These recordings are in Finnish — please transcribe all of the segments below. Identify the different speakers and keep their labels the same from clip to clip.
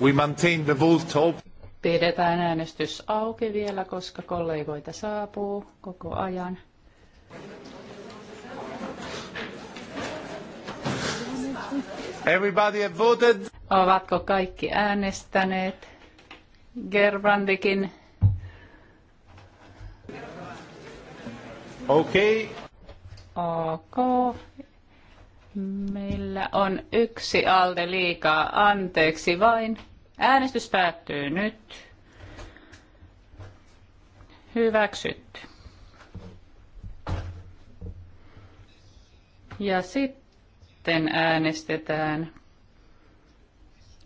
Speaker 1: We maintain the vote open.
Speaker 2: Pidetään äänestys auki vielä, koska kollegoita saapuu koko ajan. Everybody have voted. Ovatko kaikki äänestäneet? Gerbrandikin. Okei. Okay. Ok. Meillä on yksi alde liikaa. Anteeksi vain. Äänestys päättyy nyt. Hyväksytty. Ja sitten äänestetään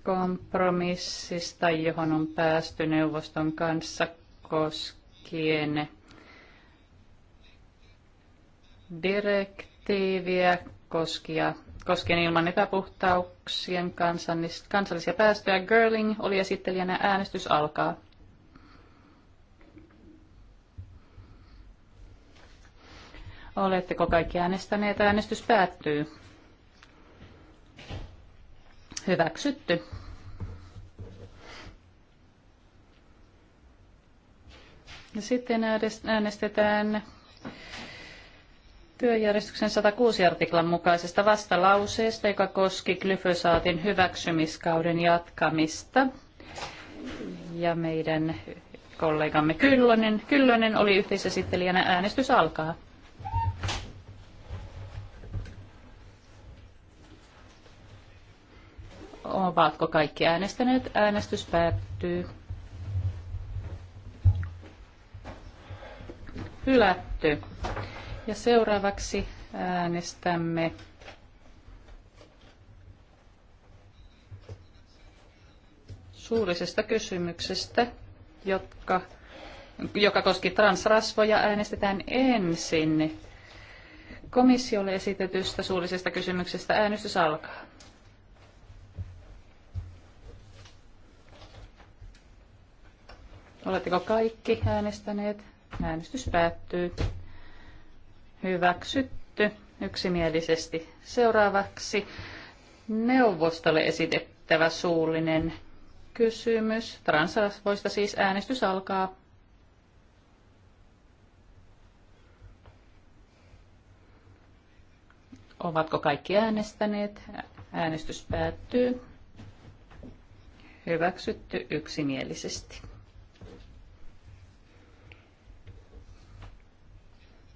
Speaker 2: kompromissista, johon on päästy neuvoston kanssa koskien direktiiviä koskia koskien ilman epäpuhtauksien kansallisia päästöjä. Girling oli esittelijänä. Äänestys alkaa. Oletteko kaikki äänestäneet? Äänestys päättyy. Hyväksytty. Ja sitten äänestetään työjärjestyksen 106 artiklan mukaisesta vastalauseesta, joka koski glyfosaatin hyväksymiskauden jatkamista. Ja meidän kollegamme Kyllönen, Kyllönen oli yhteisesittelijänä. Äänestys alkaa. Ovatko kaikki äänestäneet? Äänestys päättyy. Hylätty. Ja seuraavaksi äänestämme suullisesta kysymyksestä, jotka, joka koski transrasvoja. Äänestetään ensin komissiolle esitetystä suullisesta kysymyksestä. Äänestys alkaa. Oletteko kaikki äänestäneet? Äänestys päättyy. Hyväksytty yksimielisesti. Seuraavaksi neuvostolle esitettävä suullinen kysymys. Transrasvoista siis äänestys alkaa. Ovatko kaikki äänestäneet? Äänestys päättyy. Hyväksytty yksimielisesti.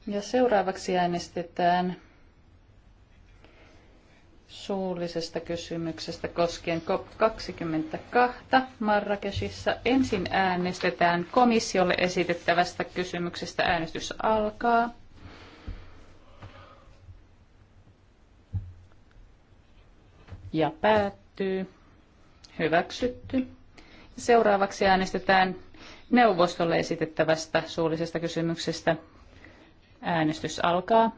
Speaker 2: Ja seuraavaksi äänestetään suullisesta kysymyksestä koskien COP22 Marrakeshissa. Ensin äänestetään komissiolle esitettävästä kysymyksestä. Äänestys alkaa. Ja päättyy. Hyväksytty. Seuraavaksi äänestetään neuvostolle esitettävästä suullisesta kysymyksestä Äänestys alkaa.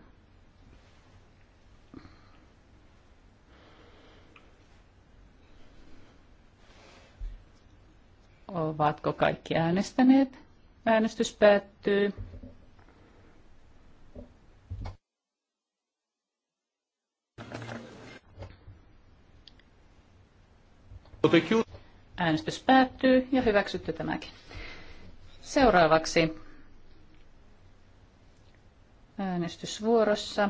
Speaker 2: Ovatko kaikki äänestäneet? Äänestys päättyy. Äänestys päättyy ja hyväksytty tämäkin. Seuraavaksi äänestysvuorossa.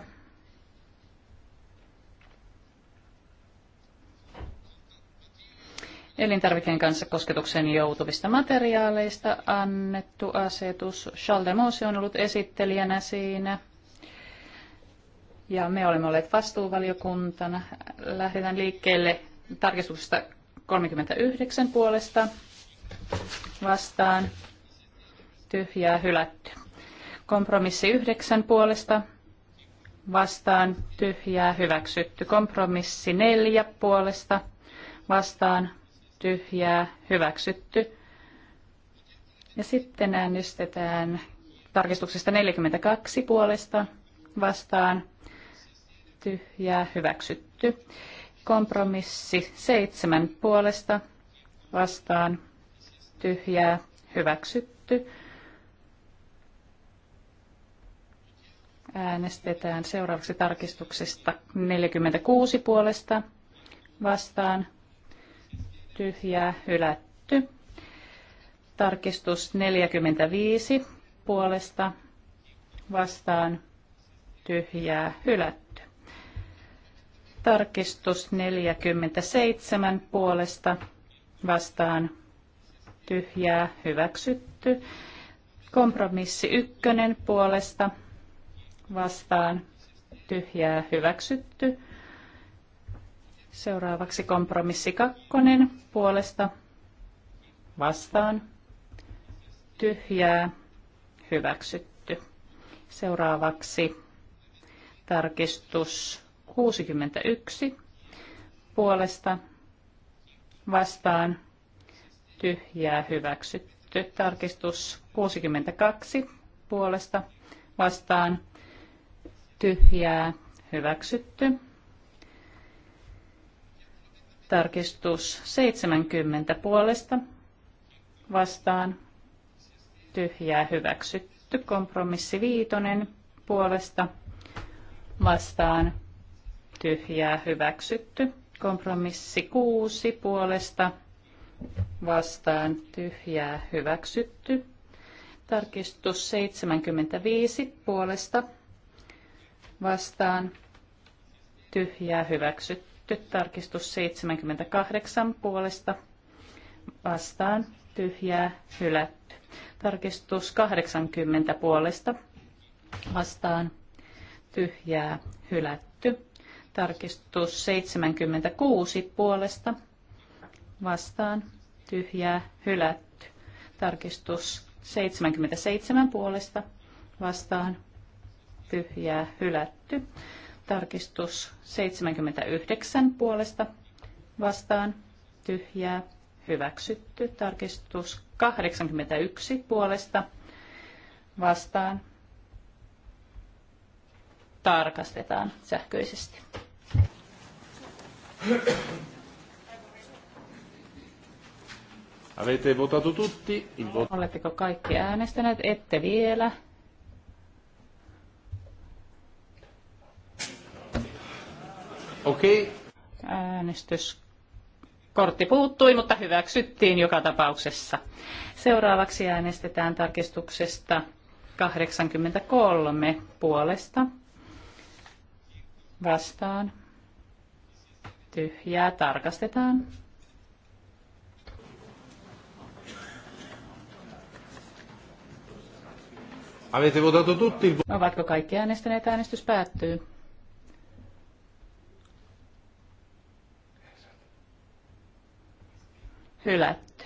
Speaker 2: Elintarvikeen kanssa kosketuksen joutuvista materiaaleista annettu asetus. Charles Mose on ollut esittelijänä siinä. Ja me olemme olleet vastuuvaliokuntana. Lähdetään liikkeelle tarkistuksesta 39 puolesta vastaan. Tyhjää hylätty. Kompromissi yhdeksän puolesta vastaan tyhjää hyväksytty. Kompromissi neljä puolesta vastaan tyhjää hyväksytty. Ja sitten äänestetään tarkistuksesta 42 puolesta vastaan tyhjää hyväksytty. Kompromissi seitsemän puolesta vastaan tyhjää hyväksytty. Äänestetään seuraavaksi tarkistuksesta 46 puolesta vastaan. Tyhjää hylätty. Tarkistus 45 puolesta vastaan. Tyhjää hylätty. Tarkistus 47 puolesta vastaan. Tyhjää hyväksytty. Kompromissi ykkönen puolesta vastaan tyhjää hyväksytty. Seuraavaksi kompromissi kakkonen puolesta vastaan tyhjää hyväksytty. Seuraavaksi tarkistus 61 puolesta vastaan tyhjää hyväksytty. Tarkistus 62 puolesta vastaan tyhjää, hyväksytty. Tarkistus 70 puolesta vastaan, tyhjää, hyväksytty. Kompromissi viitonen puolesta vastaan, tyhjää, hyväksytty. Kompromissi kuusi puolesta vastaan, tyhjää, hyväksytty. Tarkistus 75 puolesta vastaan tyhjää hyväksytty. Tarkistus 78 puolesta vastaan tyhjää hylätty. Tarkistus 80 puolesta vastaan tyhjää hylätty. Tarkistus 76 puolesta vastaan tyhjää hylätty. Tarkistus 77 puolesta vastaan tyhjää hylätty. Tarkistus 79 puolesta vastaan tyhjää hyväksytty. Tarkistus 81 puolesta vastaan tarkastetaan sähköisesti.
Speaker 1: Avete votato tutti?
Speaker 2: Oletteko kaikki äänestäneet? Ette vielä. Okei. Okay. Kortti puuttui, mutta hyväksyttiin joka tapauksessa. Seuraavaksi äänestetään tarkistuksesta 83 puolesta. Vastaan. Tyhjää tarkastetaan. Avete votato tutti? Ovatko kaikki äänestäneet? Äänestys päättyy. hylätty.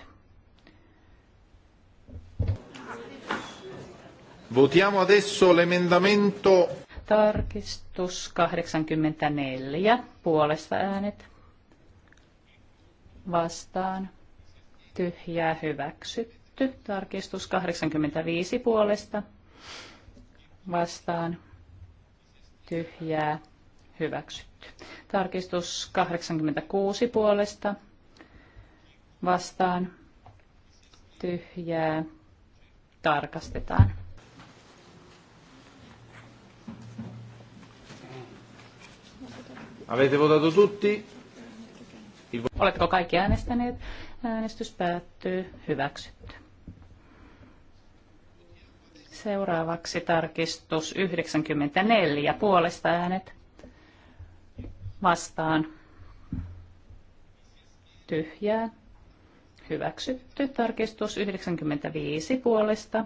Speaker 1: Votiamo adesso l'emendamento.
Speaker 2: Tarkistus 84. Puolesta äänet. Vastaan. Tyhjää hyväksytty. Tarkistus 85 puolesta. Vastaan. Tyhjää hyväksytty. Tarkistus 86 puolesta vastaan tyhjää tarkastetaan. Avete votato tutti? Oletko kaikki äänestäneet? Äänestys päättyy. Hyväksytty. Seuraavaksi tarkistus 94. Puolesta äänet vastaan. Tyhjää hyväksytty. Tarkistus 95 puolesta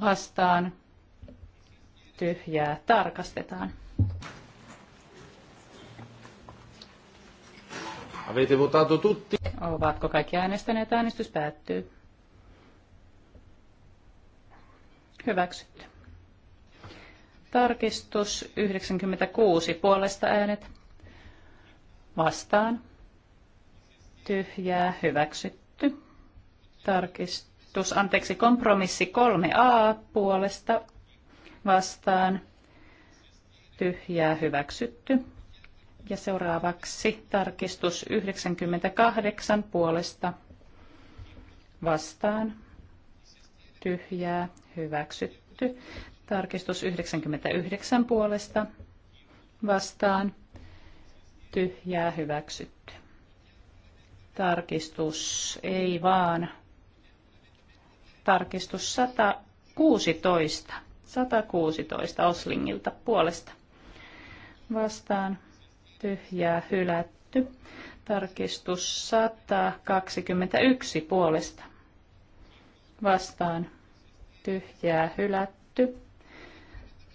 Speaker 2: vastaan tyhjää tarkastetaan.
Speaker 1: Avete votato tutti?
Speaker 2: Ovatko kaikki äänestäneet? Äänestys päättyy. Hyväksytty. Tarkistus 96 puolesta äänet. Vastaan tyhjää, hyväksytty. Tarkistus, anteeksi, kompromissi 3a puolesta vastaan, tyhjää, hyväksytty. Ja seuraavaksi tarkistus 98 puolesta vastaan, tyhjää, hyväksytty. Tarkistus 99 puolesta vastaan, tyhjää, hyväksytty Tarkistus ei vaan. Tarkistus 116. 116 Oslingilta puolesta. Vastaan tyhjää hylätty. Tarkistus 121 puolesta. Vastaan tyhjää hylätty.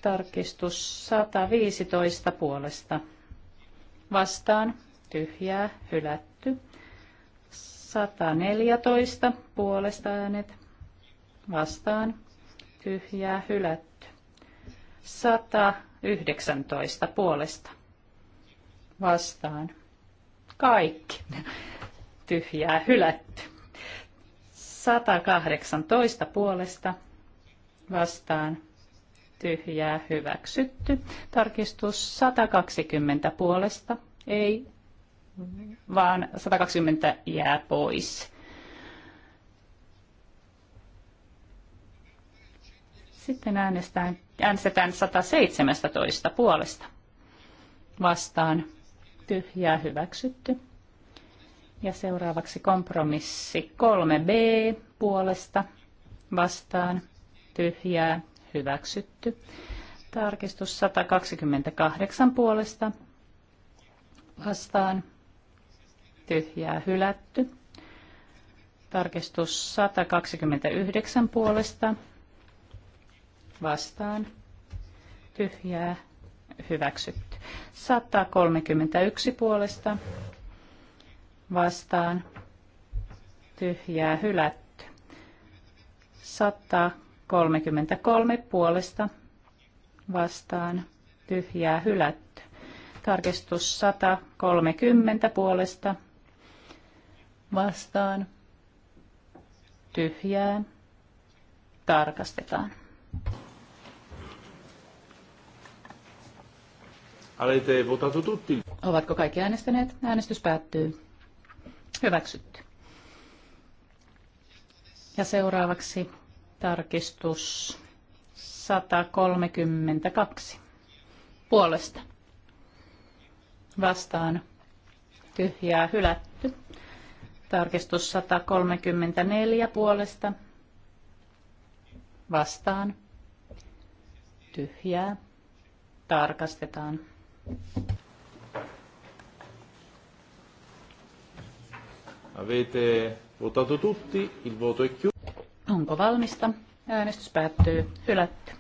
Speaker 2: Tarkistus 115 puolesta. Vastaan tyhjää hylätty. 114 puolesta äänet vastaan tyhjää hylätty. 119 puolesta vastaan kaikki tyhjää hylätty. 118 puolesta vastaan tyhjää hyväksytty. Tarkistus 120 puolesta ei vaan 120 jää pois. Sitten äänestetään, äänestetään 117 puolesta vastaan tyhjää hyväksytty. Ja seuraavaksi kompromissi 3b puolesta vastaan tyhjää hyväksytty. Tarkistus 128 puolesta vastaan tyhjää hylätty. Tarkistus 129 puolesta vastaan tyhjää hyväksytty. 131 puolesta vastaan tyhjää hylätty. 133 puolesta vastaan tyhjää hylätty. Tarkistus 130 puolesta vastaan tyhjää tarkastetaan. Ovatko kaikki äänestäneet? Äänestys päättyy. Hyväksytty. Ja seuraavaksi tarkistus 132 puolesta. Vastaan tyhjää hylätty. Tarkistus 134 puolesta. Vastaan. Tyhjää. Tarkastetaan.
Speaker 1: Avete votato tutti, il voto è chiuso.
Speaker 2: Onko valmista? Äänestys päättyy. Hylätty.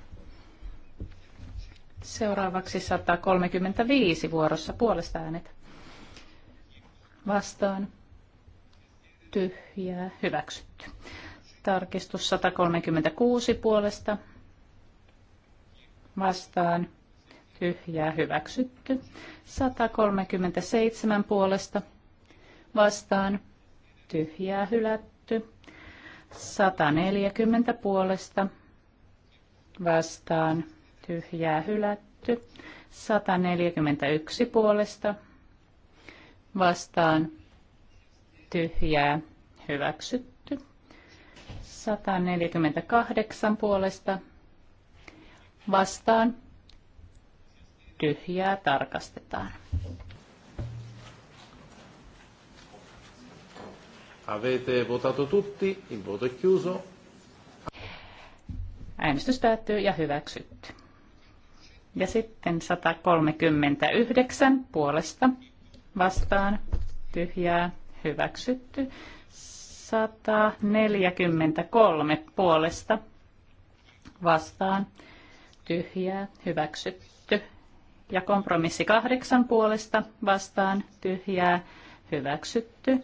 Speaker 2: Seuraavaksi 135 vuorossa puolesta äänet. Vastaan tyhjää hyväksytty. Tarkistus 136 puolesta vastaan tyhjää hyväksytty. 137 puolesta vastaan tyhjää hylätty. 140 puolesta vastaan tyhjää hylätty. 141 puolesta vastaan tyhjää hyväksytty. 148 puolesta vastaan tyhjää tarkastetaan. Avete votato tutti, il voto è chiuso. Äänestys päättyy ja hyväksytty. Ja sitten 139 puolesta vastaan tyhjää hyväksytty. 143 puolesta vastaan tyhjää hyväksytty. Ja kompromissi kahdeksan puolesta vastaan tyhjää hyväksytty.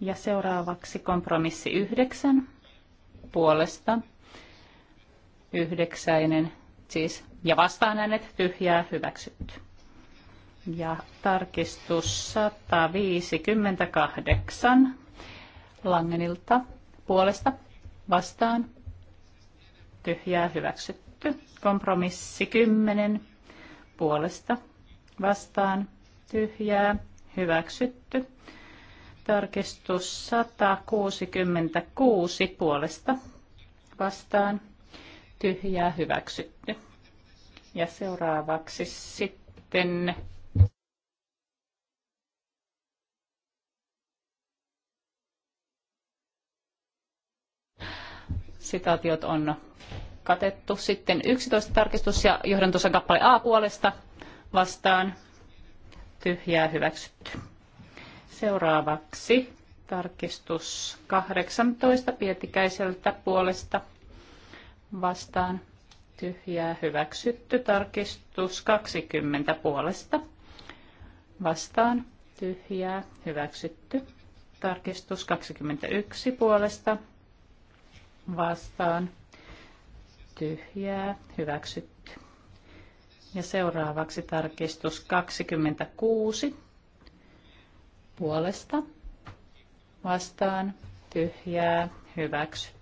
Speaker 2: Ja seuraavaksi kompromissi yhdeksän puolesta yhdeksäinen siis ja vastaan äänet tyhjää hyväksytty ja tarkistus 158 Langenilta puolesta vastaan tyhjää hyväksytty. Kompromissi 10 puolesta vastaan tyhjää hyväksytty. Tarkistus 166 puolesta vastaan tyhjää hyväksytty. Ja seuraavaksi sitten sitaatiot on katettu. Sitten 11 tarkistus ja johdantosan kappale A puolesta vastaan tyhjää hyväksytty. Seuraavaksi tarkistus 18 Pietikäiseltä puolesta vastaan tyhjää hyväksytty. Tarkistus 20 puolesta vastaan tyhjää hyväksytty. Tarkistus 21 puolesta vastaan
Speaker 1: tyhjää
Speaker 2: hyväksytty. Ja seuraavaksi tarkistus 26 puolesta vastaan tyhjää hyväksytty.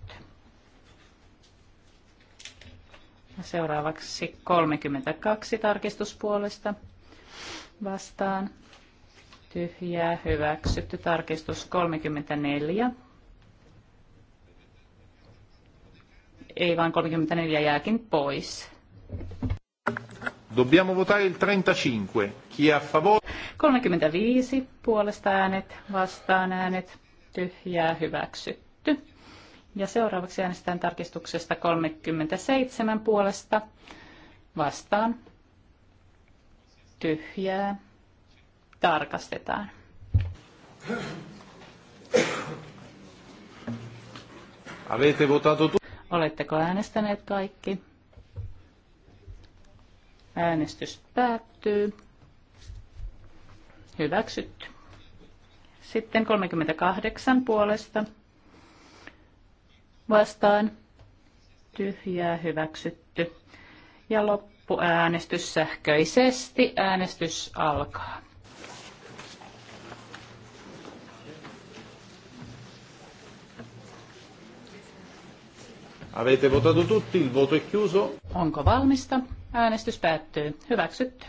Speaker 2: Ja seuraavaksi 32 tarkistuspuolesta vastaan tyhjää hyväksytty. Tarkistus 34 ei vaan 34 jääkin pois.
Speaker 1: Dobbiamo votare il 35. Chi
Speaker 2: è a favore? 35 puolesta äänet, vastaan äänet, tyhjää hyväksytty. Ja seuraavaksi äänestetään tarkistuksesta 37 puolesta vastaan tyhjää tarkastetaan.
Speaker 1: Avete votato
Speaker 2: Oletteko äänestäneet kaikki? Äänestys päättyy. Hyväksytty. Sitten 38 puolesta vastaan tyhjää hyväksytty. Ja loppuäänestys sähköisesti. Äänestys alkaa.
Speaker 1: Avete votato tutti, il voto è chiuso.
Speaker 2: Onko valmista? Äänestys päättyy. Hyväksytty.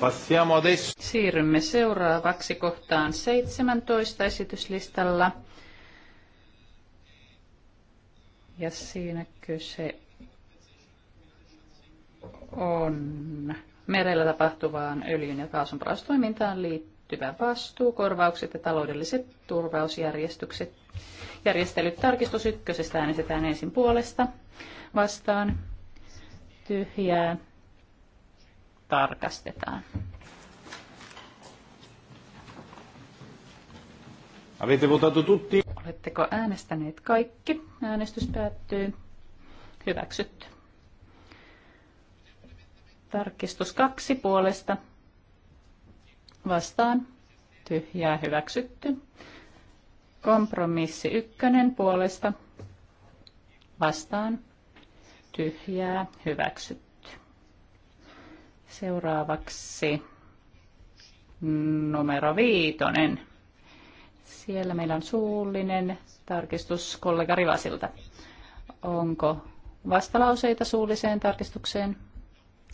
Speaker 2: Passiamo adesso. Siirrymme seuraavaksi kohtaan 17 esityslistalla. Ja siinä kyse on merellä tapahtuvaan öljyn ja kaasun porastoimintaan liittyvä vastuu, korvaukset ja taloudelliset turvausjärjestykset. Järjestelyt tarkistus ykkösestä äänestetään ensin puolesta vastaan. Tyhjää tarkastetaan.
Speaker 1: votato tutti?
Speaker 2: Oletteko äänestäneet kaikki? Äänestys päättyy. Hyväksytty. Tarkistus kaksi puolesta vastaan tyhjää hyväksytty. Kompromissi ykkönen puolesta vastaan tyhjää hyväksytty. Seuraavaksi numero viitonen. Siellä meillä on suullinen tarkistus kollega Rivasilta. Onko vastalauseita suulliseen tarkistukseen?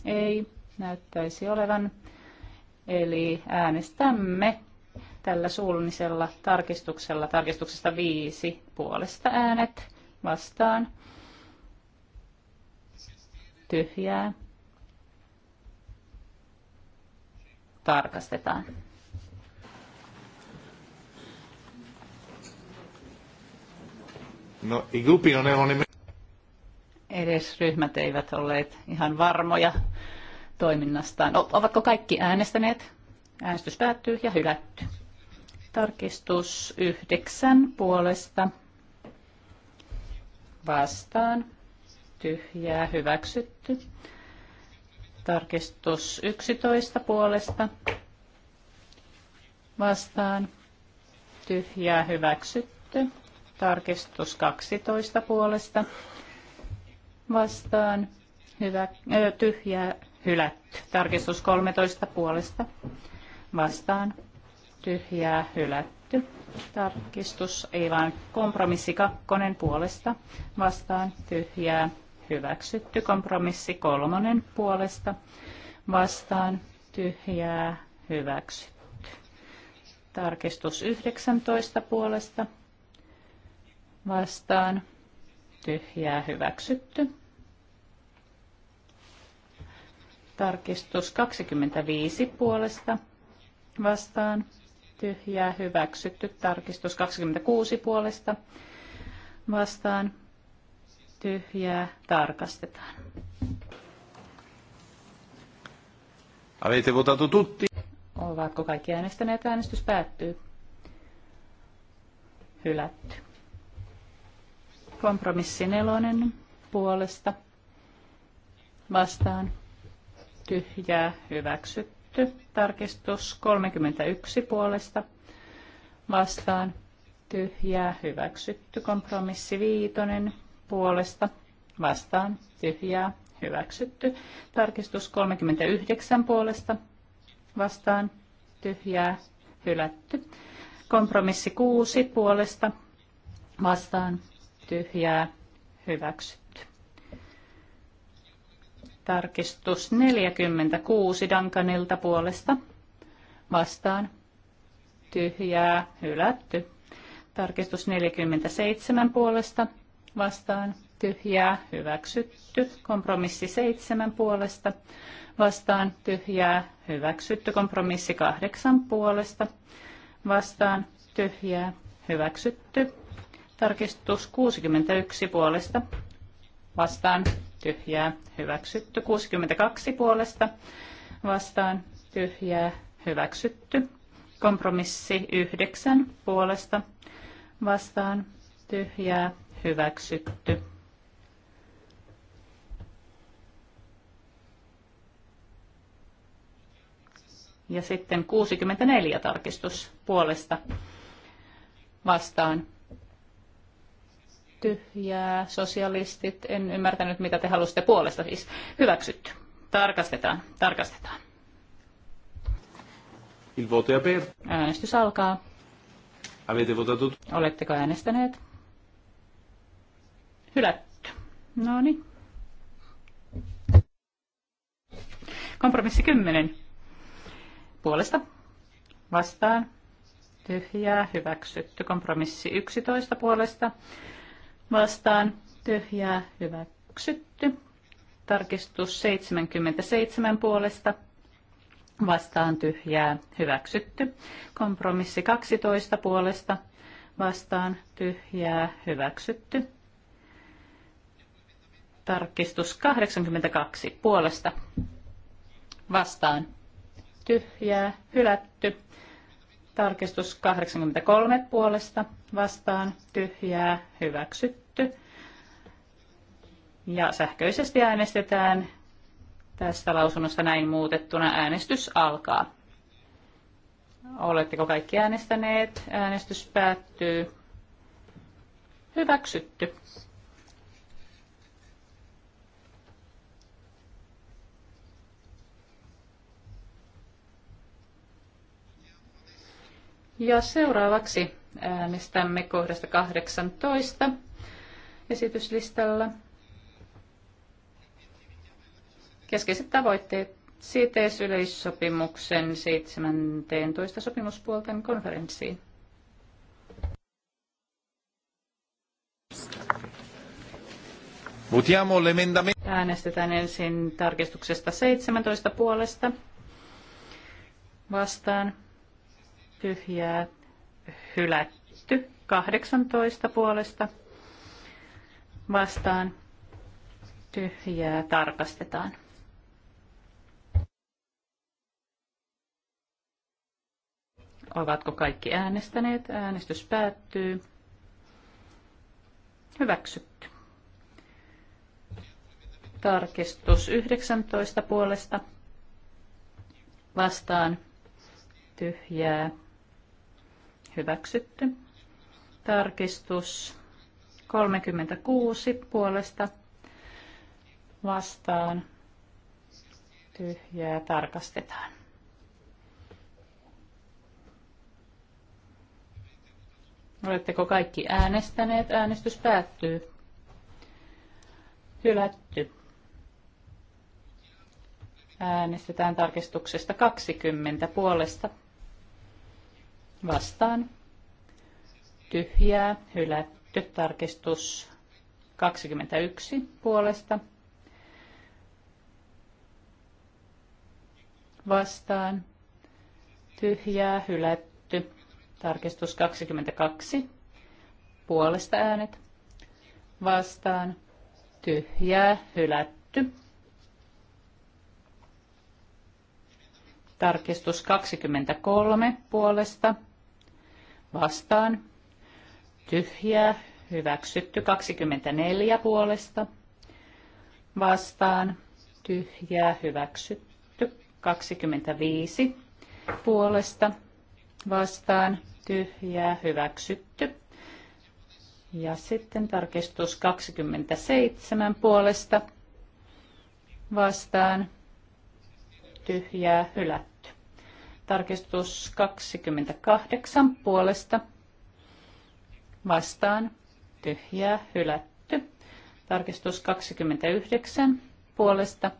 Speaker 2: Ei näyttäisi olevan. Eli äänestämme tällä suullisella tarkistuksella, tarkistuksesta viisi puolesta äänet vastaan. Tyhjää. Tarkastetaan. No, i Edes ryhmät eivät olleet ihan varmoja, toiminnastaan. Ovatko kaikki äänestäneet? Äänestys päättyy ja hylätty. Tarkistus yhdeksän puolesta. Vastaan. Tyhjää hyväksytty. Tarkistus 11 puolesta. Vastaan. Tyhjää hyväksytty. Tarkistus 12 puolesta. Vastaan. Hyvä, ö, tyhjää hylätty. Tarkistus 13 puolesta vastaan tyhjää hylätty. Tarkistus ei vaan kompromissi kakkonen puolesta vastaan tyhjää hyväksytty. Kompromissi kolmonen puolesta vastaan tyhjää hyväksytty. Tarkistus 19 puolesta vastaan tyhjää hyväksytty. Tarkistus 25 puolesta vastaan. Tyhjää hyväksytty. Tarkistus 26 puolesta vastaan. Tyhjää tarkastetaan.
Speaker 1: Avete votato tutti?
Speaker 2: Ovatko kaikki äänestäneet? Äänestys päättyy. Hylätty. Kompromissi nelonen puolesta vastaan tyhjää, hyväksytty. Tarkistus 31 puolesta vastaan, tyhjää, hyväksytty. Kompromissi viitonen puolesta vastaan, tyhjää, hyväksytty. Tarkistus 39 puolesta vastaan, tyhjää, hylätty. Kompromissi 6 puolesta vastaan, tyhjää, hyväksytty. Tarkistus 46 Dankanilta puolesta. Vastaan. Tyhjää. Hylätty. Tarkistus 47 puolesta. Vastaan. Tyhjää. Hyväksytty. Kompromissi 7 puolesta. Vastaan. Tyhjää. Hyväksytty. Kompromissi 8 puolesta. Vastaan. Tyhjää. Hyväksytty. Tarkistus 61 puolesta. Vastaan tyhjää, hyväksytty. 62 puolesta vastaan, tyhjää, hyväksytty. Kompromissi 9 puolesta vastaan, tyhjää, hyväksytty. Ja sitten 64 tarkistus puolesta vastaan, tyhjää, sosialistit, en ymmärtänyt mitä te halusitte puolesta siis. Hyväksytty. Tarkastetaan, tarkastetaan.
Speaker 1: Il voto è
Speaker 2: Äänestys alkaa. Oletteko äänestäneet? Hylätty. No niin. Kompromissi 10. Puolesta. Vastaan. Tyhjää. Hyväksytty. Kompromissi 11 puolesta vastaan tyhjää hyväksytty. Tarkistus 77 puolesta vastaan tyhjää hyväksytty. Kompromissi 12 puolesta vastaan tyhjää hyväksytty. Tarkistus 82 puolesta vastaan tyhjää hylätty. Tarkistus 83 puolesta vastaan tyhjää hyväksytty. Ja sähköisesti äänestetään tästä lausunnosta näin muutettuna. Äänestys alkaa. Oletteko kaikki äänestäneet? Äänestys päättyy. Hyväksytty. Ja seuraavaksi äänestämme kohdasta 18 esityslistalla. Keskeiset tavoitteet CITES-yleissopimuksen 17 sopimuspuolten konferenssiin. l'emendamento. Äänestetään ensin tarkistuksesta 17 puolesta vastaan tyhjää hylätty. 18 puolesta vastaan tyhjää tarkastetaan. Ovatko kaikki äänestäneet? Äänestys päättyy. Hyväksytty. Tarkistus 19 puolesta vastaan tyhjää Hyväksytty. Tarkistus 36 puolesta vastaan. Tyhjää tarkastetaan. Oletteko kaikki äänestäneet? Äänestys päättyy. Hylätty. Äänestetään tarkistuksesta 20 puolesta vastaan tyhjää, hylätty, tarkistus 21 puolesta vastaan tyhjää, hylätty, tarkistus 22 puolesta äänet vastaan tyhjää, hylätty. Tarkistus 23 puolesta vastaan, tyhjää, hyväksytty 24 puolesta, vastaan, tyhjää, hyväksytty 25 puolesta, vastaan, tyhjää, hyväksytty. Ja sitten tarkistus 27 puolesta, vastaan, tyhjää, hylätty Tarkistus 28 puolesta vastaan tyhjää hylätty. Tarkistus 29 puolesta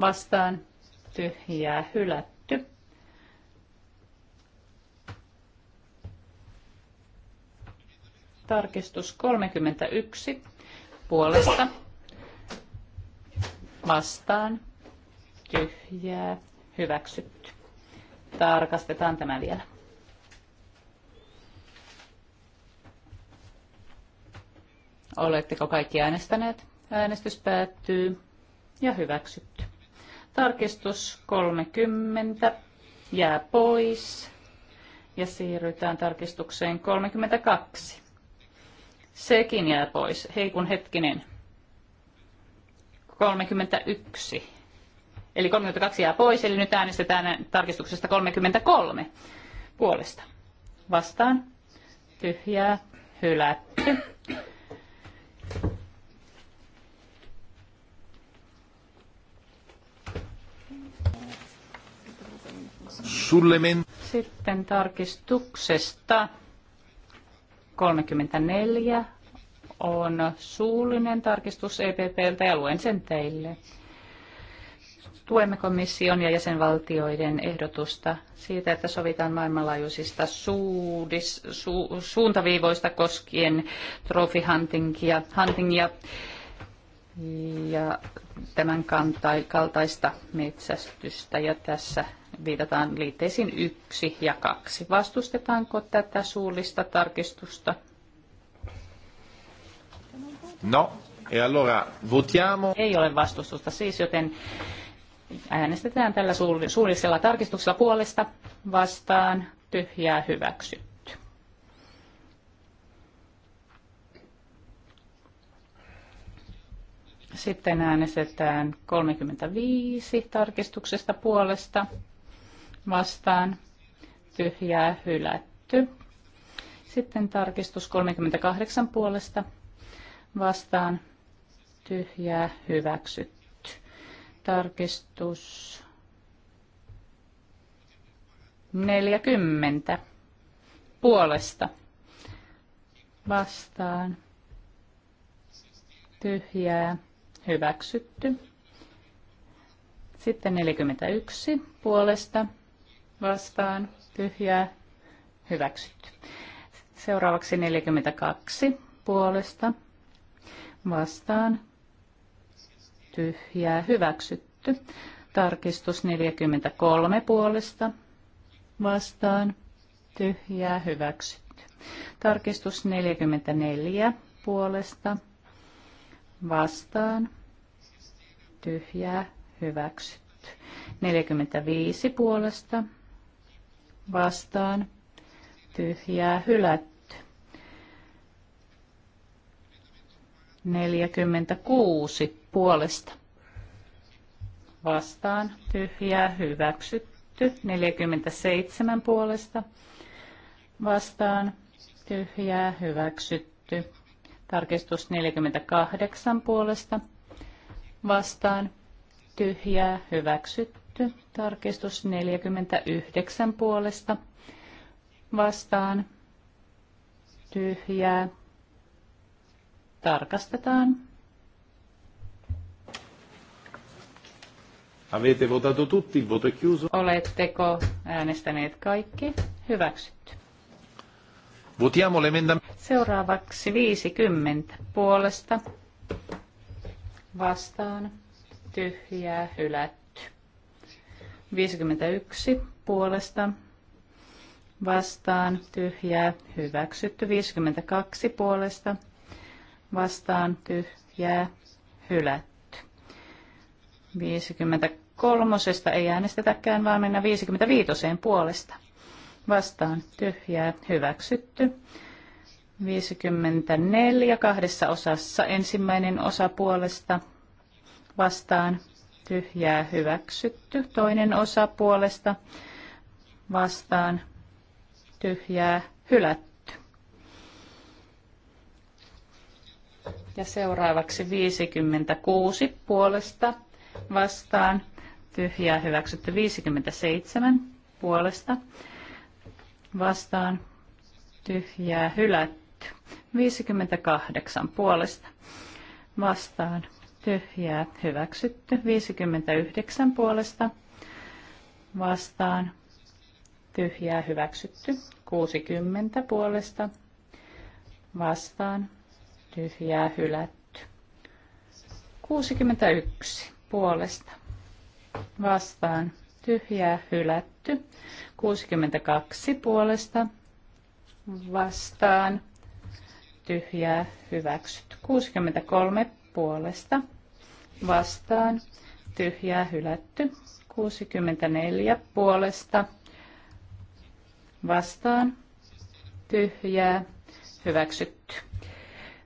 Speaker 2: vastaan tyhjää hylätty. Tarkistus 31 puolesta vastaan tyhjää hyväksytty. Tarkastetaan tämä vielä. Oletteko kaikki äänestäneet? Äänestys päättyy ja hyväksytty. Tarkistus 30 jää pois ja siirrytään tarkistukseen 32. Sekin jää pois. Hei kun hetkinen. 31. Eli 32 jää pois, eli nyt äänestetään tarkistuksesta 33 puolesta. Vastaan. Tyhjää. Hylätty. Sitten tarkistuksesta 34 on suullinen tarkistus EPPltä ja luen sen teille tuemme komission ja jäsenvaltioiden ehdotusta siitä, että sovitaan maailmanlaajuisista suudis, su, suuntaviivoista koskien trophy huntingia, ja tämän kaltaista metsästystä. Ja tässä viitataan liitteisiin yksi ja kaksi. Vastustetaanko tätä suullista tarkistusta? No, e allora votiamo. Ei ole vastustusta siis, joten Äänestetään tällä suullisella tarkistuksella puolesta vastaan tyhjää hyväksytty. Sitten äänestetään 35 tarkistuksesta puolesta vastaan tyhjää hylätty. Sitten tarkistus 38 puolesta vastaan tyhjää hyväksytty. Tarkistus 40 puolesta vastaan tyhjää hyväksytty. Sitten 41 puolesta vastaan tyhjää hyväksytty. Seuraavaksi 42 puolesta vastaan tyhjää hyväksytty. Tarkistus 43 puolesta vastaan tyhjää hyväksytty. Tarkistus 44 puolesta vastaan tyhjää hyväksytty. 45 puolesta vastaan tyhjää hylätty. 46 puolesta. Vastaan tyhjää hyväksytty. 47 puolesta. Vastaan tyhjää hyväksytty. Tarkistus 48 puolesta. Vastaan tyhjää hyväksytty. Tarkistus 49 puolesta. Vastaan tyhjää Tarkastetaan.
Speaker 1: Avete votato tutti, voto chiuso.
Speaker 2: Oletteko äänestäneet kaikki? Hyväksytty.
Speaker 1: Votiamo l'emendamento.
Speaker 2: Seuraavaksi 50 puolesta. Vastaan. Tyhjää hylätty. 51 puolesta. Vastaan. Tyhjää hyväksytty. 52 puolesta vastaan tyhjää hylätty. 53. ei äänestetäkään, vaan mennä 55. puolesta. Vastaan tyhjää hyväksytty. 54 kahdessa osassa. Ensimmäinen osa puolesta vastaan tyhjää hyväksytty. Toinen osa puolesta vastaan tyhjää hylätty. Ja seuraavaksi 56 puolesta vastaan. Tyhjää hyväksytty 57 puolesta vastaan. Tyhjää hylätty 58 puolesta vastaan. Tyhjää hyväksytty 59 puolesta vastaan. Tyhjää hyväksytty 60 puolesta vastaan tyhjää hylätty. 61 puolesta vastaan tyhjää hylätty. 62 puolesta vastaan tyhjää hyväksytty. 63 puolesta vastaan tyhjää hylätty. 64 puolesta vastaan tyhjää hyväksytty.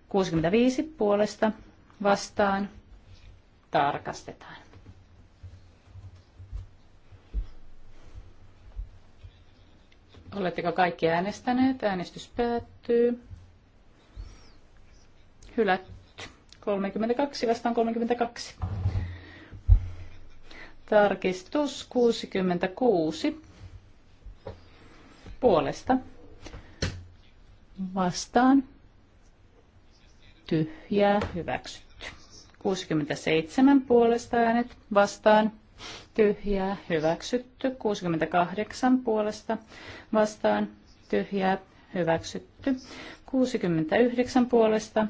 Speaker 2: 65 puolesta vastaan tarkastetaan. Oletteko kaikki äänestäneet? Äänestys päättyy. Hylätty. 32 vastaan 32. Tarkistus 66 puolesta vastaan tyhjää hyväksytty. 67 puolesta äänet vastaan tyhjää hyväksytty. 68 puolesta vastaan tyhjää hyväksytty. 69 puolesta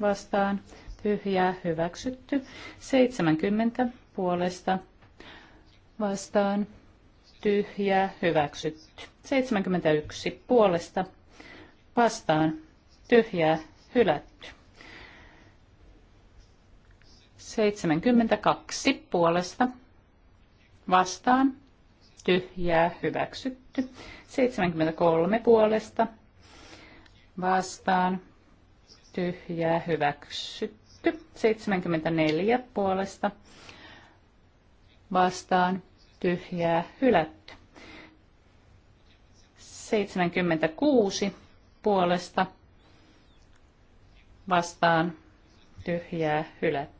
Speaker 2: vastaan tyhjää hyväksytty. 70 puolesta vastaan tyhjää hyväksytty. 71 puolesta vastaan tyhjää hylätty. 72 puolesta vastaan tyhjää hyväksytty. 73 puolesta vastaan tyhjää hyväksytty. 74 puolesta vastaan tyhjää hylätty. 76 puolesta vastaan tyhjää hylätty.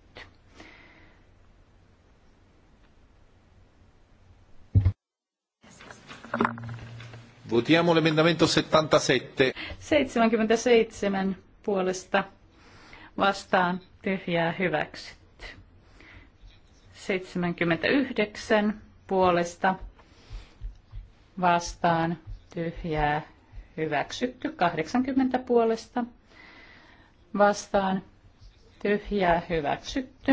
Speaker 1: Votiamo l'emendamento 77.
Speaker 2: 77 puolesta vastaan tyhjää hyväksytty. 79 puolesta vastaan tyhjää hyväksytty. 80 puolesta vastaan tyhjää hyväksytty.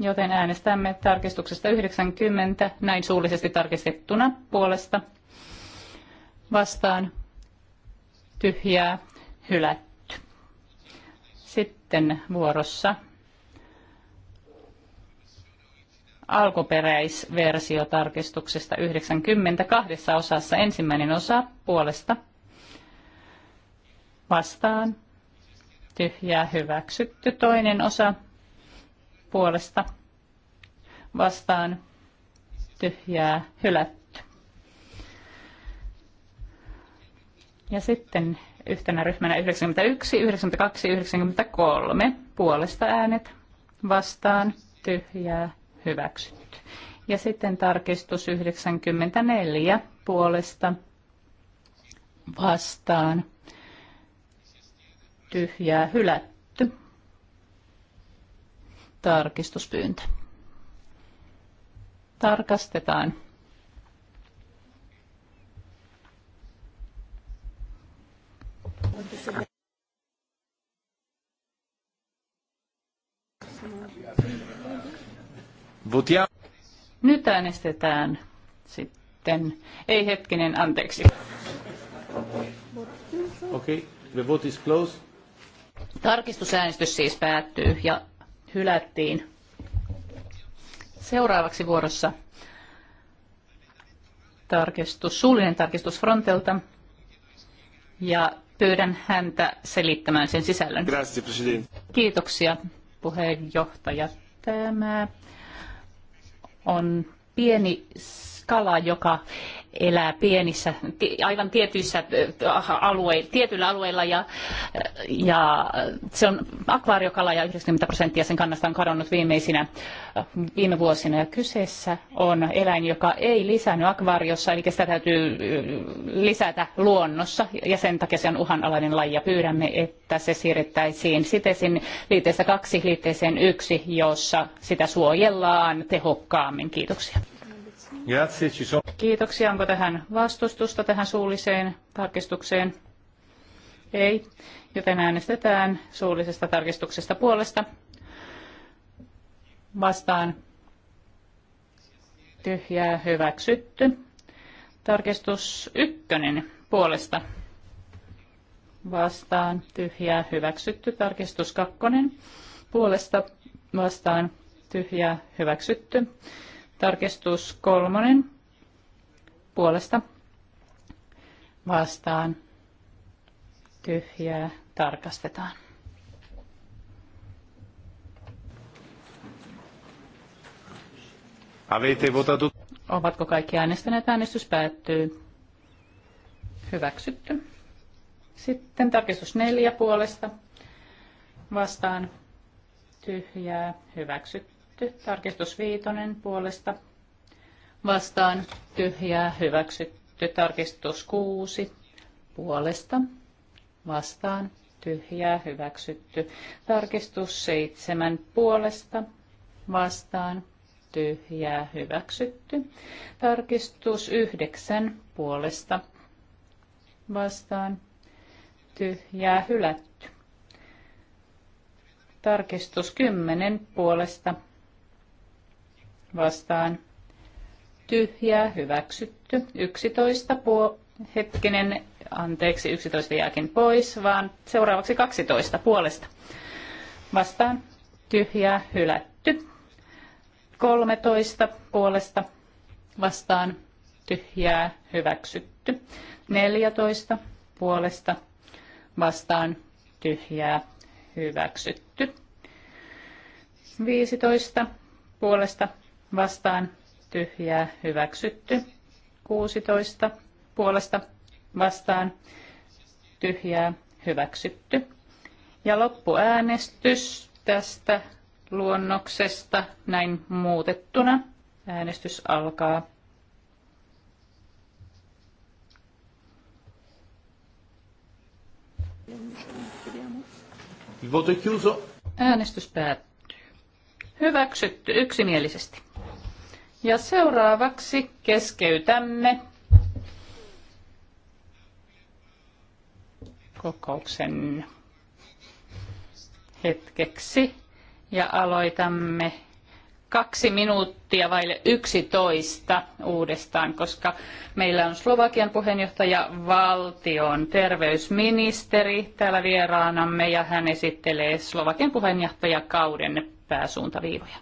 Speaker 2: joten äänestämme tarkistuksesta 90 näin suullisesti tarkistettuna puolesta vastaan tyhjää hylätty. Sitten vuorossa alkuperäisversio tarkistuksesta 92 osassa ensimmäinen osa puolesta vastaan tyhjää hyväksytty toinen osa puolesta vastaan tyhjää hylätty. Ja sitten yhtenä ryhmänä 91, 92, 93 puolesta äänet vastaan tyhjää hyväksytty. Ja sitten tarkistus 94 puolesta vastaan tyhjää hylätty tarkistuspyyntö. Tarkastetaan. Nyt äänestetään sitten. Ei hetkinen, anteeksi.
Speaker 1: okay, the vote is closed.
Speaker 2: Tarkistusäänestys siis päättyy ja hylättiin. Seuraavaksi vuorossa tarkistus, suullinen tarkistus Frontelta ja pyydän häntä selittämään sen sisällön. Kiitoksia puheenjohtaja. Tämä on pieni skala, joka elää pienissä, aivan tietyissä alueilla, tietyillä alueilla ja, ja se on akvaariokala ja 90 prosenttia sen kannasta on kadonnut viimeisinä viime vuosina ja kyseessä on eläin, joka ei lisännyt akvaariossa, eli sitä täytyy lisätä luonnossa ja sen takia se on uhanalainen laji ja pyydämme, että se siirrettäisiin sitesin liitteestä kaksi liitteeseen yksi, jossa sitä suojellaan tehokkaammin. Kiitoksia. Kiitoksia. Onko tähän vastustusta tähän suulliseen tarkistukseen? Ei, joten äänestetään suullisesta tarkistuksesta puolesta. Vastaan tyhjää hyväksytty. Tarkistus ykkönen puolesta. Vastaan tyhjää hyväksytty. Tarkistus kakkonen puolesta. Vastaan tyhjää hyväksytty. Tarkistus kolmonen puolesta vastaan tyhjää tarkastetaan. Ovatko kaikki äänestäneet? Äänestys päättyy. Hyväksytty. Sitten tarkistus neljä puolesta. Vastaan tyhjää. Hyväksytty Hyväksytty. Tarkistus viitonen puolesta. Vastaan. Tyhjää. Hyväksytty. Tarkistus kuusi puolesta. Vastaan. Tyhjää. Hyväksytty. Tarkistus seitsemän puolesta. Vastaan. Tyhjää. Hyväksytty. Tarkistus yhdeksän puolesta. Vastaan. Tyhjää. Hylätty tarkistus 10 puolesta vastaan tyhjää hyväksytty. 11 puo, hetkinen, anteeksi, 11 jääkin pois, vaan seuraavaksi 12 puolesta vastaan tyhjää hylätty. 13 puolesta vastaan tyhjää hyväksytty. 14 puolesta vastaan tyhjää hyväksytty. 15 puolesta vastaan tyhjää hyväksytty. 16 puolesta vastaan tyhjää hyväksytty. Ja loppuäänestys tästä luonnoksesta näin muutettuna. Äänestys alkaa. Äänestys päättyy. Hyväksytty yksimielisesti. Ja seuraavaksi keskeytämme kokouksen hetkeksi ja aloitamme kaksi minuuttia vaille yksitoista uudestaan, koska meillä on Slovakian puheenjohtaja valtion terveysministeri täällä vieraanamme ja hän esittelee Slovakian puheenjohtajakauden pääsuuntaviivoja.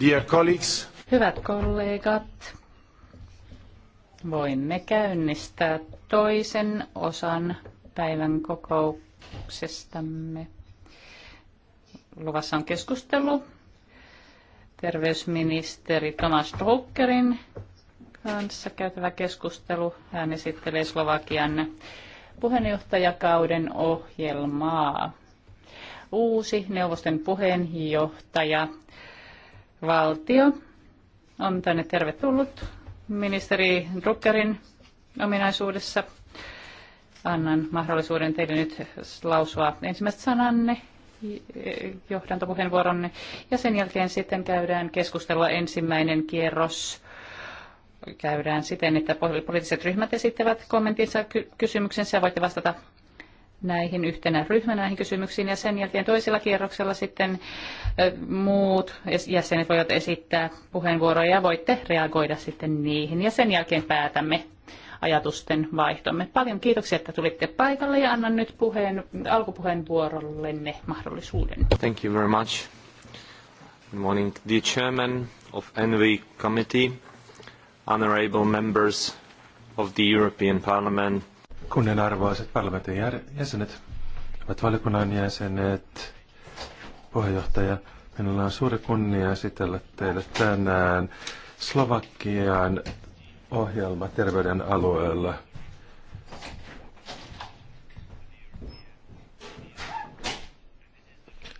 Speaker 2: Dear colleagues. Hyvät kollegat, voimme käynnistää toisen osan päivän kokouksestamme. Luvassa on keskustelu terveysministeri Tomas Druckerin kanssa käytävä keskustelu. Hän esittelee Slovakian puheenjohtajakauden ohjelmaa. Uusi neuvoston puheenjohtaja valtio on tänne tervetullut ministeri Druckerin ominaisuudessa. Annan mahdollisuuden teille nyt lausua ensimmäistä sananne, johdantopuheenvuoronne, ja sen jälkeen sitten käydään keskustelua ensimmäinen kierros käydään siten, että poliittiset ryhmät esittävät kommenttinsa kysymyksensä ja voitte vastata näihin yhtenä ryhmänä näihin kysymyksiin ja sen jälkeen toisella kierroksella sitten muut jäsenet voivat esittää puheenvuoroja ja voitte reagoida sitten niihin ja sen jälkeen päätämme ajatusten vaihtomme. Paljon kiitoksia, että tulitte paikalle ja annan nyt puheen, alkupuheenvuorollenne mahdollisuuden.
Speaker 1: Thank you very much. Good morning, dear chairman of NV Committee, honorable members of the European Parliament, Kunnianarvoiset parlamentin jäsenet, hyvät valiokunnan jäsenet, puheenjohtaja, minulla on suuri kunnia esitellä teille tänään Slovakian ohjelma terveyden alueella.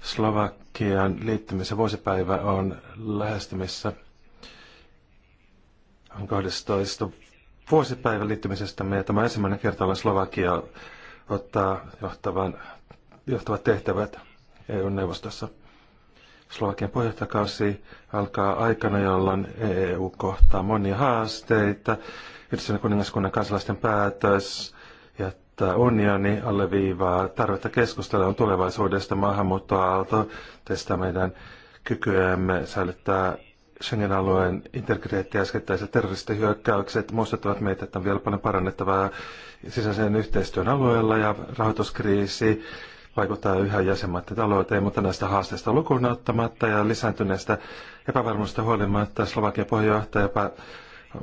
Speaker 1: Slovakian liittymisen vuosipäivä on lähestymissä on 12 vuosipäivän liittymisestämme ja tämä ensimmäinen kerta, jolla Slovakia ottaa johtavan, johtavat tehtävät EU-neuvostossa. Slovakian puheenjohtajakausi alkaa aikana, jolloin EU kohtaa monia haasteita. Yhdistyneen kuningaskunnan kansalaisten päätös että unioni alleviivaa tarvetta keskustella on tulevaisuudesta maahanmuuttoaalto, testaa meidän kykyämme säilyttää Schengen-alueen integriteetti äskettäiset terroristihyökkäykset muistuttavat meitä, että on vielä paljon parannettavaa sisäisen yhteistyön alueella ja rahoituskriisi vaikuttaa yhä jäsenmaiden talouteen, mutta näistä haasteista lukuun ottamatta ja lisääntyneestä epävarmuudesta huolimatta Slovakian puheenjohtaja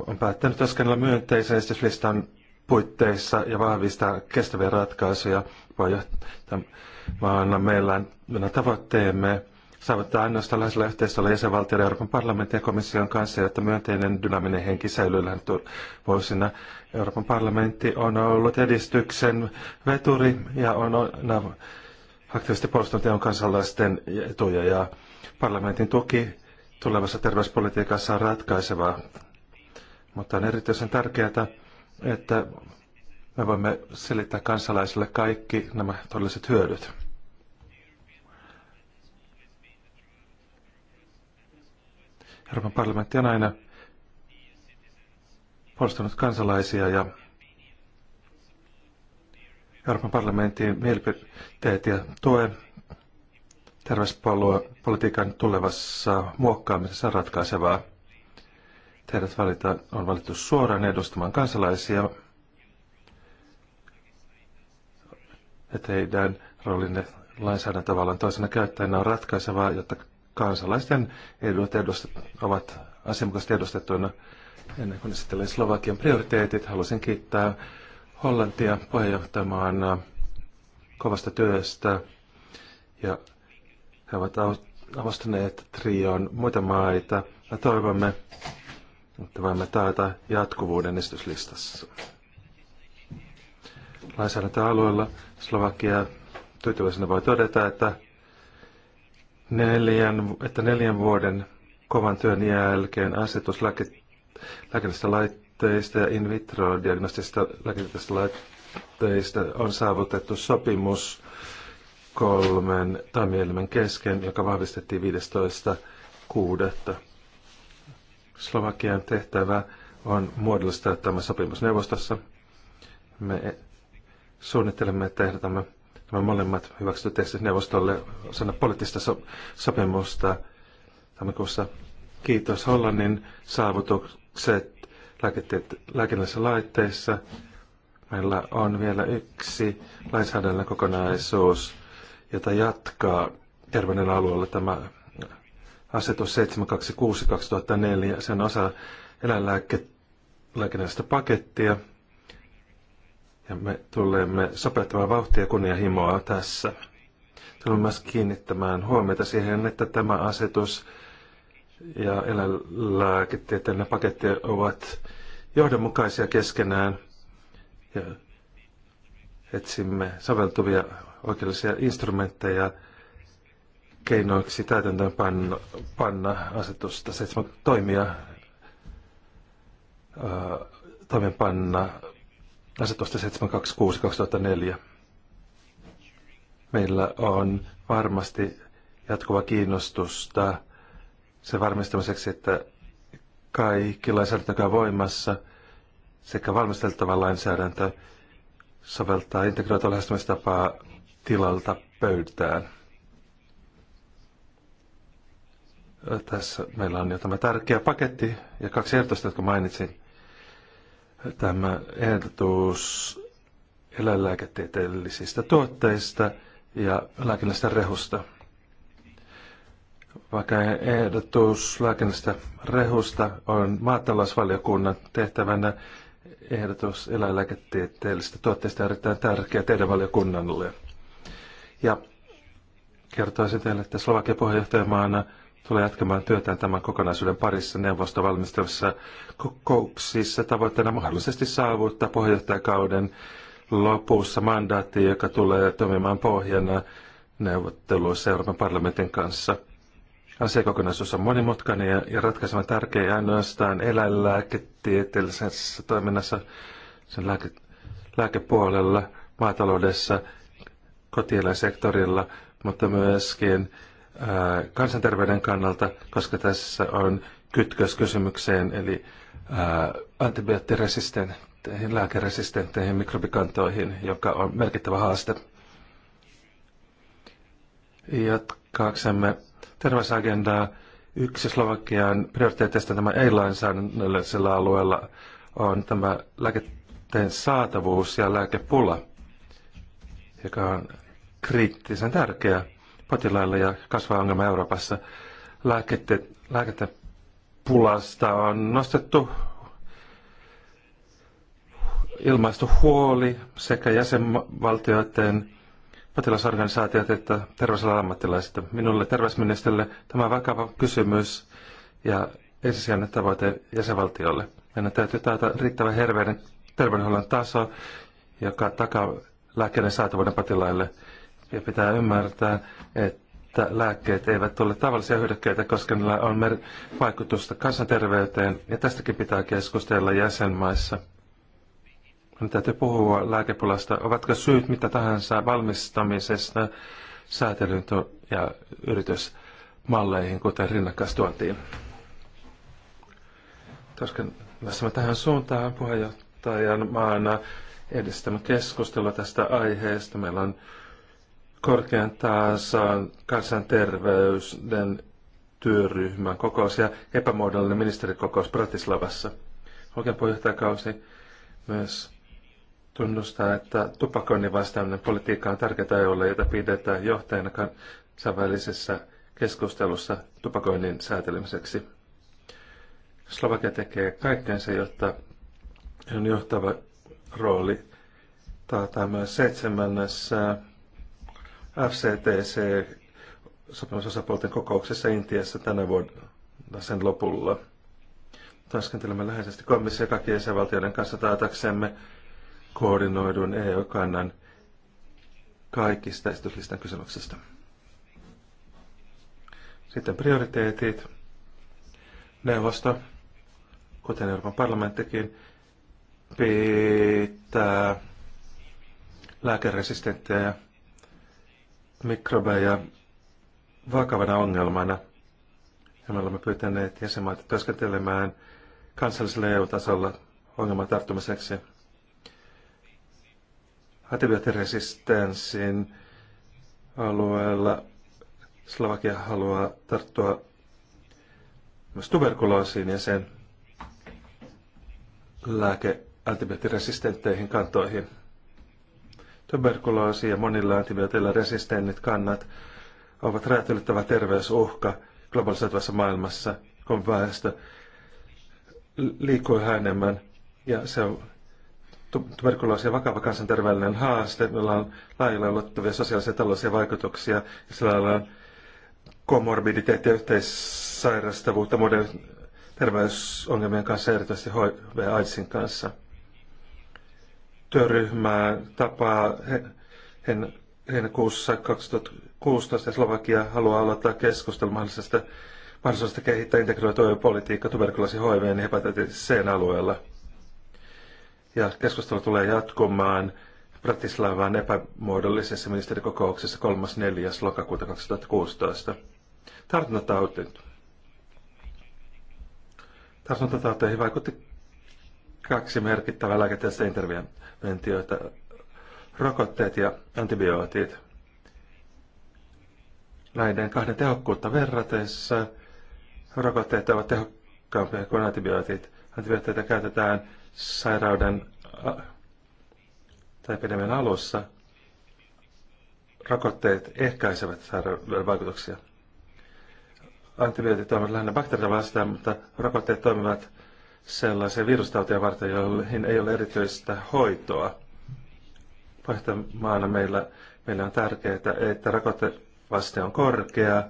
Speaker 1: on päättänyt työskennellä myönteisen esityslistan puitteissa ja vahvistaa kestäviä ratkaisuja. Puheenjohtajamaana meillä on tavoitteemme saavuttaa ainoastaan läheisellä yhteistyöllä jäsenvaltioiden Euroopan parlamentin ja komission kanssa, jotta myönteinen dynaaminen henki säilyy vuosina. Euroopan parlamentti on ollut edistyksen veturi ja on aina aktiivisesti puolustanut EUn kansalaisten etuja ja parlamentin tuki tulevassa terveyspolitiikassa on ratkaisevaa. Mutta on erityisen tärkeää, että me voimme selittää kansalaisille kaikki nämä todelliset hyödyt. Euroopan parlamentti on aina puolustanut kansalaisia ja Euroopan parlamentin mielipiteet ja tue terveyspolitiikan tulevassa muokkaamisessa on ratkaisevaa. Teidät valita, on valittu suoraan edustamaan kansalaisia ja teidän roolinne lainsäädäntövallan toisena käyttäjänä on ratkaisevaa, jotta kansalaisten edut edustet, ovat asianmukaisesti edustettuina. Ennen kuin esittelen Slovakian prioriteetit, haluaisin kiittää Hollantia puheenjohtamaan kovasta työstä. Ja he ovat avustaneet trion muita maita. Ja toivomme, että voimme taata jatkuvuuden esityslistassa. Lainsäädäntöalueella Slovakia tyytyväisenä voi todeta, että neljän, että neljän vuoden kovan työn jälkeen asetus lääke, laitteista ja in vitro diagnostista lääkinnällisistä laitteista on saavutettu sopimus kolmen toimielimen kesken, joka vahvistettiin 15.6. Slovakian tehtävä on muodollistaa tämä sopimus neuvostossa. Me suunnittelemme, että ehdotamme Tämä molemmat hyväksytty tekstit neuvostolle osana poliittista so- sopimusta tammikuussa. Kiitos Hollannin saavutukset lääkinnällisessä laitteissa. Meillä on vielä yksi lainsäädännön kokonaisuus, jota jatkaa terveyden alueella tämä asetus 726-2004. Sen osa eläinlääkinnällistä pakettia – ja me tulemme sopeuttamaan vauhtia ja kunnianhimoa tässä. Tulemme myös kiinnittämään huomiota siihen, että tämä asetus ja eläinlääketieteellinen paketti ovat johdonmukaisia keskenään ja etsimme soveltuvia oikeudellisia instrumentteja keinoiksi täytäntöön panna, panna asetusta seitsemän toimia, ää, toimenpanna asetusta 2004 Meillä on varmasti jatkuva kiinnostusta se varmistamiseksi, että kaikki lainsäädäntö, on voimassa, sekä valmisteltava lainsäädäntö soveltaa integroitua lähestymistapaa tilalta pöytään. Tässä meillä on jo tämä tärkeä paketti ja kaksi ehdotusta, jotka mainitsin tämä ehdotus eläinlääketieteellisistä tuotteista ja lääkinnästä rehusta. Vaikka ehdotus lääkinnästä rehusta on maatalousvaliokunnan tehtävänä, ehdotus eläinlääketieteellisistä tuotteista on erittäin tärkeä teidän valiokunnalle. Ja kertoisin teille, että Slovakia puheenjohtajamaana – tulee jatkamaan työtään tämän kokonaisuuden parissa neuvostovalmistelussa kokouksissa tavoitteena mahdollisesti saavuttaa puheenjohtajakauden lopussa mandaatti, joka tulee toimimaan pohjana neuvotteluissa Euroopan parlamentin kanssa. Asiakokonaisuus on monimutkainen ja, ratkaisevan tärkeä ainoastaan eläinlääketieteellisessä toiminnassa, sen lääke, lääkepuolella, maataloudessa, kotieläinsektorilla, mutta myöskin Äh, kansanterveyden kannalta, koska tässä on kytkös kysymykseen, eli äh, antibioottiresistenteihin, lääkeresistenteihin, mikrobikantoihin, joka on merkittävä haaste. Jatkaaksemme terveysagendaa. Yksi Slovakian prioriteeteista tämä ei-lainsäädännöllisellä alueella on tämä lääketteen saatavuus ja lääkepula, joka on kriittisen tärkeä potilailla ja kasvaa ongelma Euroopassa. Lääkette, lääketepulasta on nostettu ilmaistu huoli sekä jäsenvaltioiden potilasorganisaatiot että terveysalan ammattilaiset. Minulle terveysministerille tämä on vakava kysymys ja ensisijainen tavoite jäsenvaltiolle. Meidän täytyy taata riittävä terveydenhuollon taso, joka takaa lääkkeiden saatavuuden potilaille – ja pitää ymmärtää, että lääkkeet eivät ole tavallisia hyödykkeitä, koska niillä on mer- vaikutusta kansanterveyteen, ja tästäkin pitää keskustella jäsenmaissa. Nyt täytyy puhua lääkepulasta. Ovatko syyt mitä tahansa valmistamisesta säätelyyn ja yritysmalleihin, kuten rinnakkaistuontiin? Koska mä tähän suuntaan puheenjohtajan maana edistämme keskustelua tästä aiheesta. Meillä on korkean tasan kansanterveyden työryhmän kokous ja epämuodollinen ministerikokous Bratislavassa. Oikein puheenjohtajakausi myös tunnustaa, että tupakoinnin vastaaminen politiikka on tärkeää EUlle, jota pidetään johtajana kansainvälisessä keskustelussa tupakoinnin säätelemiseksi. Slovakia tekee kaikkeensa, jotta on johtava rooli taataan myös seitsemännessä FCTC-sopimusosapuolten kokouksessa Intiassa tänä vuonna sen lopulla. Taskentelemme läheisesti komissio ja kaikkien jäsenvaltioiden kanssa taataksemme koordinoidun EU-kannan kaikista esityslistan kysymyksistä. Sitten prioriteetit. Neuvosto, kuten Euroopan parlamenttikin, pitää lääkeresistenttejä mikrobeja vakavana ongelmana. Ja me olemme pyytäneet jäsenmaita työskentelemään kansallisella EU-tasolla ongelman tarttumiseksi. Antibioottiresistenssin alueella Slovakia haluaa tarttua myös tuberkuloosiin ja sen lääke antibioottiresistentteihin kantoihin. Tuberkuloosi ja monilla antibiooteilla resistentit kannat ovat räätylyttävä terveysuhka globalisoituvassa maailmassa, kun väestö liikkuu yhä enemmän. Ja se on tuberkuloosi on vakava kansanterveellinen haaste, jolla on laajalla ulottuvia sosiaalisia ja taloudellisia vaikutuksia, ja sillä on komorbiditeettia, yhteissairastavuutta muiden terveysongelmien kanssa, erityisesti HIV-AIDSin kanssa työryhmää tapaa heinäkuussa 2016 ja Slovakia haluaa aloittaa keskustelun mahdollisesta, mahdollisesta kehittää integroitua politiikkaa tuberkuloosin HIV ja hepatitis C alueella. Ja keskustelu tulee jatkumaan Bratislavan epämuodollisessa ministerikokouksessa 3.4. lokakuuta 2016. Tartuntatautit. Tartuntatauteihin vaikutti kaksi merkittävää lääketieteellistä interventioita, rokotteet ja antibiootit. Näiden kahden tehokkuutta verratessa rokotteet ovat tehokkaampia kuin antibiootit. Antibiootteita käytetään sairauden tai epidemian alussa. Rokotteet ehkäisevät sairauden vaikutuksia antibiootit toimivat lähinnä bakteereita vastaan, mutta rokotteet toimivat sellaisia virustauteja varten, joihin ei ole erityistä hoitoa. Vaihtomaana meillä, meillä on tärkeää, että rokotevaste on korkea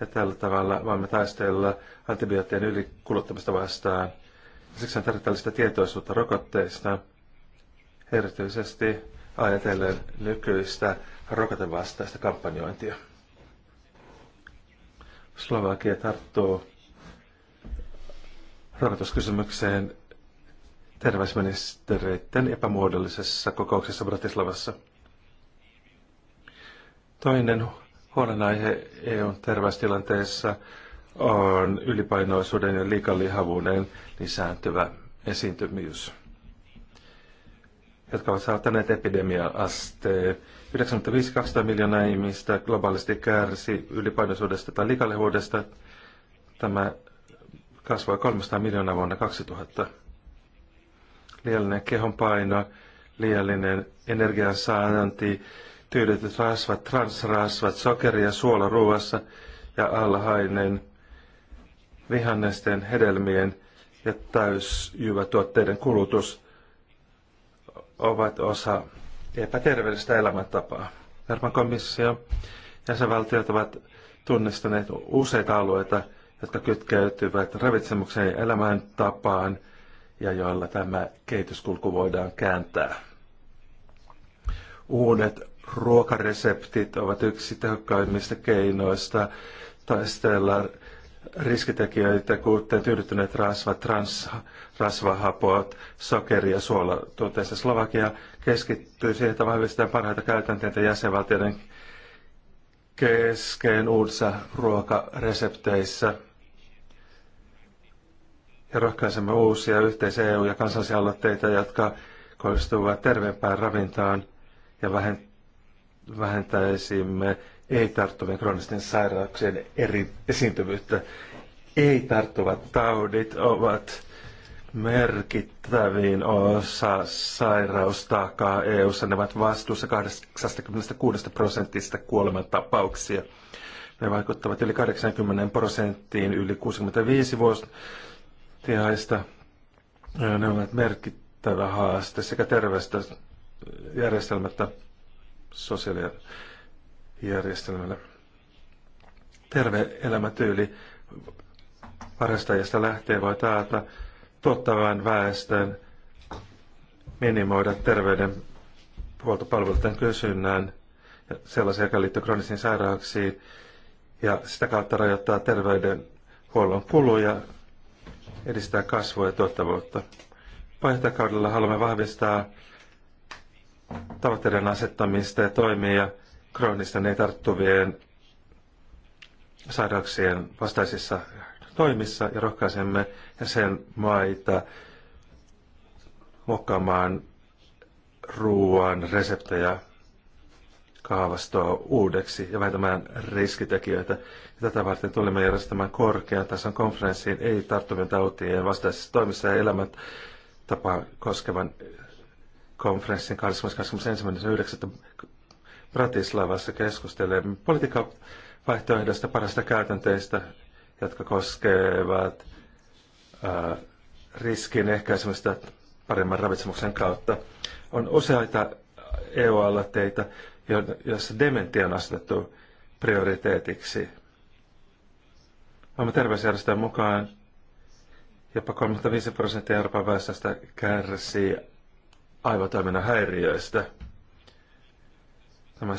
Speaker 1: ja tällä tavalla voimme taistella antibioottien ylikuluttamista vastaan. Siksi on tarvittavista tietoisuutta rokotteista, erityisesti ajatellen nykyistä rokotevastaista kampanjointia. Slovakia tarttuu rahoituskysymykseen terveysministereiden epämuodollisessa kokouksessa Bratislavassa. Toinen huolenaihe EUn terveystilanteessa on ylipainoisuuden ja liikalihavuuden lisääntyvä esiintymys, jotka ovat saattaneet epidemia-asteen. 95-200 miljoonaa ihmistä globaalisti kärsi ylipainoisuudesta tai liikalihavuudesta. Tämä kasvoi 300 miljoonaa vuonna 2000. Liiallinen kehon paino liiallinen energiansaanti, tyydytyt rasvat, transrasvat, sokeri ja suola ruoassa ja alhainen vihannesten, hedelmien ja täysjyvätuotteiden kulutus ovat osa epäterveellistä elämäntapaa. Euroopan komissio ja jäsenvaltiot ovat tunnistaneet useita alueita – jotka kytkeytyvät ravitsemukseen ja elämäntapaan ja joilla tämä kehityskulku voidaan kääntää. Uudet ruokareseptit ovat yksi tehokkaimmista keinoista taistella riskitekijöitä, kuten tyydyttyneet rasvat, transrasvahapot, sokeri ja suola. Tuoteessa Slovakia keskittyy siihen, että vahvistetaan parhaita käytänteitä jäsenvaltioiden kesken uudessa ruokaresepteissä – ja rohkaisemme uusia yhteisiä EU- ja kansallisia aloitteita, jotka kohdistuvat terveempään ravintaan ja vähentäisimme ei-tarttuvien kroonisten sairauksien eri esiintyvyyttä. Ei-tarttuvat taudit ovat merkittävin osa sairaustaakaa EU-ssa. Ne ovat vastuussa 86 prosentista kuolemantapauksia. Ne vaikuttavat yli 80 prosenttiin yli 65 vuotta TAista. Ne ovat merkittävä haaste sekä terveestä järjestelmättä sosiaalijärjestelmälle. Terve elämätyyli varastajasta lähtee voi taata tuottavan väestön minimoida terveyden huoltopalveluiden kysynnän ja sellaisia, jotka liittyvät kroonisiin sairauksiin ja sitä kautta rajoittaa terveydenhuollon kuluja edistää kasvua ja tuottavuutta. Puheenjohtajakaudella haluamme vahvistaa tavoitteiden asettamista ja toimia kroonisten ei tarttuvien sairauksien vastaisissa toimissa ja rohkaisemme maita muokkaamaan ruoan reseptejä kaavastoa uudeksi ja vähentämään riskitekijöitä. Tätä varten tulemme järjestämään korkean tason konferenssiin ei tarttuvien tautien vastaisessa toimissa ja elämäntapaa koskevan konferenssin 21.9. Bratislavassa keskustelemme vaihtoehdosta parasta käytänteistä, jotka koskevat ää, riskin ehkäisemistä paremman ravitsemuksen kautta. On useita EU-aloitteita, joissa dementia on asetettu prioriteetiksi. Maailman terveysjärjestön mukaan jopa 35 prosenttia Euroopan väestöstä kärsii aivotoiminnan häiriöistä. Tämä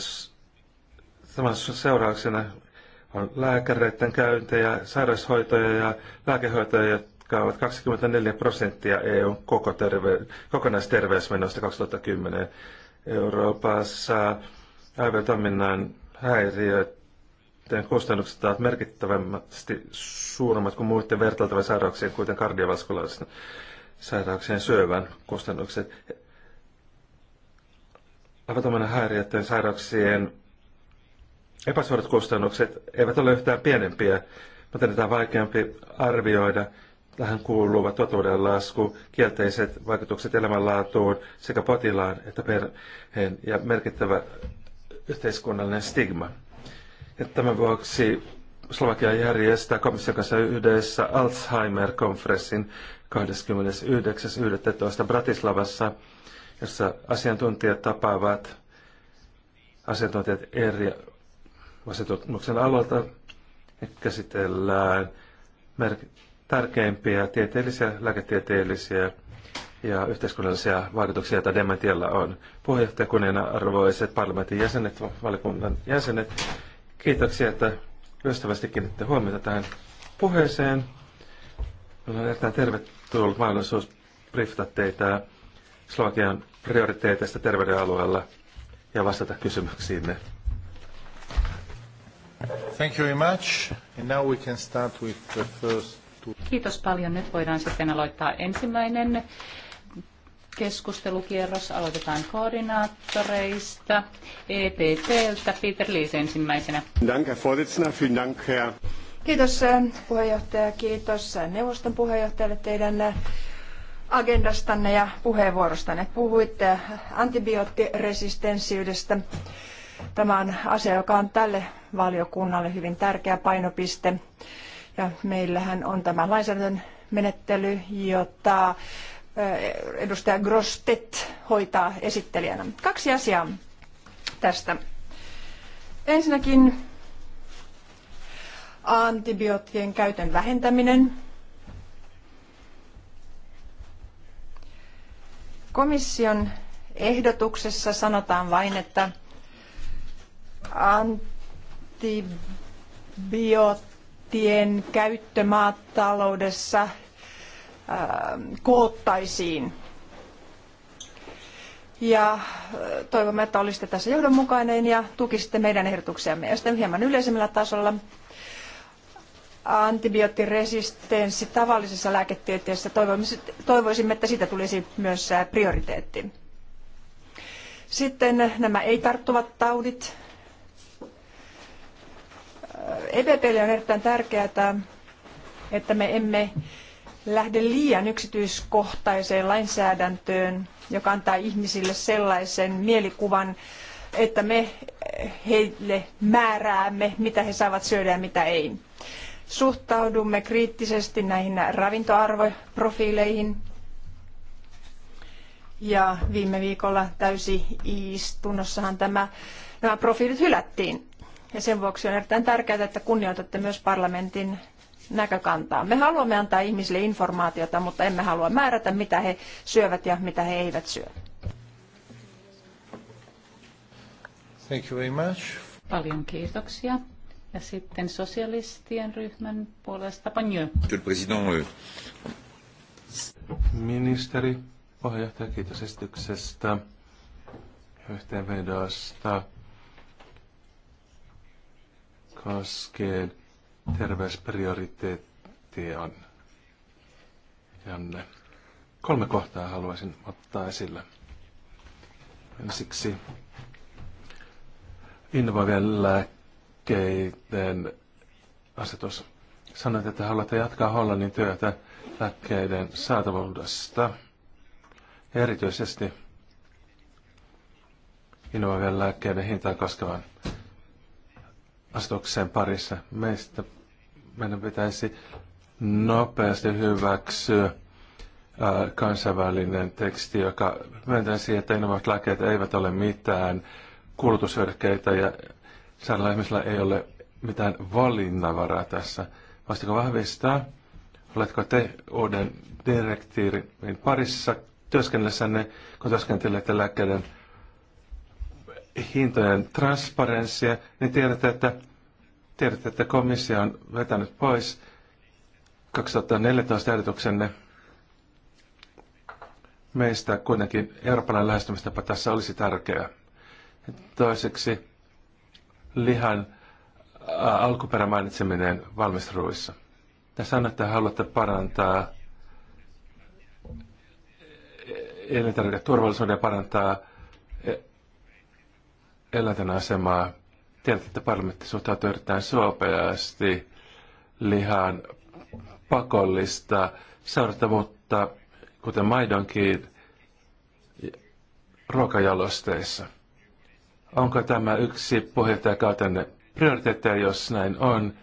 Speaker 1: tämän seurauksena on lääkäreiden käyntejä, sairaushoitoja ja lääkehoitoja, jotka ovat 24 prosenttia EUn koko terve, kokonaisterveysmenoista 2010. Euroopassa aivotoiminnan häiriöt niiden kustannukset ovat merkittävästi suuremmat kuin muiden vertailtavien sairauksien, kuten kardiovaskulaisten sairauksien syövän kustannukset. Avatomainen häiriöiden sairauksien epäsuorat kustannukset eivät ole yhtään pienempiä, mutta niitä on vaikeampi arvioida. Tähän kuuluvat totuudenlasku, lasku, kielteiset vaikutukset elämänlaatuun sekä potilaan että perheen ja merkittävä yhteiskunnallinen stigma tämän vuoksi Slovakia järjestää komission kanssa yhdessä Alzheimer-konferenssin 29.11. Bratislavassa, jossa asiantuntijat tapaavat asiantuntijat eri asetuksen aloilta käsitellään tärkeimpiä tieteellisiä, lääketieteellisiä ja yhteiskunnallisia vaikutuksia, joita dementialla on. Puheenjohtajakunnan arvoiset parlamentin jäsenet, valiokunnan jäsenet, Kiitoksia, että ystävästi kiinnitte huomiota tähän puheeseen. Meillä on erittäin tervetullut mahdollisuus briefata teitä Slovakian prioriteeteista terveydenalueella ja vastata kysymyksiinne.
Speaker 2: Thank you very much. And now we can start with the first two. Kiitos paljon. Nyt voidaan sitten aloittaa ensimmäinen keskustelukierros. Aloitetaan koordinaattoreista. EPPltä Peter Liis ensimmäisenä.
Speaker 1: Danke, Herr Vorsitzender. Vielen Dank, Herr...
Speaker 3: Kiitos eh, puheenjohtaja, kiitos eh, neuvoston puheenjohtajalle teidän eh, agendastanne ja puheenvuorostanne. Puhuitte antibioottiresistenssiydestä. Tämä on asia, joka on tälle valiokunnalle hyvin tärkeä painopiste. Ja meillähän on tämä lainsäädännön menettely, jota edustaja Grostet hoitaa esittelijänä. Kaksi asiaa tästä. Ensinnäkin antibioottien käytön vähentäminen. Komission ehdotuksessa sanotaan vain, että antibioottien käyttö maataloudessa Ähm, koottaisiin. Ja äh, toivomme, että olisitte tässä johdonmukainen ja tukisitte meidän ehdotuksiamme. Ja sitten hieman yleisemmällä tasolla antibioottiresistenssi tavallisessa lääketieteessä toivoisimme, että siitä tulisi myös äh, prioriteetti. Sitten nämä ei-tarttuvat taudit. Äh, EPPlle on erittäin tärkeää, että me emme lähde liian yksityiskohtaiseen lainsäädäntöön, joka antaa ihmisille sellaisen mielikuvan, että me heille määräämme, mitä he saavat syödä ja mitä ei. Suhtaudumme kriittisesti näihin ravintoarvoprofiileihin. Ja viime viikolla täysiistunnossahan tämä, nämä profiilit hylättiin. Ja sen vuoksi on erittäin tärkeää, että kunnioitatte myös parlamentin näkökantaa. Me haluamme antaa ihmisille informaatiota, mutta emme halua määrätä, mitä he syövät ja mitä he eivät syö.
Speaker 2: Thank you very much. Paljon kiitoksia. Ja sitten sosialistien ryhmän puolesta Panjö. Euh,
Speaker 1: Ministeri, puheenjohtaja, kiitos esityksestä, yhteenvedosta koskien terveysprioriteetti on, Janne. Kolme kohtaa haluaisin ottaa esille. Ensiksi innovaavien lääkkeiden asetus. Sanoit, että haluatte jatkaa Hollannin työtä lääkkeiden saatavuudesta. erityisesti innovaavien lääkkeiden hintaa koskevan asetuksen parissa. Meistä meidän pitäisi nopeasti hyväksyä kansainvälinen teksti, joka siihen, että innovaatiolääkkeet eivät ole mitään kulutushyödykkeitä ja sairailla ihmisellä ei ole mitään valinnanvaraa tässä. Voisitko vahvistaa, oletko te uuden direktiivin parissa työskennellessänne, kun työskentelette lääkkeiden hintojen transparenssia, niin tiedätte, että Tiedätte, että komissio on vetänyt pois 2014 ehdotuksenne. Meistä kuitenkin eurooppalainen lähestymistapa tässä olisi tärkeä. Toiseksi lihan alkuperä mainitseminen valmisteluissa. Te sanotte, että haluatte parantaa elintarviketurvallisuuden ja parantaa e- eläinten asemaa Tiedät, että parlamentti suhtautuu erittäin suopeasti lihan pakollista sairattavuutta, kuten maidonkin ruokajalosteissa. Onko tämä yksi puheenjohtajakautenne prioriteetteja, jos näin on?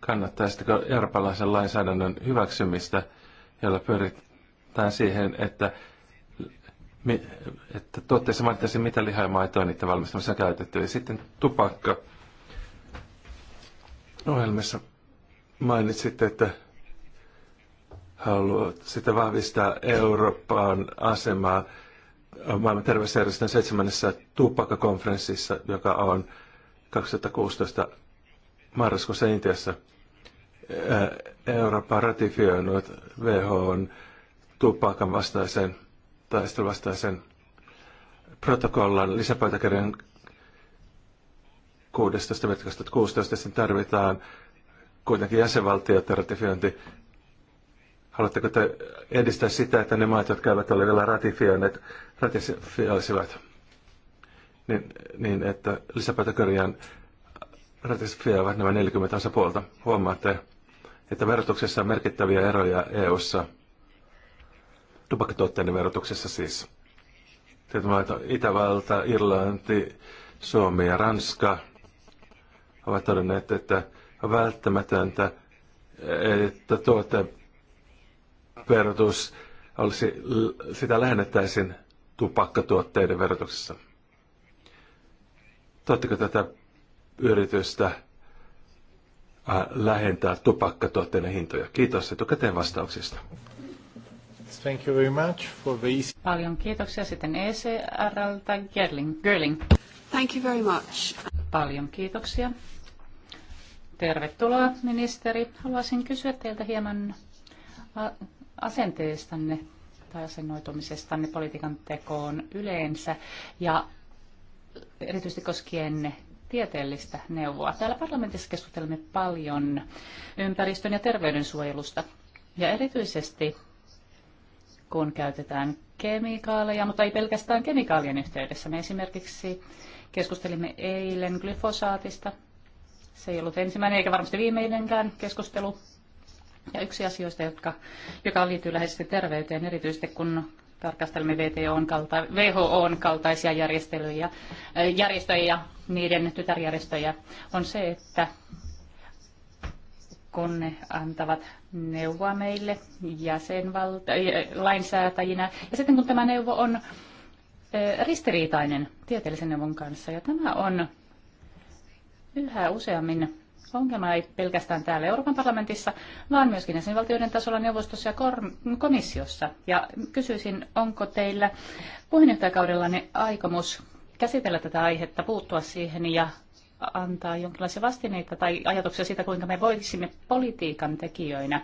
Speaker 1: Kannattaisitko eurooppalaisen lainsäädännön hyväksymistä, jolla pyritään siihen, että että tuotteessa mainittaisiin, mitä lihaa ja maitoa niiden valmistamisessa on käytetty. Ja sitten tupakka. Ohjelmissa mainitsitte, että haluat sitä vahvistaa Euroopan asemaa maailman terveysjärjestön seitsemännessä tupakkakonferenssissa, joka on 2016 marraskuussa Intiassa. Eurooppa on ratifioinut WHOn tupakan vastaisen taisteluvastaisen protokollan lisäpöytäkirjan 16. Sen tarvitaan kuitenkin jäsenvaltioiden ratifiointi. Haluatteko te edistää sitä, että ne maat, jotka eivät ole vielä ratifioineet, ratifioisivat? Niin, niin että lisäpöytäkirjan ratifioivat nämä 40 osapuolta. Huomaatte, että verotuksessa on merkittäviä eroja EU:ssa tupakkatuotteiden verotuksessa siis. Itävalta, Irlanti, Suomi ja Ranska ovat todenneet, että on välttämätöntä, että tuoteverotus verotus olisi, sitä lähennettäisiin tupakkatuotteiden verotuksessa. Tuotteko tätä yritystä äh, lähentää tupakkatuotteiden hintoja? Kiitos etukäteen vastauksista.
Speaker 2: Thank you very much for the... Paljon kiitoksia sitten ECRltä Gerling. Gerling. Thank you very much. Paljon kiitoksia. Tervetuloa, ministeri. Haluaisin kysyä teiltä hieman asenteestanne tai asennoitumisestanne politiikan tekoon yleensä ja erityisesti koskien tieteellistä neuvoa. Täällä parlamentissa keskustelemme paljon ympäristön ja terveydensuojelusta ja erityisesti kun käytetään kemikaaleja, mutta ei pelkästään kemikaalien yhteydessä. Me esimerkiksi keskustelimme eilen glyfosaatista. Se ei ollut ensimmäinen eikä varmasti viimeinenkään keskustelu. Ja yksi asioista, jotka, joka liittyy läheisesti terveyteen, erityisesti kun tarkastelemme WHOn, kalta, WHOn kaltaisia järjestelyjä, järjestöjä, niiden tytärjärjestöjä, on se, että kun ne antavat neuvoa meille jäsenvalta- lainsäätäjinä. Ja sitten kun tämä neuvo on ristiriitainen tieteellisen neuvon kanssa, ja tämä on yhä useammin ongelma ei pelkästään täällä Euroopan parlamentissa, vaan myöskin jäsenvaltioiden tasolla neuvostossa ja komissiossa. Ja kysyisin, onko teillä puheenjohtajakaudellanne aikomus käsitellä tätä aihetta, puuttua siihen ja antaa jonkinlaisia vastineita tai ajatuksia siitä, kuinka me voisimme politiikan tekijöinä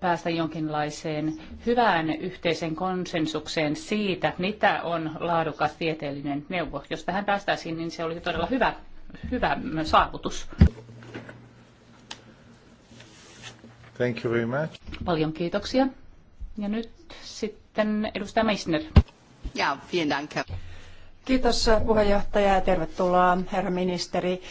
Speaker 2: päästä jonkinlaiseen hyvään yhteisen konsensukseen siitä, mitä on laadukas tieteellinen neuvo. Jos tähän päästäisiin, niin se olisi todella hyvä, hyvä saavutus.
Speaker 1: Thank you very much.
Speaker 2: Paljon kiitoksia. Ja nyt sitten edustaja Meissner. Ja, vielen dank.
Speaker 3: Kiitos puheenjohtaja ja tervetuloa herra ministeri.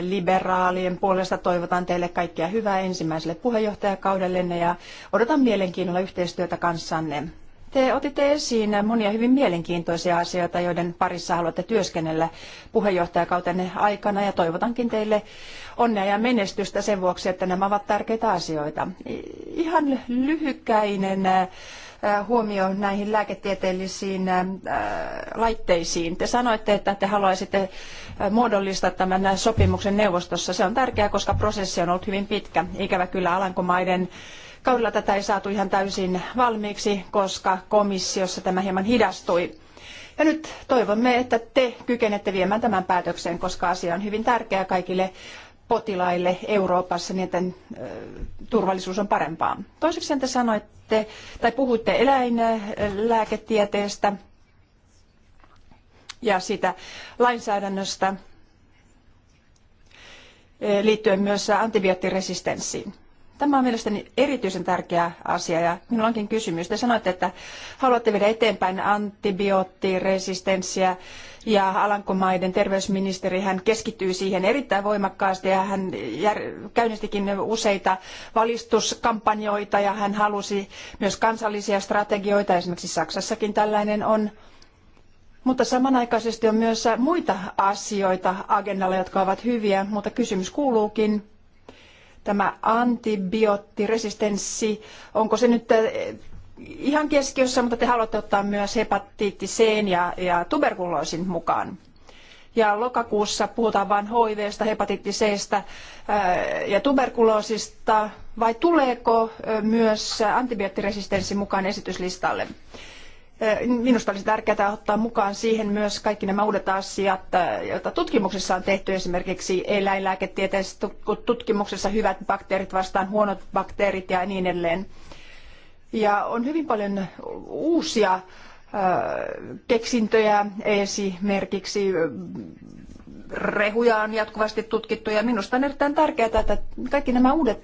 Speaker 3: Liberaalien puolesta toivotan teille kaikkia hyvää ensimmäiselle puheenjohtajakaudellenne ja odotan mielenkiinnolla yhteistyötä kanssanne. Te otitte esiin monia hyvin mielenkiintoisia asioita, joiden parissa haluatte työskennellä puheenjohtajakautenne aikana ja toivotankin teille onnea ja menestystä sen vuoksi, että nämä ovat tärkeitä asioita. Ihan lyhykäinen huomio näihin lääketieteellisiin laitteisiin. Te sanoitte, että te haluaisitte muodollistaa tämän sopimuksen neuvostossa. Se on tärkeää, koska prosessi on ollut hyvin pitkä. Ikävä kyllä Alankomaiden kaudella tätä ei saatu ihan täysin valmiiksi, koska komissiossa tämä hieman hidastui. Ja nyt toivomme, että te kykenette viemään tämän päätökseen, koska asia on hyvin tärkeä kaikille potilaille Euroopassa niin, että turvallisuus on parempaa. Toiseksi te sanoitte, tai puhuitte eläinlääketieteestä ja siitä lainsäädännöstä e, liittyen myös antibioottiresistenssiin. Tämä on mielestäni erityisen tärkeä asia ja minulla onkin kysymys. Te sanoitte, että haluatte viedä eteenpäin antibioottiresistenssiä ja Alankomaiden terveysministeri hän keskittyy siihen erittäin voimakkaasti ja hän käynnistikin useita valistuskampanjoita ja hän halusi myös kansallisia strategioita, esimerkiksi Saksassakin tällainen on. Mutta samanaikaisesti on myös muita asioita agendalla, jotka ovat hyviä, mutta kysymys kuuluukin, tämä antibioottiresistenssi, onko se nyt eh, ihan keskiössä, mutta te haluatte ottaa myös hepatiitti C ja, ja tuberkuloosin mukaan. Ja lokakuussa puhutaan vain HIVstä, hepatiitti Cstä eh, ja tuberkuloosista, vai tuleeko eh, myös antibioottiresistenssi mukaan esityslistalle? Minusta olisi tärkeää ottaa mukaan siihen myös kaikki nämä uudet asiat, joita tutkimuksessa on tehty esimerkiksi eläinlääketieteellisessä tutkimuksessa hyvät bakteerit vastaan huonot bakteerit ja niin edelleen. Ja on hyvin paljon uusia keksintöjä, esimerkiksi rehuja on jatkuvasti tutkittu ja minusta on erittäin tärkeää, että kaikki nämä uudet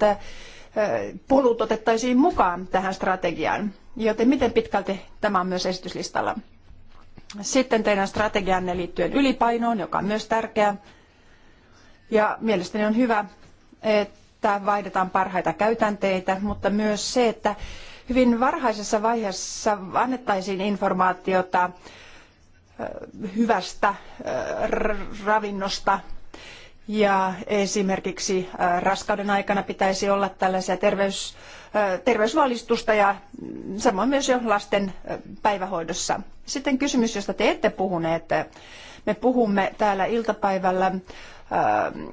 Speaker 3: polut otettaisiin mukaan tähän strategiaan. Joten miten pitkälti tämä on myös esityslistalla? Sitten teidän strategianne liittyen ylipainoon, joka on myös tärkeä. Ja mielestäni on hyvä, että vaihdetaan parhaita käytänteitä, mutta myös se, että hyvin varhaisessa vaiheessa annettaisiin informaatiota hyvästä ravinnosta ja esimerkiksi äh, raskauden aikana pitäisi olla tällaisia terveys, äh, terveysvalistusta ja mm, samoin myös jo lasten äh, päivähoidossa. Sitten kysymys, josta te ette puhuneet. Me puhumme täällä iltapäivällä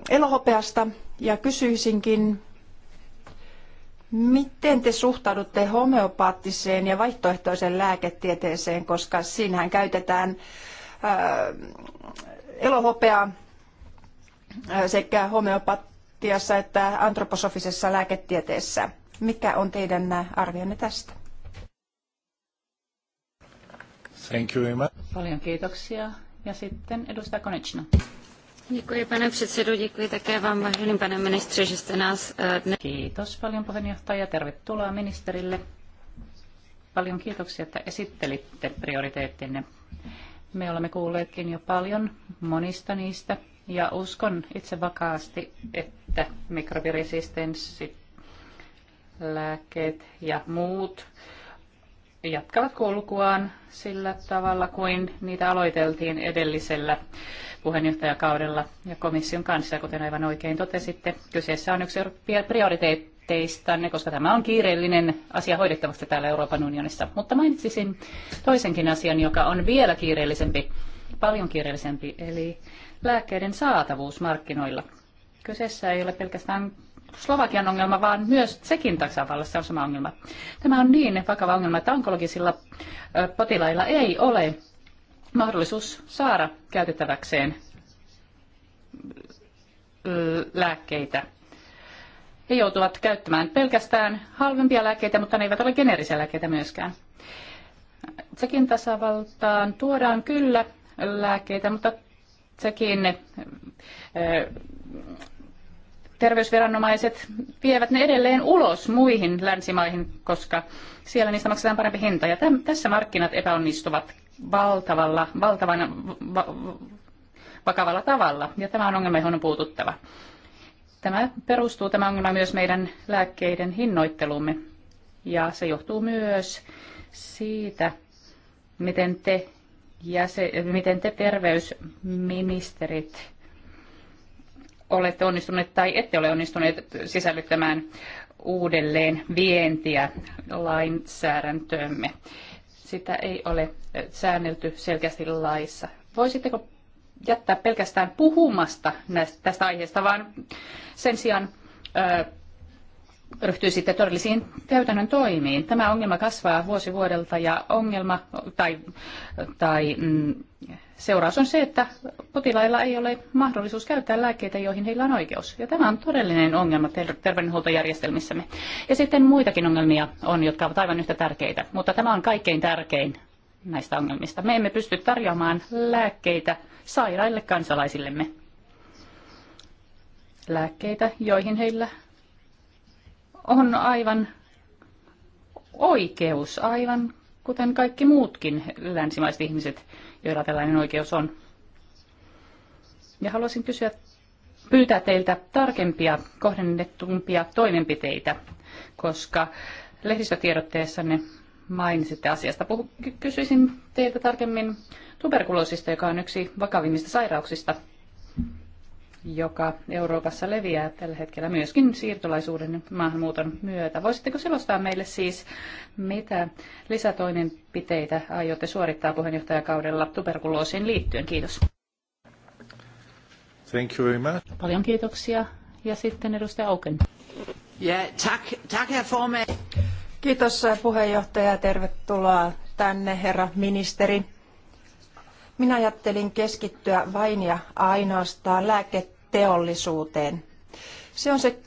Speaker 3: elohopeasta ja kysyisinkin, Miten te suhtaudutte homeopaattiseen ja vaihtoehtoiseen lääketieteeseen, koska siinähän käytetään ää, elohopeaa sekä homeopatiassa että antroposofisessa lääketieteessä. Mikä on teidän arvionne
Speaker 1: tästä? Thank you, Emma.
Speaker 2: Paljon kiitoksia. Ja sitten edustaja Konečna. Děkuji, pane předsedo, děkuji také vám, vážený pane ministře, že jste nás e, Kiitos paljon puheenjohtaja, tervetuloa ministerille. Paljon kiitoksia, että esittelitte prioriteettinne. Me olemme kuulleetkin jo paljon monista niistä ja uskon itse vakaasti, että mikrobiresistenssi, lääkkeet ja muut jatkavat kulkuaan sillä tavalla kuin niitä aloiteltiin edellisellä puheenjohtajakaudella ja komission kanssa, kuten aivan oikein totesitte. Kyseessä on yksi prioriteetteistanne, koska tämä on kiireellinen asia hoidettavasta täällä Euroopan unionissa. Mutta mainitsisin toisenkin asian, joka on vielä kiireellisempi, paljon kiireellisempi, eli lääkkeiden saatavuus markkinoilla. Kyseessä ei ole pelkästään Slovakian ongelma, vaan myös Tsekin tasavallassa on sama ongelma. Tämä on niin vakava ongelma, että onkologisilla potilailla ei ole mahdollisuus saada käytettäväkseen lääkkeitä. He joutuvat käyttämään pelkästään halvempia lääkkeitä, mutta ne eivät ole geneerisiä lääkkeitä myöskään. Tsekin tasavaltaan tuodaan kyllä lääkkeitä, mutta Tsekin äh, terveysviranomaiset vievät ne edelleen ulos muihin länsimaihin, koska siellä niistä maksetaan parempi hinta. Ja täm, tässä markkinat epäonnistuvat valtavalla, valtavan va, vakavalla tavalla. Ja tämä on ongelma, johon on puututtava. Tämä perustuu tämä ongelma myös meidän lääkkeiden hinnoittelumme. Ja se johtuu myös siitä, miten te ja se, miten te terveysministerit olette onnistuneet tai ette ole onnistuneet sisällyttämään uudelleen vientiä lainsäädäntöömme. Sitä ei ole säännelty selkeästi laissa. Voisitteko jättää pelkästään puhumasta näistä, tästä aiheesta, vaan sen sijaan ö, ryhtyy sitten todellisiin käytännön toimiin. Tämä ongelma kasvaa vuosi vuodelta ja ongelma tai, tai mm, seuraus on se, että potilailla ei ole mahdollisuus käyttää lääkkeitä, joihin heillä on oikeus. Ja tämä on todellinen ongelma ter- terveydenhuoltojärjestelmissämme. Ja sitten muitakin ongelmia on, jotka ovat aivan yhtä tärkeitä, mutta tämä on kaikkein tärkein näistä ongelmista. Me emme pysty tarjoamaan lääkkeitä sairaille kansalaisillemme. Lääkkeitä, joihin heillä on aivan oikeus, aivan kuten kaikki muutkin länsimaiset ihmiset, joilla tällainen oikeus on. Ja haluaisin kysyä, pyytää teiltä tarkempia, kohdennettumpia toimenpiteitä, koska lehdistötiedotteessanne mainitsitte asiasta. Puhu, kysyisin teiltä tarkemmin tuberkuloosista, joka on yksi vakavimmista sairauksista joka Euroopassa leviää tällä hetkellä myöskin siirtolaisuuden maahanmuuton myötä. Voisitteko selostaa meille siis, mitä lisätoimenpiteitä aiotte suorittaa puheenjohtajakaudella tuberkuloosiin liittyen? Kiitos.
Speaker 1: Thank you very much.
Speaker 2: Paljon kiitoksia. Ja sitten edustaja Auken. Yeah, tack, tack Kiitos
Speaker 3: puheenjohtaja ja tervetuloa tänne herra ministeri. Minä ajattelin keskittyä vain ja ainoastaan lääketeollisuuteen. Se on se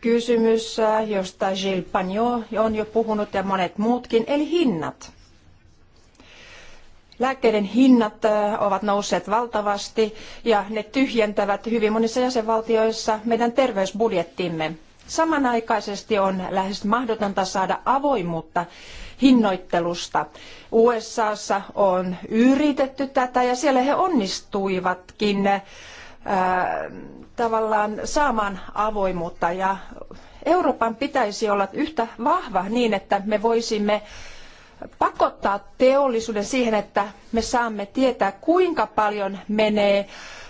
Speaker 3: kysymys, josta Gilles Pagnot on jo puhunut ja monet muutkin, eli hinnat. Lääkkeiden hinnat äh, ovat nousseet valtavasti ja ne tyhjentävät hyvin monissa jäsenvaltioissa meidän terveysbudjettimme. Samanaikaisesti on lähes mahdotonta saada avoimuutta hinnoittelusta. USAssa on yritetty tätä ja siellä he onnistuivatkin äh, tavallaan saamaan avoimuutta ja Euroopan pitäisi olla yhtä vahva niin, että me voisimme pakottaa teollisuuden siihen, että me saamme tietää, kuinka paljon menee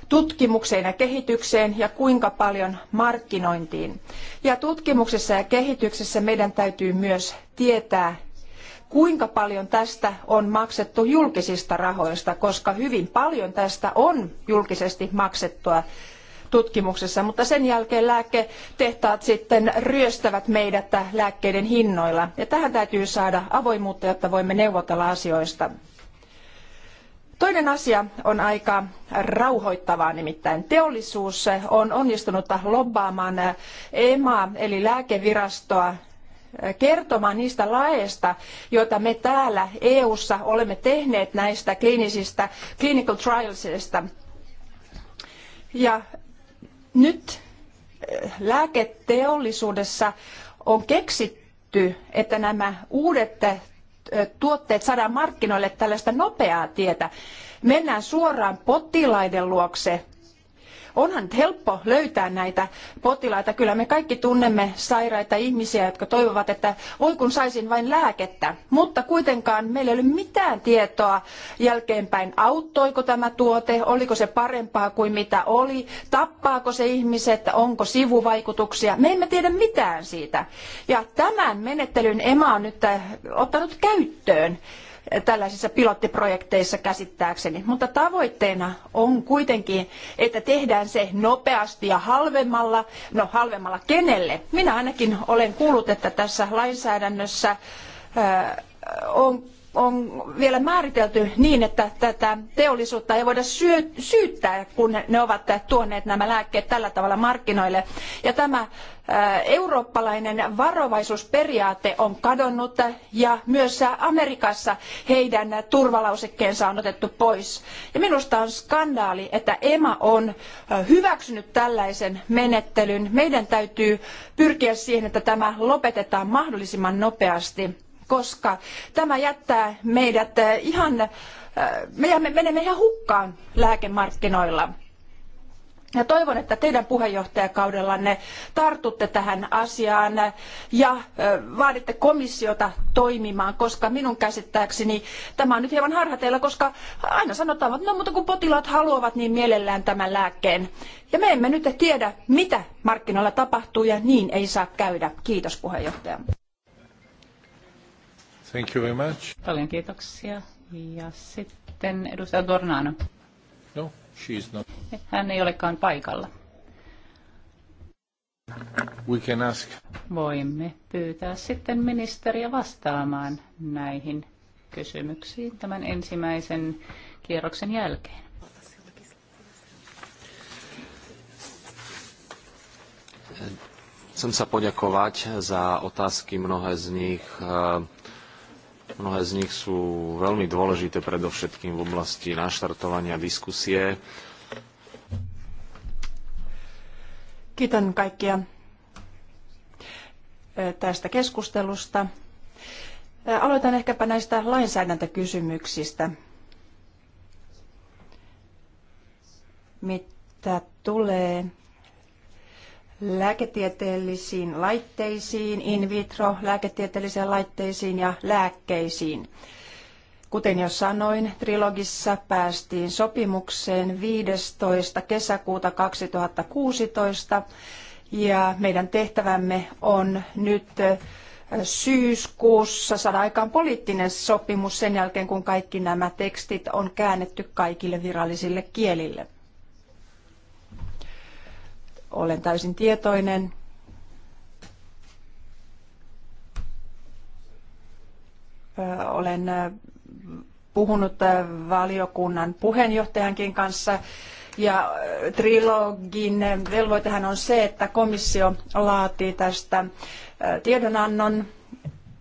Speaker 3: tutkimukseen ja kehitykseen ja kuinka paljon markkinointiin. Ja tutkimuksessa ja kehityksessä meidän täytyy myös tietää kuinka paljon tästä on maksettu julkisista rahoista, koska hyvin paljon tästä on julkisesti maksettua tutkimuksessa, mutta sen jälkeen lääketehtaat sitten ryöstävät meidät lääkkeiden hinnoilla. Ja tähän täytyy saada avoimuutta, jotta voimme neuvotella asioista. Toinen asia on aika rauhoittavaa, nimittäin teollisuus on onnistunut lobbaamaan EMA eli lääkevirastoa kertomaan niistä laeista, joita me täällä EU:ssa olemme tehneet näistä kliinisistä clinical trialsista. Ja nyt eh, lääketeollisuudessa on keksitty, että nämä uudet eh, tuotteet saadaan markkinoille tällaista nopeaa tietä. Mennään suoraan potilaiden luokse Onhan nyt helppo löytää näitä potilaita. Kyllä me kaikki tunnemme sairaita ihmisiä, jotka toivovat, että voi kun saisin vain lääkettä. Mutta kuitenkaan meillä ei ole mitään tietoa jälkeenpäin, auttoiko tämä tuote, oliko se parempaa kuin mitä oli, tappaako se ihmiset, onko sivuvaikutuksia. Me emme tiedä mitään siitä. Ja tämän menettelyn EMA on nyt äh, ottanut käyttöön tällaisissa pilottiprojekteissa käsittääkseni. Mutta tavoitteena on kuitenkin, että tehdään se nopeasti ja halvemmalla. No halvemmalla kenelle? Minä ainakin olen kuullut, että tässä lainsäädännössä on on vielä määritelty niin, että tätä teollisuutta ei voida syyttää, kun ne ovat tuoneet nämä lääkkeet tällä tavalla markkinoille. Ja tämä äh, eurooppalainen varovaisuusperiaate on kadonnut ja myös Amerikassa heidän turvalausekkeensa on otettu pois. Ja minusta on skandaali, että EMA on äh, hyväksynyt tällaisen menettelyn. Meidän täytyy pyrkiä siihen, että tämä lopetetaan mahdollisimman nopeasti koska tämä jättää meidät eh, ihan, eh, me menemme ihan hukkaan lääkemarkkinoilla. Ja toivon, että teidän puheenjohtajakaudellanne tartutte tähän asiaan ja eh, vaaditte komissiota toimimaan, koska minun käsittääkseni tämä on nyt hieman harhateilla, koska aina sanotaan, että no mutta kun potilaat haluavat, niin mielellään tämän lääkkeen. Ja me emme nyt tiedä, mitä
Speaker 2: markkinoilla tapahtuu ja niin ei saa käydä. Kiitos puheenjohtaja.
Speaker 1: Thank you very much.
Speaker 2: Paljon kiitoksia. Ja sitten edustaja Dornano.
Speaker 1: No, she's not.
Speaker 2: Hän ei olekaan paikalla. We can ask. Voimme pyytää sitten ministeriä vastaamaan näihin kysymyksiin tämän ensimmäisen kierroksen jälkeen.
Speaker 1: Chcem sa poďakovať za otázky, mnohé z nich eh, Mnohé z nich sú veľmi dôležité predovšetkým v oblasti naštartovania diskusie.
Speaker 3: Kiitän kaikkia e, tästä keskustelusta. E, aloitan ehkäpä näistä lainsäädäntökysymyksistä. Mitä tulee lääketieteellisiin laitteisiin, in vitro lääketieteellisiin laitteisiin ja lääkkeisiin. Kuten jo sanoin, trilogissa päästiin sopimukseen 15. kesäkuuta 2016 ja meidän tehtävämme on nyt syyskuussa saada aikaan poliittinen sopimus sen jälkeen, kun kaikki nämä tekstit on käännetty kaikille virallisille kielille olen täysin tietoinen. Olen puhunut valiokunnan puheenjohtajankin kanssa ja trilogin velvoitehan on se, että komissio laatii tästä tiedonannon,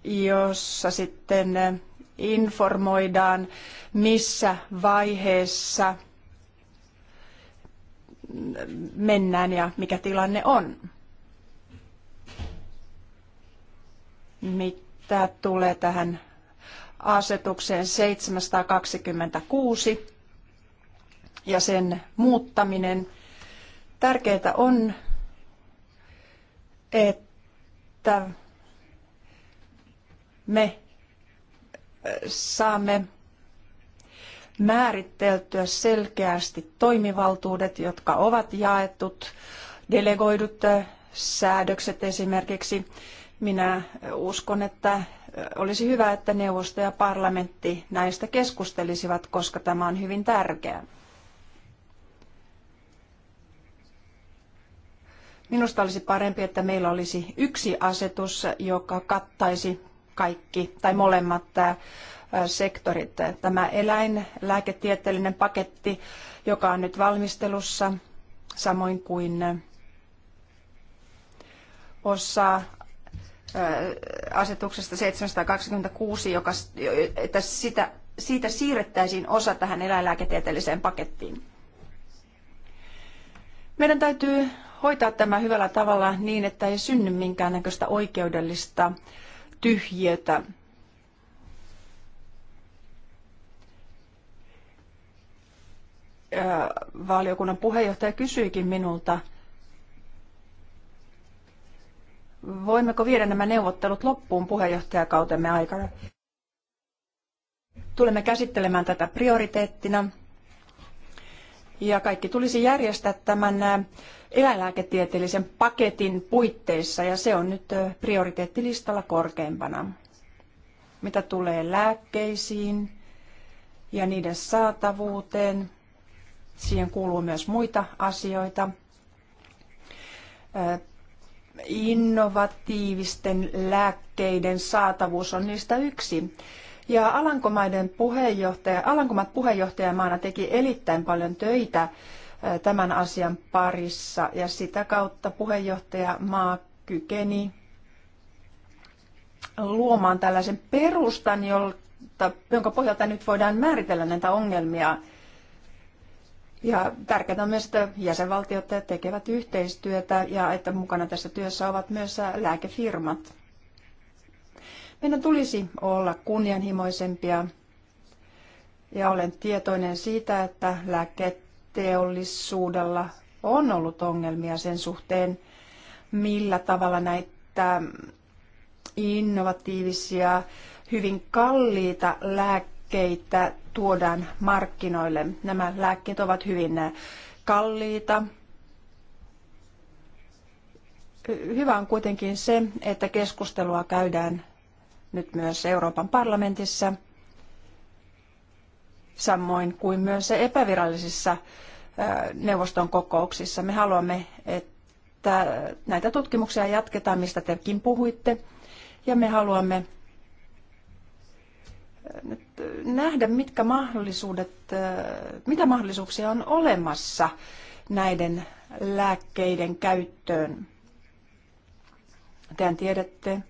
Speaker 3: jossa sitten informoidaan, missä vaiheessa mennään ja mikä tilanne on. Mitä tulee tähän asetukseen 726 ja sen muuttaminen. Tärkeää on, että me saamme määritteltyä selkeästi toimivaltuudet, jotka ovat jaetut, delegoidut säädökset esimerkiksi. Minä uskon, että olisi hyvä, että neuvosto ja parlamentti näistä keskustelisivat, koska tämä on hyvin tärkeää. Minusta olisi parempi, että meillä olisi yksi asetus, joka kattaisi kaikki tai molemmat sektorit. Tämä eläinlääketieteellinen paketti, joka on nyt valmistelussa, samoin kuin osa asetuksesta 726, joka, että sitä, siitä siirrettäisiin osa tähän eläinlääketieteelliseen pakettiin. Meidän täytyy hoitaa tämä hyvällä tavalla niin, että ei synny minkäännäköistä oikeudellista äh, tyhjiötä. Valiokunnan puheenjohtaja kysyikin minulta, voimmeko viedä nämä neuvottelut loppuun puheenjohtajakautemme aikana. Tulemme käsittelemään tätä prioriteettina. Ja kaikki tulisi järjestää tämän eläinlääketieteellisen paketin puitteissa ja se on nyt prioriteettilistalla korkeimpana. Mitä tulee lääkkeisiin ja niiden saatavuuteen, siihen kuuluu myös muita asioita. Innovatiivisten lääkkeiden saatavuus on niistä yksi. Ja Alankomaiden puheenjohtaja, Alankomat puheenjohtajamaana teki erittäin paljon töitä tämän asian parissa ja sitä kautta puheenjohtaja maa kykeni luomaan tällaisen perustan, jolta, jonka pohjalta nyt voidaan määritellä näitä ongelmia. Ja tärkeää on myös, että jäsenvaltiot tekevät yhteistyötä ja että mukana tässä työssä ovat myös lääkefirmat. Meidän tulisi olla kunnianhimoisempia ja olen tietoinen siitä, että lääkkeet teollisuudella on ollut ongelmia sen suhteen, millä tavalla näitä innovatiivisia, hyvin kalliita lääkkeitä tuodaan markkinoille. Nämä lääkkeet ovat hyvin kalliita. Hyvä on kuitenkin se, että keskustelua käydään nyt myös Euroopan parlamentissa – samoin kuin myös epävirallisissa neuvoston kokouksissa. Me haluamme, että näitä tutkimuksia jatketaan, mistä tekin puhuitte, ja me haluamme nähdä, mitkä mahdollisuudet, mitä mahdollisuuksia on olemassa näiden lääkkeiden käyttöön. Tehän tiedätte,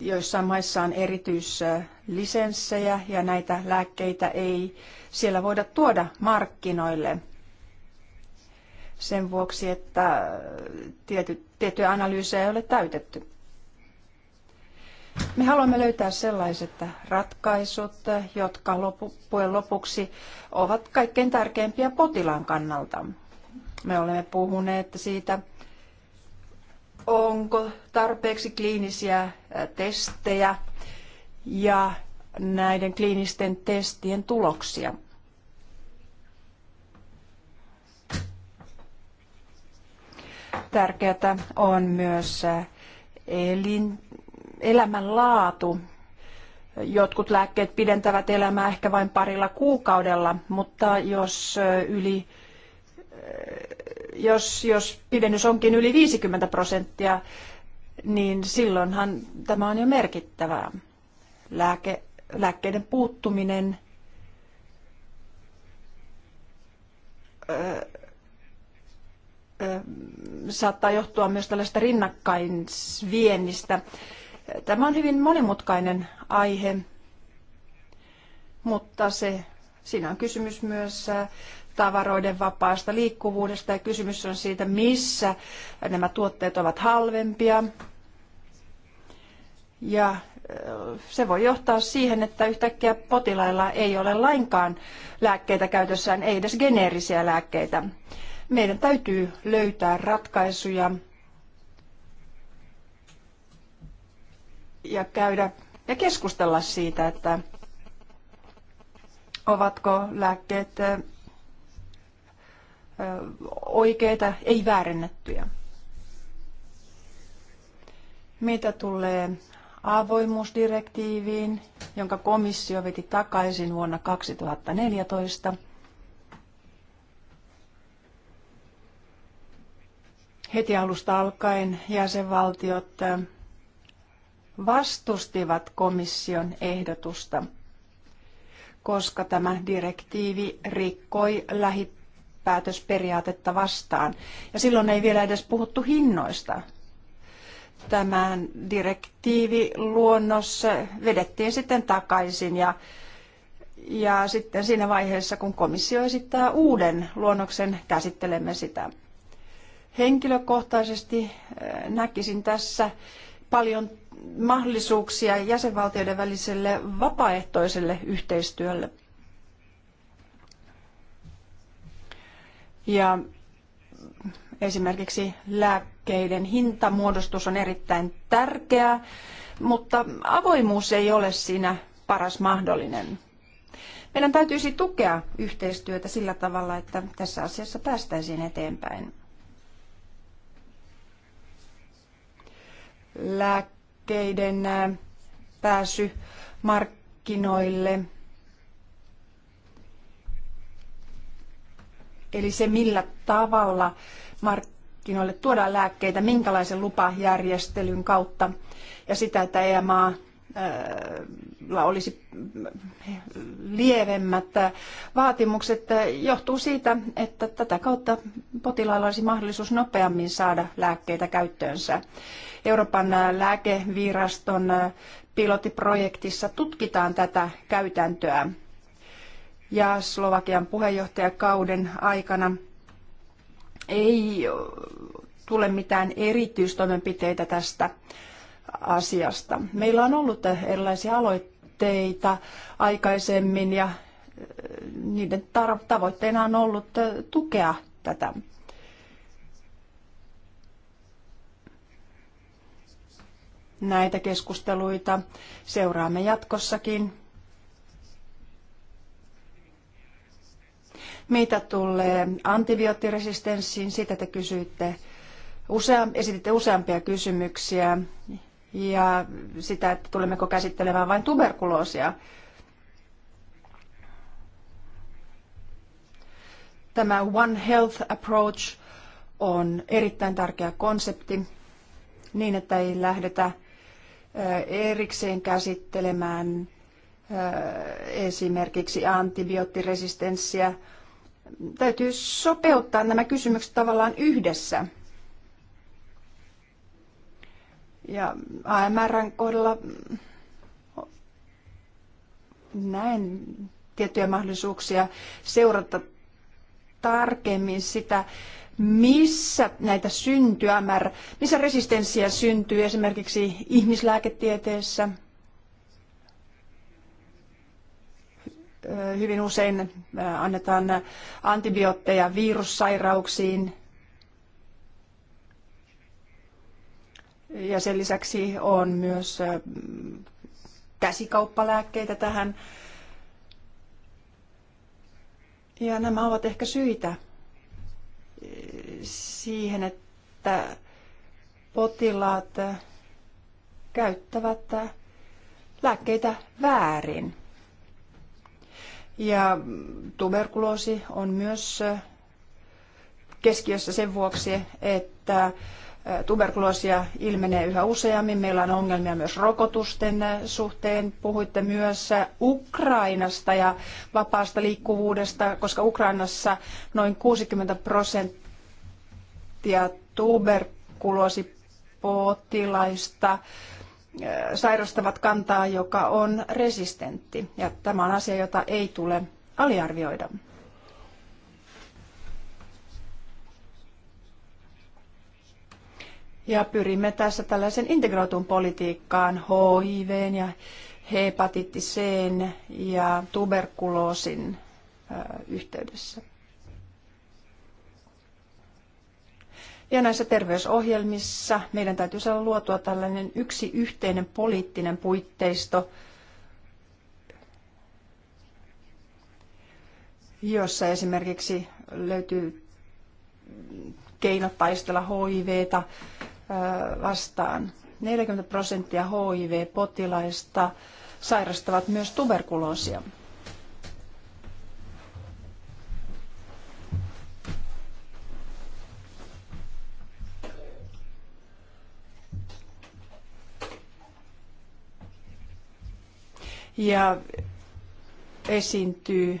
Speaker 3: joissain maissa on erityislisenssejä ja näitä lääkkeitä ei siellä voida tuoda markkinoille sen vuoksi, että tiety, tiettyjä analyysejä ei ole täytetty. Me haluamme löytää sellaiset ratkaisut, jotka loppujen lopuksi ovat kaikkein tärkeimpiä potilaan kannalta. Me olemme puhuneet siitä, onko tarpeeksi kliinisiä testejä ja näiden kliinisten testien tuloksia. Tärkeää on myös elin, elämänlaatu. Jotkut lääkkeet pidentävät elämää ehkä vain parilla kuukaudella, mutta jos yli jos, jos pidennys onkin yli 50 prosenttia, niin silloinhan tämä on jo merkittävää. Lääke, lääkkeiden puuttuminen ö, ö, saattaa johtua myös tällaista rinnakkainsviennistä. Tämä on hyvin monimutkainen aihe, mutta se, siinä on kysymys myös tavaroiden vapaasta liikkuvuudesta ja kysymys on siitä, missä nämä tuotteet ovat halvempia. Ja se voi johtaa siihen, että yhtäkkiä potilailla ei ole lainkaan lääkkeitä käytössään, ei edes geneerisiä lääkkeitä. Meidän täytyy löytää ratkaisuja ja käydä ja keskustella siitä, että ovatko lääkkeet oikeita, ei väärennettyjä. Mitä tulee avoimuusdirektiiviin, jonka komissio veti takaisin vuonna 2014, heti alusta alkaen jäsenvaltiot vastustivat komission ehdotusta, koska tämä direktiivi rikkoi lähit päätösperiaatetta vastaan. Ja silloin ei vielä edes puhuttu hinnoista. Tämän direktiiviluonnos vedettiin sitten takaisin ja, ja sitten siinä vaiheessa, kun komissio esittää uuden luonnoksen, käsittelemme sitä. Henkilökohtaisesti eh, näkisin tässä paljon mahdollisuuksia jäsenvaltioiden väliselle vapaaehtoiselle yhteistyölle. Ja esimerkiksi lääkkeiden hintamuodostus on erittäin tärkeää, mutta avoimuus ei ole siinä paras mahdollinen. Meidän täytyisi tukea yhteistyötä sillä tavalla, että tässä asiassa päästäisiin eteenpäin. Lääkkeiden äh, pääsy markkinoille Eli se, millä tavalla markkinoille tuodaan lääkkeitä, minkälaisen lupajärjestelyn kautta ja sitä, että EMA äh, olisi lievemmät vaatimukset johtuu siitä, että tätä kautta potilailla olisi mahdollisuus nopeammin saada lääkkeitä käyttöönsä. Euroopan lääkeviraston pilottiprojektissa tutkitaan tätä käytäntöä ja Slovakian puheenjohtajakauden aikana ei tule mitään erityistoimenpiteitä tästä asiasta. Meillä on ollut erilaisia aloitteita aikaisemmin ja äh, niiden tavoitteena on ollut äh, tukea tätä. Näitä keskusteluita seuraamme jatkossakin Mitä tulee antibioottiresistenssiin, sitä te kysyitte, usea, esititte useampia kysymyksiä ja sitä, että tulemmeko käsittelemään vain tuberkuloosia. Tämä One Health Approach on erittäin tärkeä konsepti niin, että ei lähdetä erikseen käsittelemään esimerkiksi antibioottiresistenssiä täytyy sopeuttaa nämä kysymykset tavallaan yhdessä. Ja AMRn kohdalla näen tiettyjä mahdollisuuksia seurata tarkemmin sitä, missä näitä syntyy missä resistenssiä syntyy esimerkiksi ihmislääketieteessä – hyvin usein annetaan antibiootteja virussairauksiin. Ja sen lisäksi on myös käsikauppalääkkeitä tähän. Ja nämä ovat ehkä syitä siihen, että potilaat käyttävät lääkkeitä väärin. Ja tuberkuloosi on myös keskiössä sen vuoksi, että tuberkuloosia ilmenee yhä useammin. Meillä on ongelmia myös rokotusten suhteen. Puhuitte myös Ukrainasta ja vapaasta liikkuvuudesta, koska Ukrainassa noin 60 prosenttia tuberkuloosipotilaista sairastavat kantaa, joka on resistentti. Ja tämä on asia, jota ei tule aliarvioida. Ja pyrimme tässä tällaisen integroitun politiikkaan HIV ja hepatitti C ja tuberkuloosin yhteydessä. Ja näissä terveysohjelmissa meidän täytyy saada luotua tällainen yksi yhteinen poliittinen puitteisto, jossa esimerkiksi löytyy keinot taistella HIVtä vastaan. 40 prosenttia HIV-potilaista sairastavat myös tuberkuloosia. ja esiintyy äh,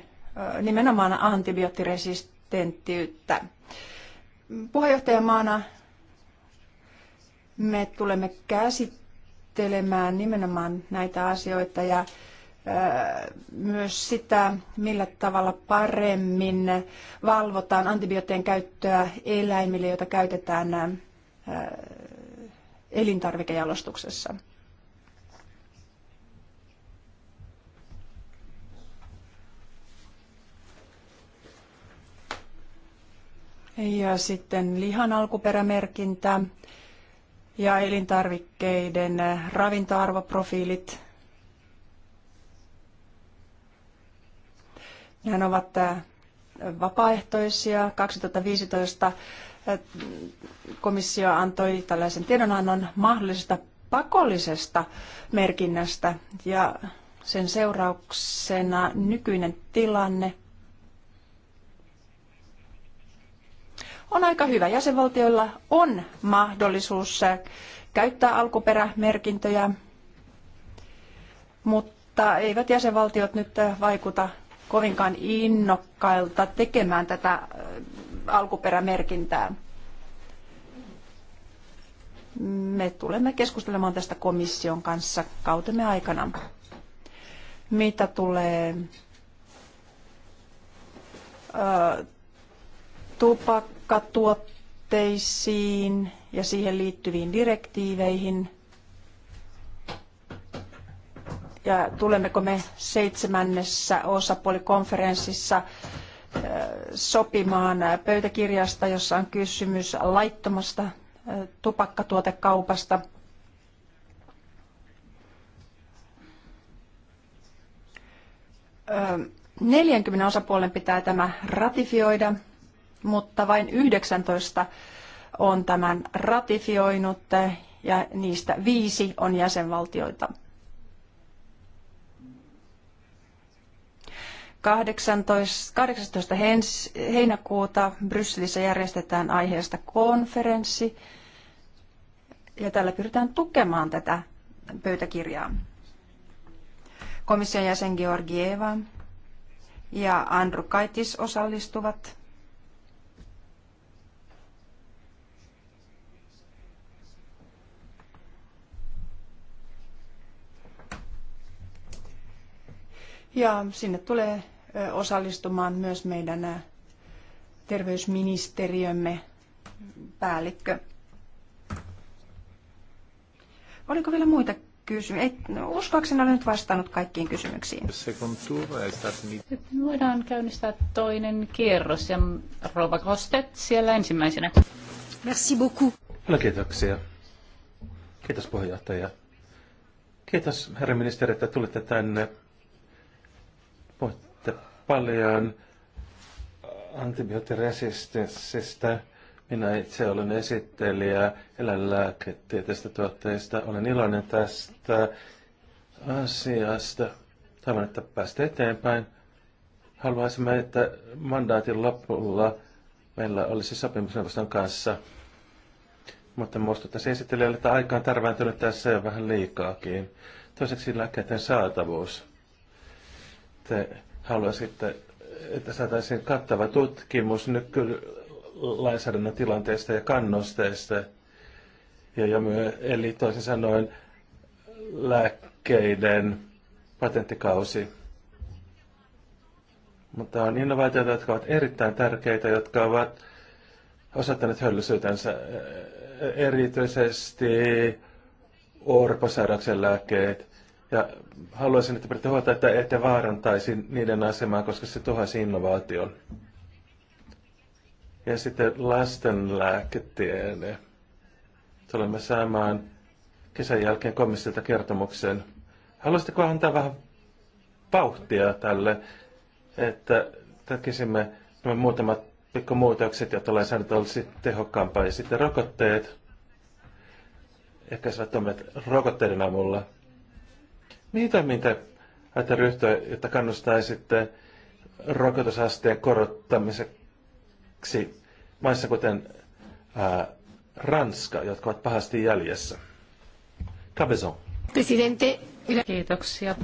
Speaker 3: nimenomaan antibioottiresistenttiyttä. Puheenjohtajamaana me tulemme käsittelemään nimenomaan näitä asioita ja äh, myös sitä, millä tavalla paremmin valvotaan antibioottien käyttöä eläimille, joita käytetään äh, elintarvikejalostuksessa. Ja sitten lihan alkuperämerkintä ja elintarvikkeiden ravintoarvoprofiilit. Nämä ovat vapaaehtoisia. 2015 komissio antoi tällaisen tiedonannon mahdollisesta pakollisesta merkinnästä ja sen seurauksena nykyinen tilanne on aika hyvä. Jäsenvaltioilla on mahdollisuus käyttää alkuperämerkintöjä, mutta eivät jäsenvaltiot nyt vaikuta kovinkaan innokkailta tekemään tätä alkuperämerkintää. Me tulemme keskustelemaan tästä komission kanssa kautemme aikana. Mitä tulee ö, tupakkatuotteisiin ja siihen liittyviin direktiiveihin. Ja tulemmeko me seitsemännessä osapuolikonferenssissa äh, sopimaan pöytäkirjasta, jossa on kysymys laittomasta äh, tupakkatuotekaupasta. Äh, neljänkymmenen osapuolen pitää tämä ratifioida – mutta vain 19 on tämän ratifioinut ja niistä viisi on jäsenvaltioita. 18, 18 heinäkuuta Brysselissä järjestetään aiheesta konferenssi ja tällä pyritään tukemaan tätä pöytäkirjaa. Komission jäsen Georgieva ja Kaitis osallistuvat Ja sinne tulee osallistumaan myös meidän terveysministeriömme päällikkö. Oliko vielä muita kysymyksiä? No, uskoakseni olen nyt vastannut
Speaker 2: kaikkiin kysymyksiin. Nyt voidaan käynnistää toinen kierros ja Rova Kostet siellä ensimmäisenä. Merci beaucoup.
Speaker 1: No, kiitoksia. Kiitos puheenjohtaja. Kiitos herra ministeri, että tulitte tänne Puhutte paljon antibioottiresistenssistä. Minä itse olen esittelijä eläinlääketieteestä tuotteista. Olen iloinen tästä asiasta. Toivon, että päästä eteenpäin. Haluaisimme, että mandaatin lopulla meillä olisi sopimusneuvoston kanssa. Mutta muistuttaisin esittelijälle, että aika on tässä jo vähän liikaakin. Toiseksi lääkkeiden saatavuus te haluaisitte, että saataisiin kattava tutkimus nykylainsäädännön tilanteesta ja kannusteista. Ja, ja myö, eli toisin sanoen lääkkeiden patenttikausi. Mutta on innovaatioita, jotka ovat erittäin tärkeitä, jotka ovat osoittaneet höllysyytensä e, e, erityisesti orposairauksen lääkkeet, ja haluaisin, että pidätte huolta, että ette vaarantaisi niiden asemaa, koska se tuhaisi innovaation. Ja sitten lastenlääketiede. Tulemme saamaan kesän jälkeen komissilta kertomuksen. Haluaisitteko antaa vähän vauhtia tälle, että tekisimme nämä muutamat pikkumuutokset, jotta lainsäädäntö olisi tehokkaampaa. Ja sitten rokotteet, Ehkä toimet rokotteiden avulla – mitä, niin, mitä aiotte ryhtyä, jotta kannustaisitte rokotusasteen korottamiseksi maissa kuten ää, Ranska, jotka ovat pahasti jäljessä? Cabezon.
Speaker 2: Presidente. Kiitoksia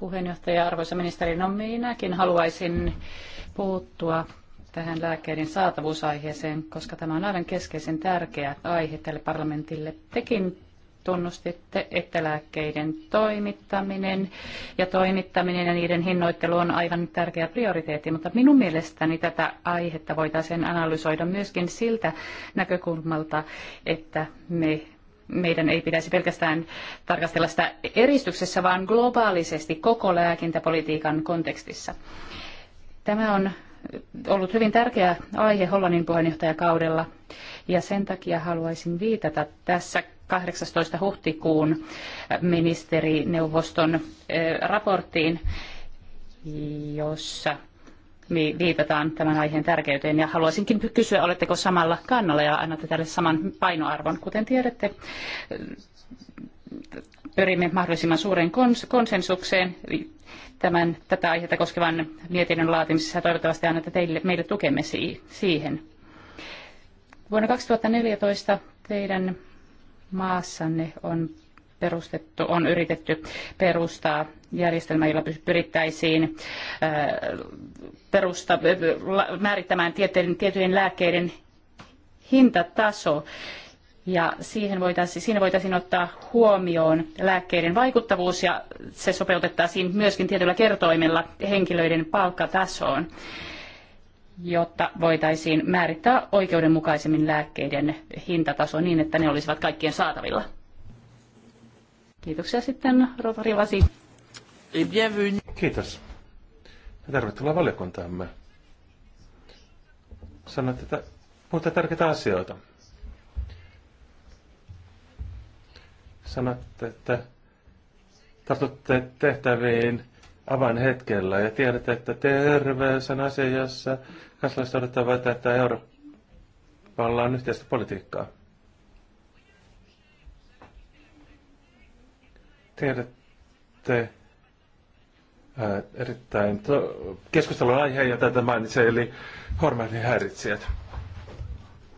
Speaker 2: puheenjohtaja, arvoisa ministeri. No minäkin haluaisin puuttua tähän lääkkeiden saatavuusaiheeseen, koska tämä on aivan keskeisen tärkeä aihe tälle parlamentille. Tekin tunnustitte, että lääkkeiden toimittaminen ja toimittaminen ja niiden hinnoittelu on aivan tärkeä prioriteetti, mutta minun mielestäni tätä aihetta voitaisiin analysoida myöskin siltä näkökulmalta, että me meidän ei pitäisi pelkästään tarkastella sitä eristyksessä, vaan globaalisesti koko lääkintäpolitiikan kontekstissa. Tämä on ollut hyvin tärkeä aihe Hollannin puheenjohtajakaudella ja sen takia haluaisin viitata tässä 18. huhtikuun ministerineuvoston eh, raporttiin, jossa viitataan tämän aiheen tärkeyteen. Ja haluaisinkin kysyä, oletteko samalla kannalla ja annatte tälle saman painoarvon. Kuten tiedätte, pyrimme mahdollisimman suureen konsensukseen tämän, tätä aihetta koskevan mietinnön laatimisessa ja toivottavasti annatte teille, meille tukemme siihen. Vuonna 2014 teidän maassanne on perustettu, on yritetty perustaa järjestelmä, jolla pyrittäisiin äh, perusta, määrittämään tietyn tietyjen lääkkeiden hintataso. Ja siihen voitaisiin, siinä voitaisiin ottaa huomioon lääkkeiden vaikuttavuus ja se sopeutettaisiin myöskin tietyllä kertoimella henkilöiden palkkatasoon jotta voitaisiin määrittää oikeudenmukaisemmin lääkkeiden hintataso niin, että ne olisivat kaikkien saatavilla. Kiitoksia sitten, Rova Rivasi. Eh
Speaker 1: Kiitos. Ja tervetuloa valiokuntaamme. Sanoit, että puhutte tärkeitä asioita. sanoit, että tartutte tehtäviin avainhetkellä ja tiedätte, että terveys on asia, jossa Kansalaiset odottavat, että Euroopalla on yhteistä politiikkaa. Tiedätte ää, äh, erittäin to- keskustelun aihe, jota tämä mainitsee, eli hormonin häiritsijät.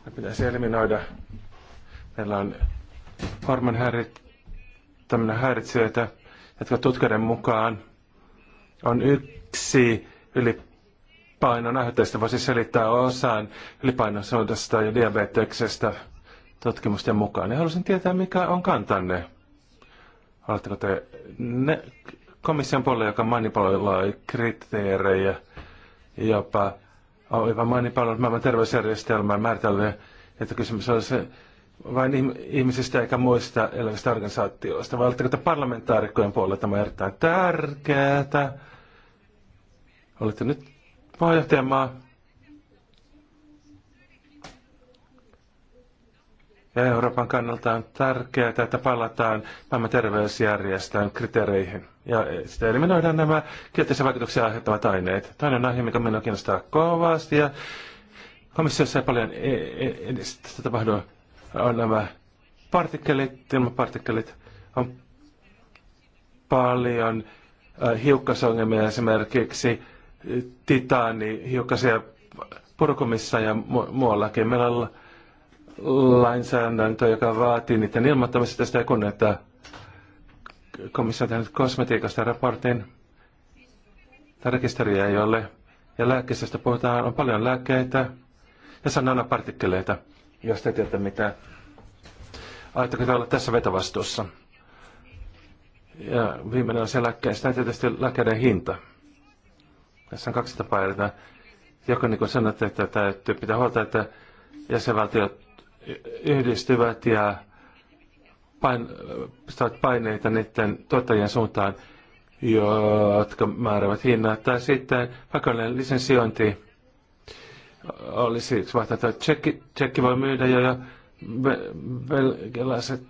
Speaker 1: Ne pitäisi eliminoida. Meillä on hormonin häiritsijöitä, jotka tutkijoiden mukaan on yksi yli painon aiheuttajista voisi selittää osan ylipainoisuudesta ja diabeteksestä tutkimusten mukaan. Ja haluaisin tietää, mikä on kantanne. Oletteko te ne, komission puolella, joka manipuloi kriteerejä, jopa, oiva oh, manipuloi maailman terveysjärjestelmää määritellyt, että kysymys on se vain ihmisistä eikä muista elävistä organisaatioista, vai oletteko te parlamentaarikkojen puolella tämä on erittäin tärkeää? Olette nyt Puheenjohtajamaa. Euroopan kannalta on tärkeää, että palataan maailman terveysjärjestön kriteereihin. Ja sitten eliminoidaan nämä kielteisiä vaikutuksia aiheuttavat aineet. Toinen aihe, mikä minua kiinnostaa kovasti, ja komissiossa ei paljon e- e- edistä tapahdu, on nämä partikkelit, ilmapartikkelit. On paljon äh, hiukkasongelmia esimerkiksi titaani siellä purkumissa ja mu- muuallakin. Meillä on lainsäädäntö, joka vaatii niiden ilmoittamista tästä kun, että komissio on tehnyt kosmetiikasta raportin. rekisteriä ei ole. Ja lääkkeistä puhutaan, on paljon lääkkeitä ja sanana partikkeleita, jos te tiedätte mitä. Aiotteko te olla tässä vetovastuussa? Ja viimeinen on se lääkkeistä, tietysti lääkkeiden hinta. Tässä on kaksi tapaa edetä. Joko niin kuin sanotte, että täytyy pitää huolta, että jäsenvaltiot yhdistyvät ja pain, saavat paineita niiden tuottajien suuntaan, jotka määräävät hinnat. Tai sitten pakollinen lisensiointi olisi yksi vaihtoehto. Tsekki, tsekki voi myydä jo ja belgialaiset,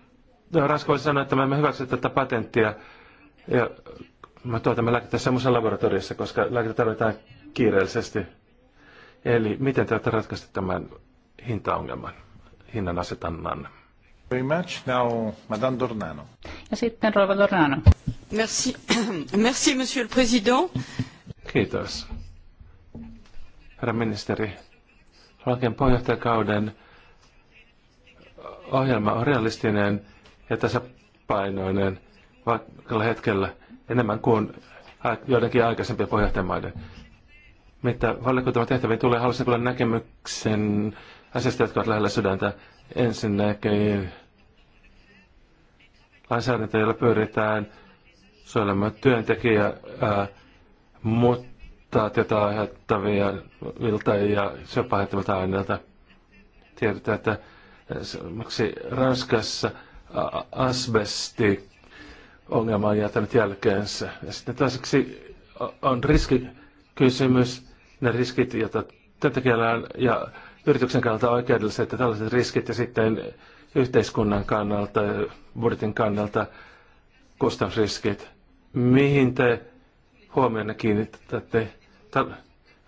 Speaker 1: no, Ranska voisi sanoa, että me emme hyväksy tätä patenttia. Ja me tuotamme lääkettä semmoisessa laboratoriossa, koska lääkettä tarvitaan kiireellisesti. Eli miten te olette ratkaista tämän hintaongelman, hinnan asetannan? Very much. Now, Madame Dornano.
Speaker 2: Ja sitten Rova Dornano. Merci. Merci, Monsieur le Président.
Speaker 1: Kiitos. Herra ministeri, Slovakian puheenjohtajakauden ohjelma on realistinen ja tasapainoinen vaikka hetkellä – enemmän kuin joidenkin aikaisempien pohjohtajamaiden. Mitä valiokuntamme tehtäviin tulee, haluaisin kyllä näkemyksen asiasta, jotka ovat lähellä sydäntä. Ensinnäkin lainsäädäntö, jolla pyritään suojelemaan työntekijä, ää, mutta tätä aiheuttavia vilta ja aiheuttavilta aineilta. Tiedetään, että esimerkiksi Ranskassa asbesti ongelma on jättänyt jälkeensä. Ja sitten toiseksi on riskikysymys, ne riskit, joita työntekijällään ja yrityksen kannalta oikeudelliset että tällaiset riskit ja sitten yhteiskunnan kannalta, budjetin kannalta kustannusriskit. Mihin te huomioon kiinnitätte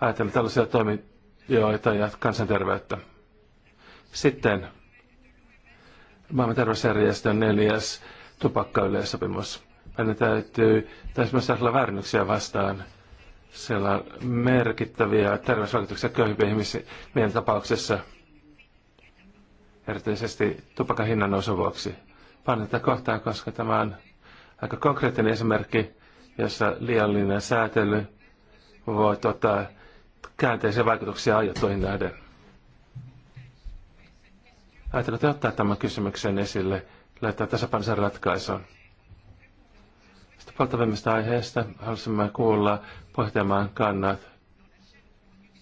Speaker 1: ajatellen tällaisia toimijoita ja kansanterveyttä? Sitten maailman terveysjärjestön neljäs tupakkayleissopimus. Meidän täytyy täysin väärinnyksiä vastaan. Siellä on merkittäviä terveysvaikutuksia köyhimpien ihmisten tapauksessa, erityisesti tupakan hinnan nousun vuoksi. Pannetta kohtaa, koska tämä on aika konkreettinen esimerkki, jossa liiallinen säätely voi tuottaa käänteisiä vaikutuksia aiottuihin nähden. te ottaa tämän kysymyksen esille löytää tasapainoisen ratkaisuun. Tästä polttavimmista aiheesta halusimme kuulla pohtimaan, kannat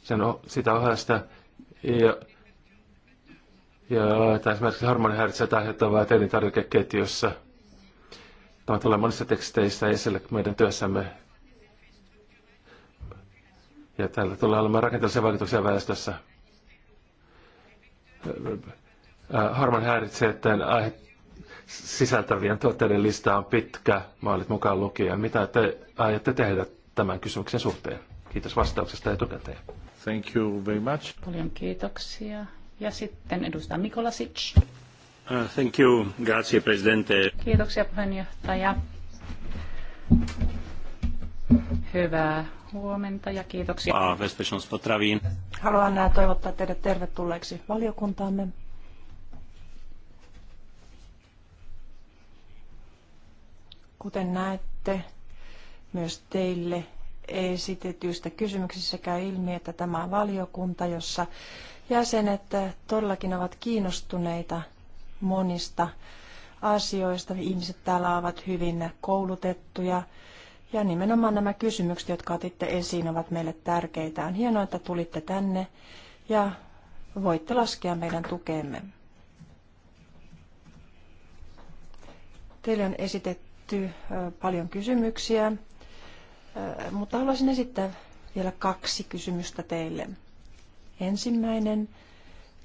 Speaker 1: sen, sitä ohjelmasta, ja, tai esimerkiksi hormonihäiritsejä aiheuttavaa elintarvikeketjussa. Tämä tulee monissa teksteissä esille meidän työssämme. Ja täällä tulee olemaan rakenteellisia vaikutuksia väestössä. Äh, Hormonihäiritseiden aiheuttaa sisältävien tuotteiden lista on pitkä, maalit mukaan lukien. Mitä te aiotte tehdä tämän kysymyksen suhteen? Kiitos vastauksesta etukäteen. Thank you very much.
Speaker 2: Paljon kiitoksia. Ja sitten edustaja Mikolasic. Uh,
Speaker 1: thank you. Grazie, presidente.
Speaker 2: Kiitoksia puheenjohtaja. Hyvää huomenta ja kiitoksia. Haluan äh,
Speaker 3: toivottaa teidät tervetulleeksi valiokuntaamme. Kuten näette, myös teille esitetyistä kysymyksistä käy ilmi, että tämä on valiokunta, jossa jäsenet todellakin ovat kiinnostuneita monista asioista. Ihmiset täällä ovat hyvin koulutettuja ja nimenomaan nämä kysymykset, jotka otitte esiin, ovat meille tärkeitä. On hienoa, että tulitte tänne ja voitte laskea meidän tukeemme. Teille on esitetty esitetty paljon kysymyksiä, mutta haluaisin esittää vielä kaksi kysymystä teille. Ensimmäinen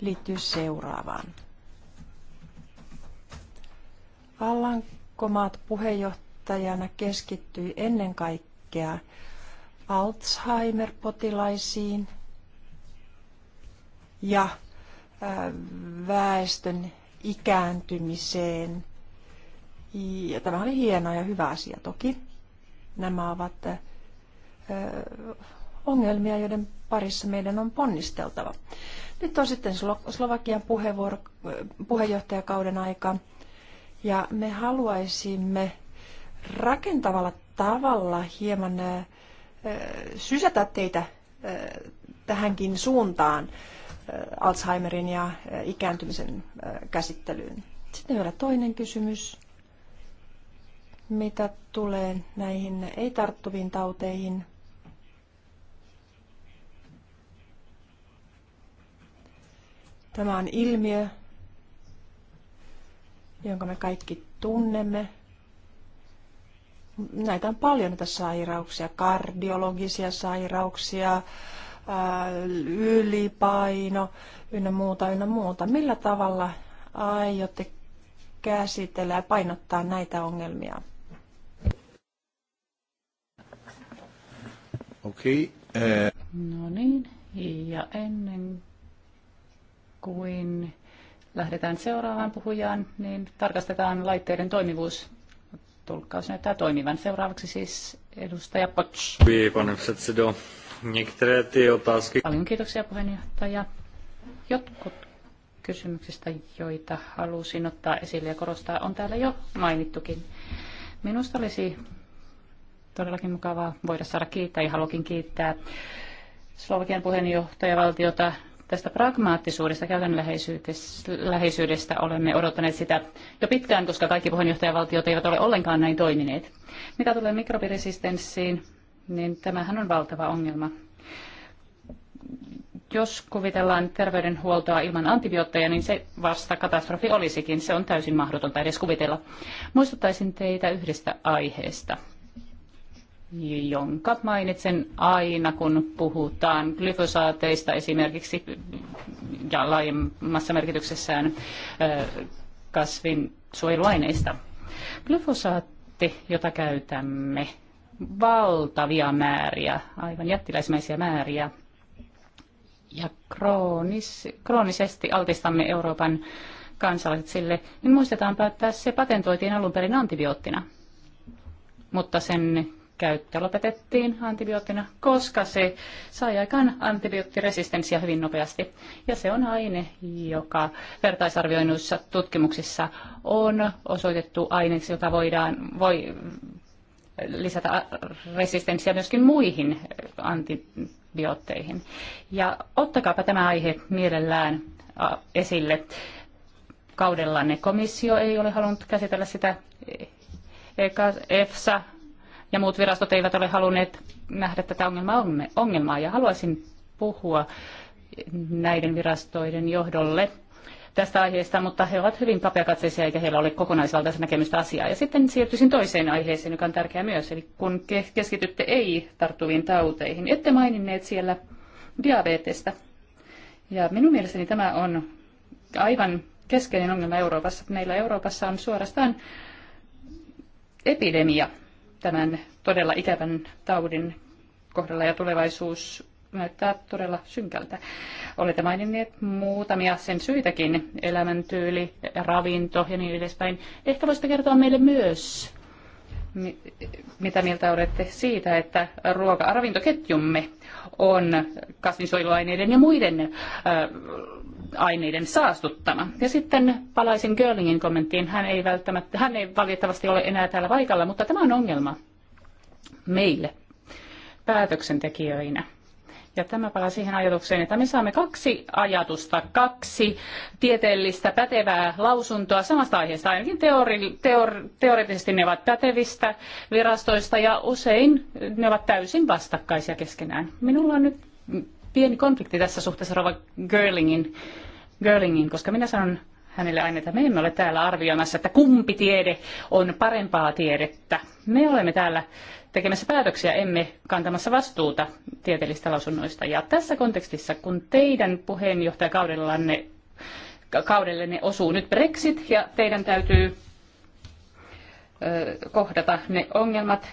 Speaker 3: liittyy seuraavaan. Vallankomaat puheenjohtajana keskittyi ennen kaikkea Alzheimer-potilaisiin ja väestön ikääntymiseen ja tämä oli hieno ja hyvä asia toki. Nämä ovat ongelmia, joiden parissa meidän on ponnisteltava. Nyt on sitten Slovakian puheenvuoro, puheenjohtajakauden aika. Ja me haluaisimme rakentavalla tavalla hieman sysätä teitä tähänkin suuntaan Alzheimerin ja ikääntymisen käsittelyyn. Sitten vielä toinen kysymys. Mitä tulee näihin ei-tarttuviin tauteihin, tämä on ilmiö, jonka me kaikki tunnemme. Näitä on paljon näitä sairauksia, kardiologisia sairauksia, ylipaino ynnä muuta, ynnä muuta. Millä tavalla aiotte käsitellä ja painottaa näitä ongelmia?
Speaker 1: Okei. Okay. Eh,
Speaker 2: no niin, ja ennen kuin lähdetään seuraavaan puhujaan, niin tarkastetaan laitteiden toimivuus. Tulkkaus näyttää toimivan. Seuraavaksi siis edustaja Potsch. Paljon kiitoksia puheenjohtaja. Jotkut kysymyksistä, joita halusin ottaa esille ja korostaa, on täällä jo mainittukin. Minusta olisi todellakin mukavaa voida saada kiittää ja haluankin kiittää Slovakian puheenjohtajavaltiota tästä pragmaattisuudesta, käytännönläheisyydestä olemme odottaneet sitä jo pitkään, koska kaikki puheenjohtajavaltiot eivät ole ollenkaan näin toimineet. Mitä tulee mikrobiresistenssiin, niin tämähän on valtava ongelma. Jos kuvitellaan terveydenhuoltoa ilman antibiootteja, niin se vasta katastrofi olisikin. Se on täysin mahdotonta edes kuvitella. Muistuttaisin teitä yhdestä aiheesta – jonka mainitsen aina, kun puhutaan glyfosaateista esimerkiksi ja laajemmassa merkityksessään kasvin suojeluaineista. Glyfosaatti, jota käytämme valtavia määriä, aivan jättiläismäisiä määriä, ja kroonis, kroonisesti altistamme Euroopan kansalaiset sille, niin muistetaanpa, että se patentoitiin alun perin antibioottina. Mutta sen käyttö lopetettiin antibioottina, koska se sai aikaan antibioottiresistenssiä hyvin nopeasti. Ja se on aine, joka vertaisarvioinnuissa tutkimuksissa on osoitettu aineeksi, jota voidaan, voi lisätä resistenssiä myöskin muihin antibiootteihin. Ja ottakaapa tämä aihe mielellään esille kaudellanne. Komissio ei ole halunnut käsitellä sitä EFSA ja muut virastot eivät ole halunneet nähdä tätä ongelmaa, ongelmaa. Ja haluaisin puhua näiden virastoiden johdolle tästä aiheesta, mutta he ovat hyvin kapeakatseisia eikä heillä ole kokonaisvaltaista näkemystä asiaa. Ja sitten siirtyisin toiseen aiheeseen, joka on tärkeä myös, eli kun keskitytte ei-tarttuviin tauteihin. Ette maininneet siellä diabetesta. Ja minun mielestäni tämä on aivan keskeinen ongelma Euroopassa. Meillä Euroopassa on suorastaan epidemia tämän todella ikävän taudin kohdalla ja tulevaisuus näyttää todella synkältä. Olette maininneet muutamia sen syitäkin, elämäntyyli, ravinto ja niin edespäin. Ehkä voisitte kertoa meille myös, mitä mieltä olette siitä, että ruoka-ravintoketjumme on kasvinsuojeluaineiden ja muiden aineiden saastuttama. Ja sitten palaisin Görlingin kommenttiin. Hän ei, välttämättä, hän ei valitettavasti ole enää täällä paikalla, mutta tämä on ongelma meille päätöksentekijöinä. Ja tämä palaa siihen ajatukseen, että me saamme kaksi ajatusta, kaksi tieteellistä pätevää lausuntoa samasta aiheesta. Ainakin teori, teor teoreettisesti ne ovat pätevistä virastoista ja usein ne ovat täysin vastakkaisia keskenään. Minulla on nyt pieni konflikti tässä suhteessa Rova Girlingin Görlingin, koska minä sanon hänelle aina, että me emme ole täällä arvioimassa, että kumpi tiede on parempaa tiedettä. Me olemme täällä tekemässä päätöksiä, emme kantamassa vastuuta tieteellisistä lausunnoista. Ja tässä kontekstissa, kun teidän puheenjohtajakaudellanne kaudellenne osuu nyt Brexit ja teidän täytyy kohdata ne ongelmat,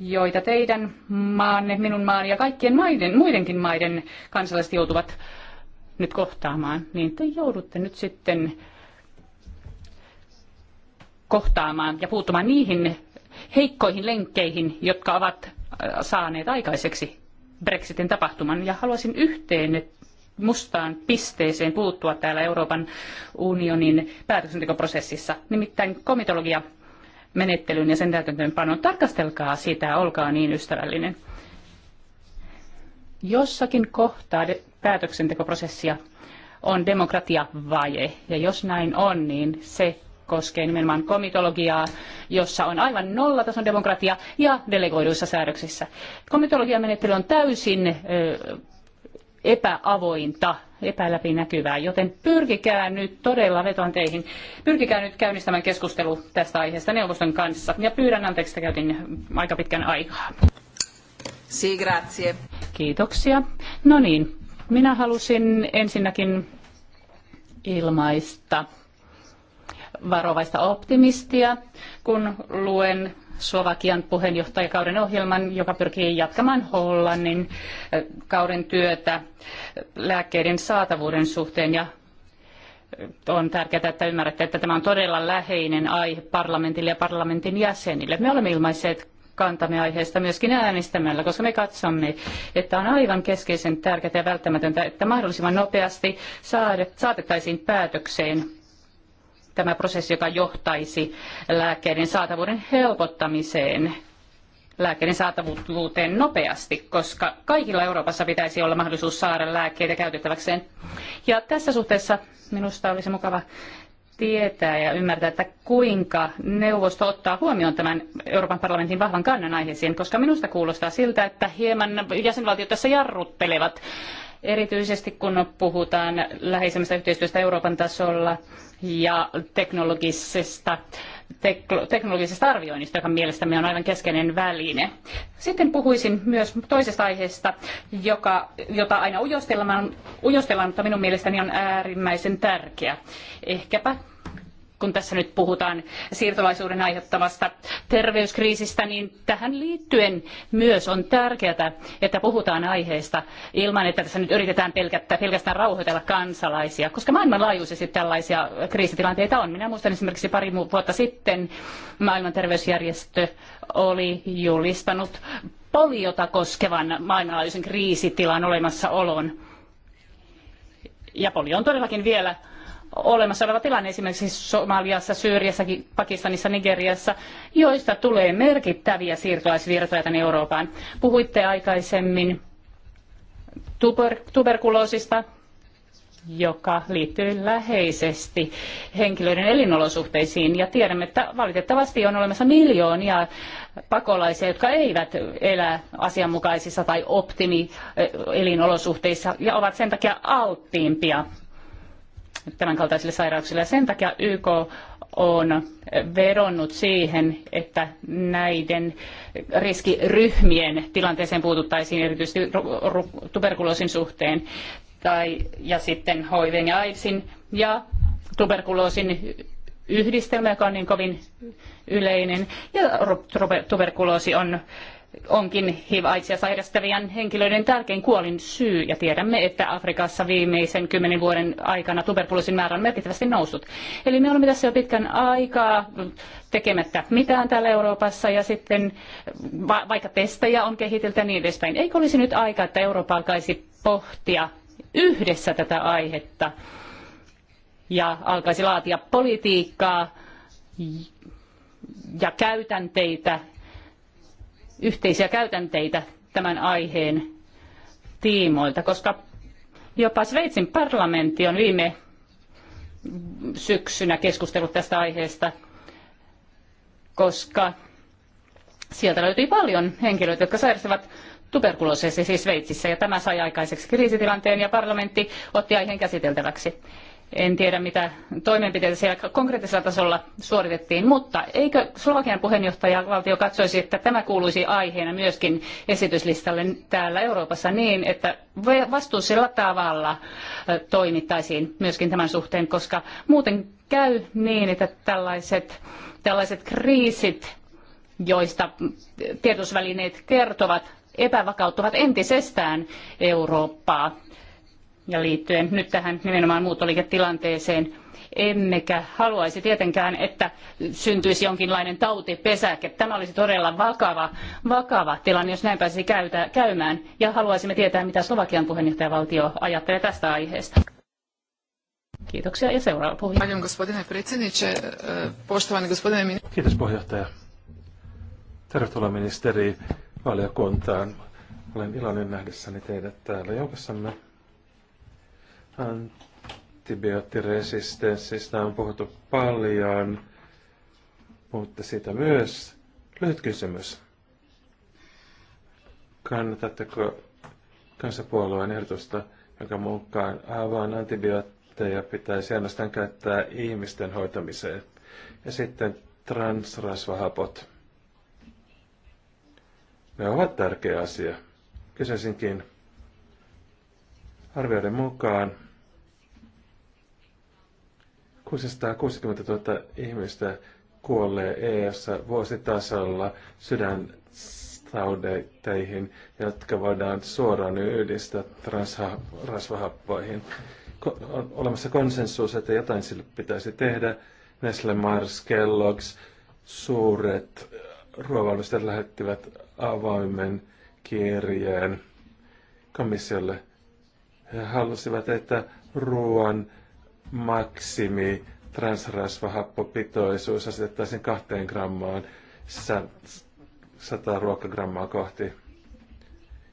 Speaker 2: joita teidän maanne, minun maan ja kaikkien maiden, muidenkin maiden kansalaiset joutuvat nyt kohtaamaan, niin te joudutte nyt sitten kohtaamaan ja puuttumaan niihin heikkoihin lenkkeihin, jotka ovat äh, saaneet aikaiseksi Brexitin tapahtuman. Ja haluaisin yhteen mustaan pisteeseen puuttua täällä Euroopan unionin päätöksentekoprosessissa, nimittäin komitologia menettelyyn ja sen täytäntöönpanon. Tarkastelkaa sitä, olkaa niin ystävällinen. Jossakin kohtaa päätöksentekoprosessia on demokratiavaje. Ja jos näin on, niin se koskee nimenomaan komitologiaa, jossa on aivan nollatason demokratia ja delegoiduissa säädöksissä. Komitologiamenettely on täysin epäavointa, epäläpinäkyvää, joten pyrkikää nyt todella vetoan teihin, pyrkikää nyt käynnistämään keskustelu tästä aiheesta neuvoston kanssa. Ja pyydän anteeksi, että käytin aika pitkän aikaa. Si, grazie. Kiitoksia. No niin, minä halusin ensinnäkin ilmaista varovaista optimistia, kun luen Slovakian puheenjohtajakauden ohjelman, joka pyrkii jatkamaan Hollannin kauden työtä lääkkeiden saatavuuden suhteen ja on tärkeää, että ymmärrätte, että tämä on todella läheinen aihe parlamentille ja parlamentin jäsenille. Me olemme ilmaisseet kantamme aiheesta myöskin äänestämällä, koska me katsomme, että on aivan keskeisen tärkeää ja välttämätöntä, että mahdollisimman nopeasti saatettaisiin päätökseen tämä prosessi, joka johtaisi lääkkeiden saatavuuden helpottamiseen lääkkeiden saatavuuteen nopeasti, koska kaikilla Euroopassa pitäisi olla mahdollisuus saada lääkkeitä käytettäväkseen. Ja tässä suhteessa minusta olisi mukava, tietää ja ymmärtää, että kuinka neuvosto ottaa huomioon tämän Euroopan parlamentin vahvan kannan aiheeseen, koska minusta kuulostaa siltä, että hieman jäsenvaltiot tässä jarruttelevat, erityisesti kun puhutaan läheisemmästä yhteistyöstä Euroopan tasolla ja teknologisesta äh, teknologisesta arvioinnista, joka mielestämme on aivan keskeinen väline. Sitten puhuisin myös toisesta aiheesta, joka, jota aina ujostellaan, ujostellaan, mutta minun mielestäni on äärimmäisen tärkeä. Ehkäpä kun tässä nyt puhutaan siirtolaisuuden aiheuttamasta terveyskriisistä, niin tähän liittyen myös on tärkeää, että puhutaan aiheesta ilman, että tässä nyt yritetään pelkästään, pelkästään rauhoitella kansalaisia, koska maailmanlaajuisesti tällaisia kriisitilanteita on. Minä muistan esimerkiksi pari vuotta sitten maailman terveysjärjestö oli julistanut poliota koskevan maailmanlaajuisen kriisitilan olemassaolon. Ja polio on todellakin vielä olemassa oleva tilanne esimerkiksi Somaliassa, Syyriassa, Pakistanissa, Nigeriassa, joista tulee merkittäviä siirtolaisvirtoja tänne Eurooppaan. Puhuitte aikaisemmin tuber- tuberkuloosista, joka liittyy läheisesti henkilöiden elinolosuhteisiin. Ja tiedämme, että valitettavasti on olemassa miljoonia pakolaisia, jotka eivät elä asianmukaisissa tai optimi eh, elinolosuhteissa ja ovat sen takia alttiimpia tämänkaltaisille sairauksille. Ja sen takia YK on vedonnut siihen, että näiden riskiryhmien tilanteeseen puututtaisiin erityisesti tuberkuloosin suhteen tai, ja sitten HIVin ja AIDSin ja tuberkuloosin yhdistelmä, joka on niin kovin yleinen. Ja tuberkuloosi on onkin HIV itse sairastavien henkilöiden tärkein kuolin syy ja tiedämme, että Afrikassa viimeisen kymmenen vuoden aikana tuberkuloosin määrä on merkittävästi noussut. Eli me olemme tässä jo pitkän aikaa tekemättä mitään täällä Euroopassa ja sitten va- vaikka testejä on kehitelty ja niin edespäin. Eikö olisi nyt aika, että Eurooppa alkaisi pohtia yhdessä tätä aihetta ja alkaisi laatia politiikkaa ja käytänteitä, yhteisiä käytänteitä tämän aiheen tiimoilta, koska jopa Sveitsin parlamentti on viime syksynä keskustellut tästä aiheesta, koska sieltä löytyi paljon henkilöitä, jotka sairastavat tuberkuloosia siis Sveitsissä, ja tämä sai aikaiseksi kriisitilanteen, ja parlamentti otti aiheen käsiteltäväksi. En tiedä, mitä toimenpiteitä siellä konkreettisella tasolla suoritettiin, mutta eikö Slovakian puheenjohtajavaltio katsoisi, että tämä kuuluisi aiheena myöskin esityslistalle täällä Euroopassa niin, että vastuullisella tavalla toimittaisiin myöskin tämän suhteen, koska muuten käy niin, että tällaiset, tällaiset kriisit, joista tiedotusvälineet kertovat, epävakauttavat entisestään Eurooppaa ja liittyen nyt tähän nimenomaan muuttoliiketilanteeseen, emmekä haluaisi tietenkään, että syntyisi jonkinlainen tautipesäke. Tämä olisi todella vakava, vakava tilanne, jos näin pääsisi käytä, käymään. Ja haluaisimme tietää, mitä Slovakian puheenjohtajavaltio ajattelee tästä aiheesta. Kiitoksia ja seuraava puhuja. ministeri.
Speaker 1: Kiitos puheenjohtaja. Tervetuloa ministeri valiokuntaan. Olen iloinen nähdessäni teidät täällä joukossamme Antibioottiresistenssistä on puhuttu paljon, mutta sitä myös lyhyt kysymys. Kannatatteko kansapuolueen ehdotusta, jonka mukaan aivan antibiootteja pitäisi ainoastaan käyttää ihmisten hoitamiseen? Ja sitten transrasvahapot. Ne ovat tärkeä asia. Kysyisinkin arvioiden mukaan 660 000 ihmistä kuolee EU-ssa vuositasolla sydäntaudeihin, jotka voidaan suoraan yhdistää transrasvahappoihin. On olemassa konsensus, että jotain sille pitäisi tehdä. Nestle Mars, Kellogg's, suuret ruoanvalmistajat lähettivät avoimen kirjeen komissiolle. He halusivat, että ruoan maksimi transrasvahappopitoisuus asetettaisiin kahteen grammaan 100 ruokagrammaa kohti.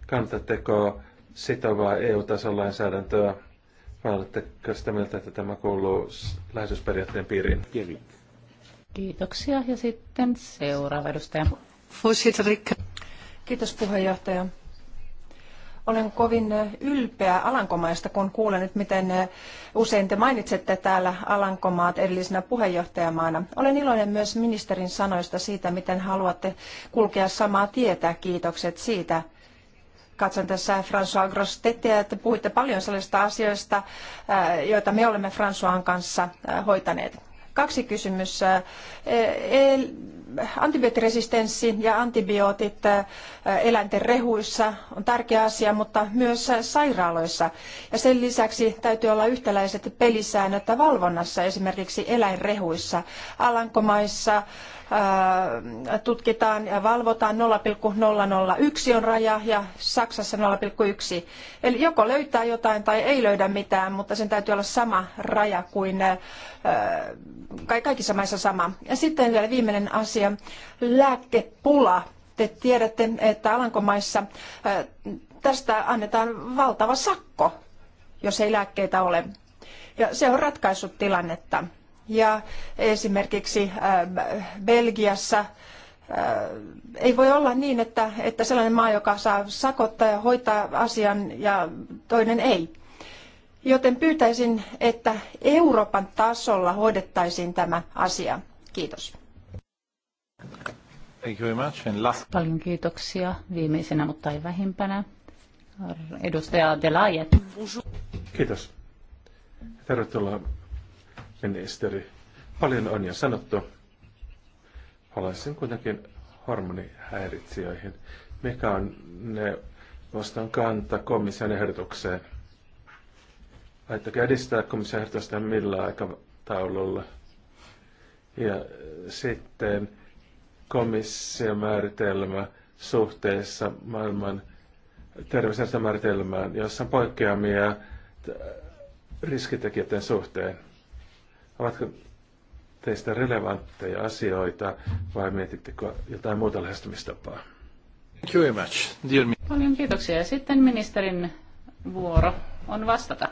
Speaker 1: Kannatatteko sitovaa EU-tason lainsäädäntöä vai oletteko sitä mieltä, että tämä kuuluu läheisyysperiaatteen piiriin?
Speaker 2: Kiitoksia. Ja sitten seuraava edustaja. Kiitos puheenjohtaja.
Speaker 3: Olen kovin ylpeä Alankomaista, kun kuulen nyt, miten usein te mainitsette täällä Alankomaat edellisenä puheenjohtajamaana. Olen iloinen myös ministerin sanoista siitä, miten haluatte kulkea samaa tietä. Kiitokset siitä. Katson tässä François Grostetia, että puhuitte paljon sellaisista asioista, joita me olemme François kanssa hoitaneet. Kaksi kysymystä. E, e, antibioottiresistenssi ja antibiootit e, eläinten rehuissa on tärkeä asia, mutta myös sairaaloissa. Ja sen lisäksi täytyy olla yhtäläiset pelisäännöt valvonnassa esimerkiksi eläinrehuissa. Alankomaissa tutkitaan ja valvotaan 0,001 on raja ja Saksassa 0,1. Eli joko löytää jotain tai ei löydä mitään, mutta sen täytyy olla sama raja kuin kaikissa maissa sama. Ja sitten vielä viimeinen asia, lääkepula. Te tiedätte, että Alankomaissa tästä annetaan valtava sakko, jos ei lääkkeitä ole. Ja se on ratkaissut tilannetta ja esimerkiksi ähm, Belgiassa äh, ei voi olla niin, että, että sellainen maa, joka saa sakottaa ja hoitaa asian ja toinen ei. Joten pyytäisin, että Euroopan tasolla hoidettaisiin tämä asia. Kiitos.
Speaker 2: Thank you very much. And last... Paljon kiitoksia. Viimeisenä, mutta ei vähimpänä. Edustaja Delayet.
Speaker 1: Kiitos. Tervetuloa ministeri. Paljon on jo sanottu. Palaisin kuitenkin hormonihäiritsijöihin. Mikä on ne vastaan kanta komission ehdotukseen? Aiotteko edistää komission ehdotusta millä aikataululla? Ja sitten komission määritelmä suhteessa maailman terveysjärjestelmään, määritelmään, jossa on poikkeamia riskitekijöiden suhteen. Ovatko teistä relevantteja asioita vai mietittekö jotain muuta lähestymistapaa? Thank you very much. Dear
Speaker 2: Paljon kiitoksia. Ja sitten ministerin vuoro on vastata.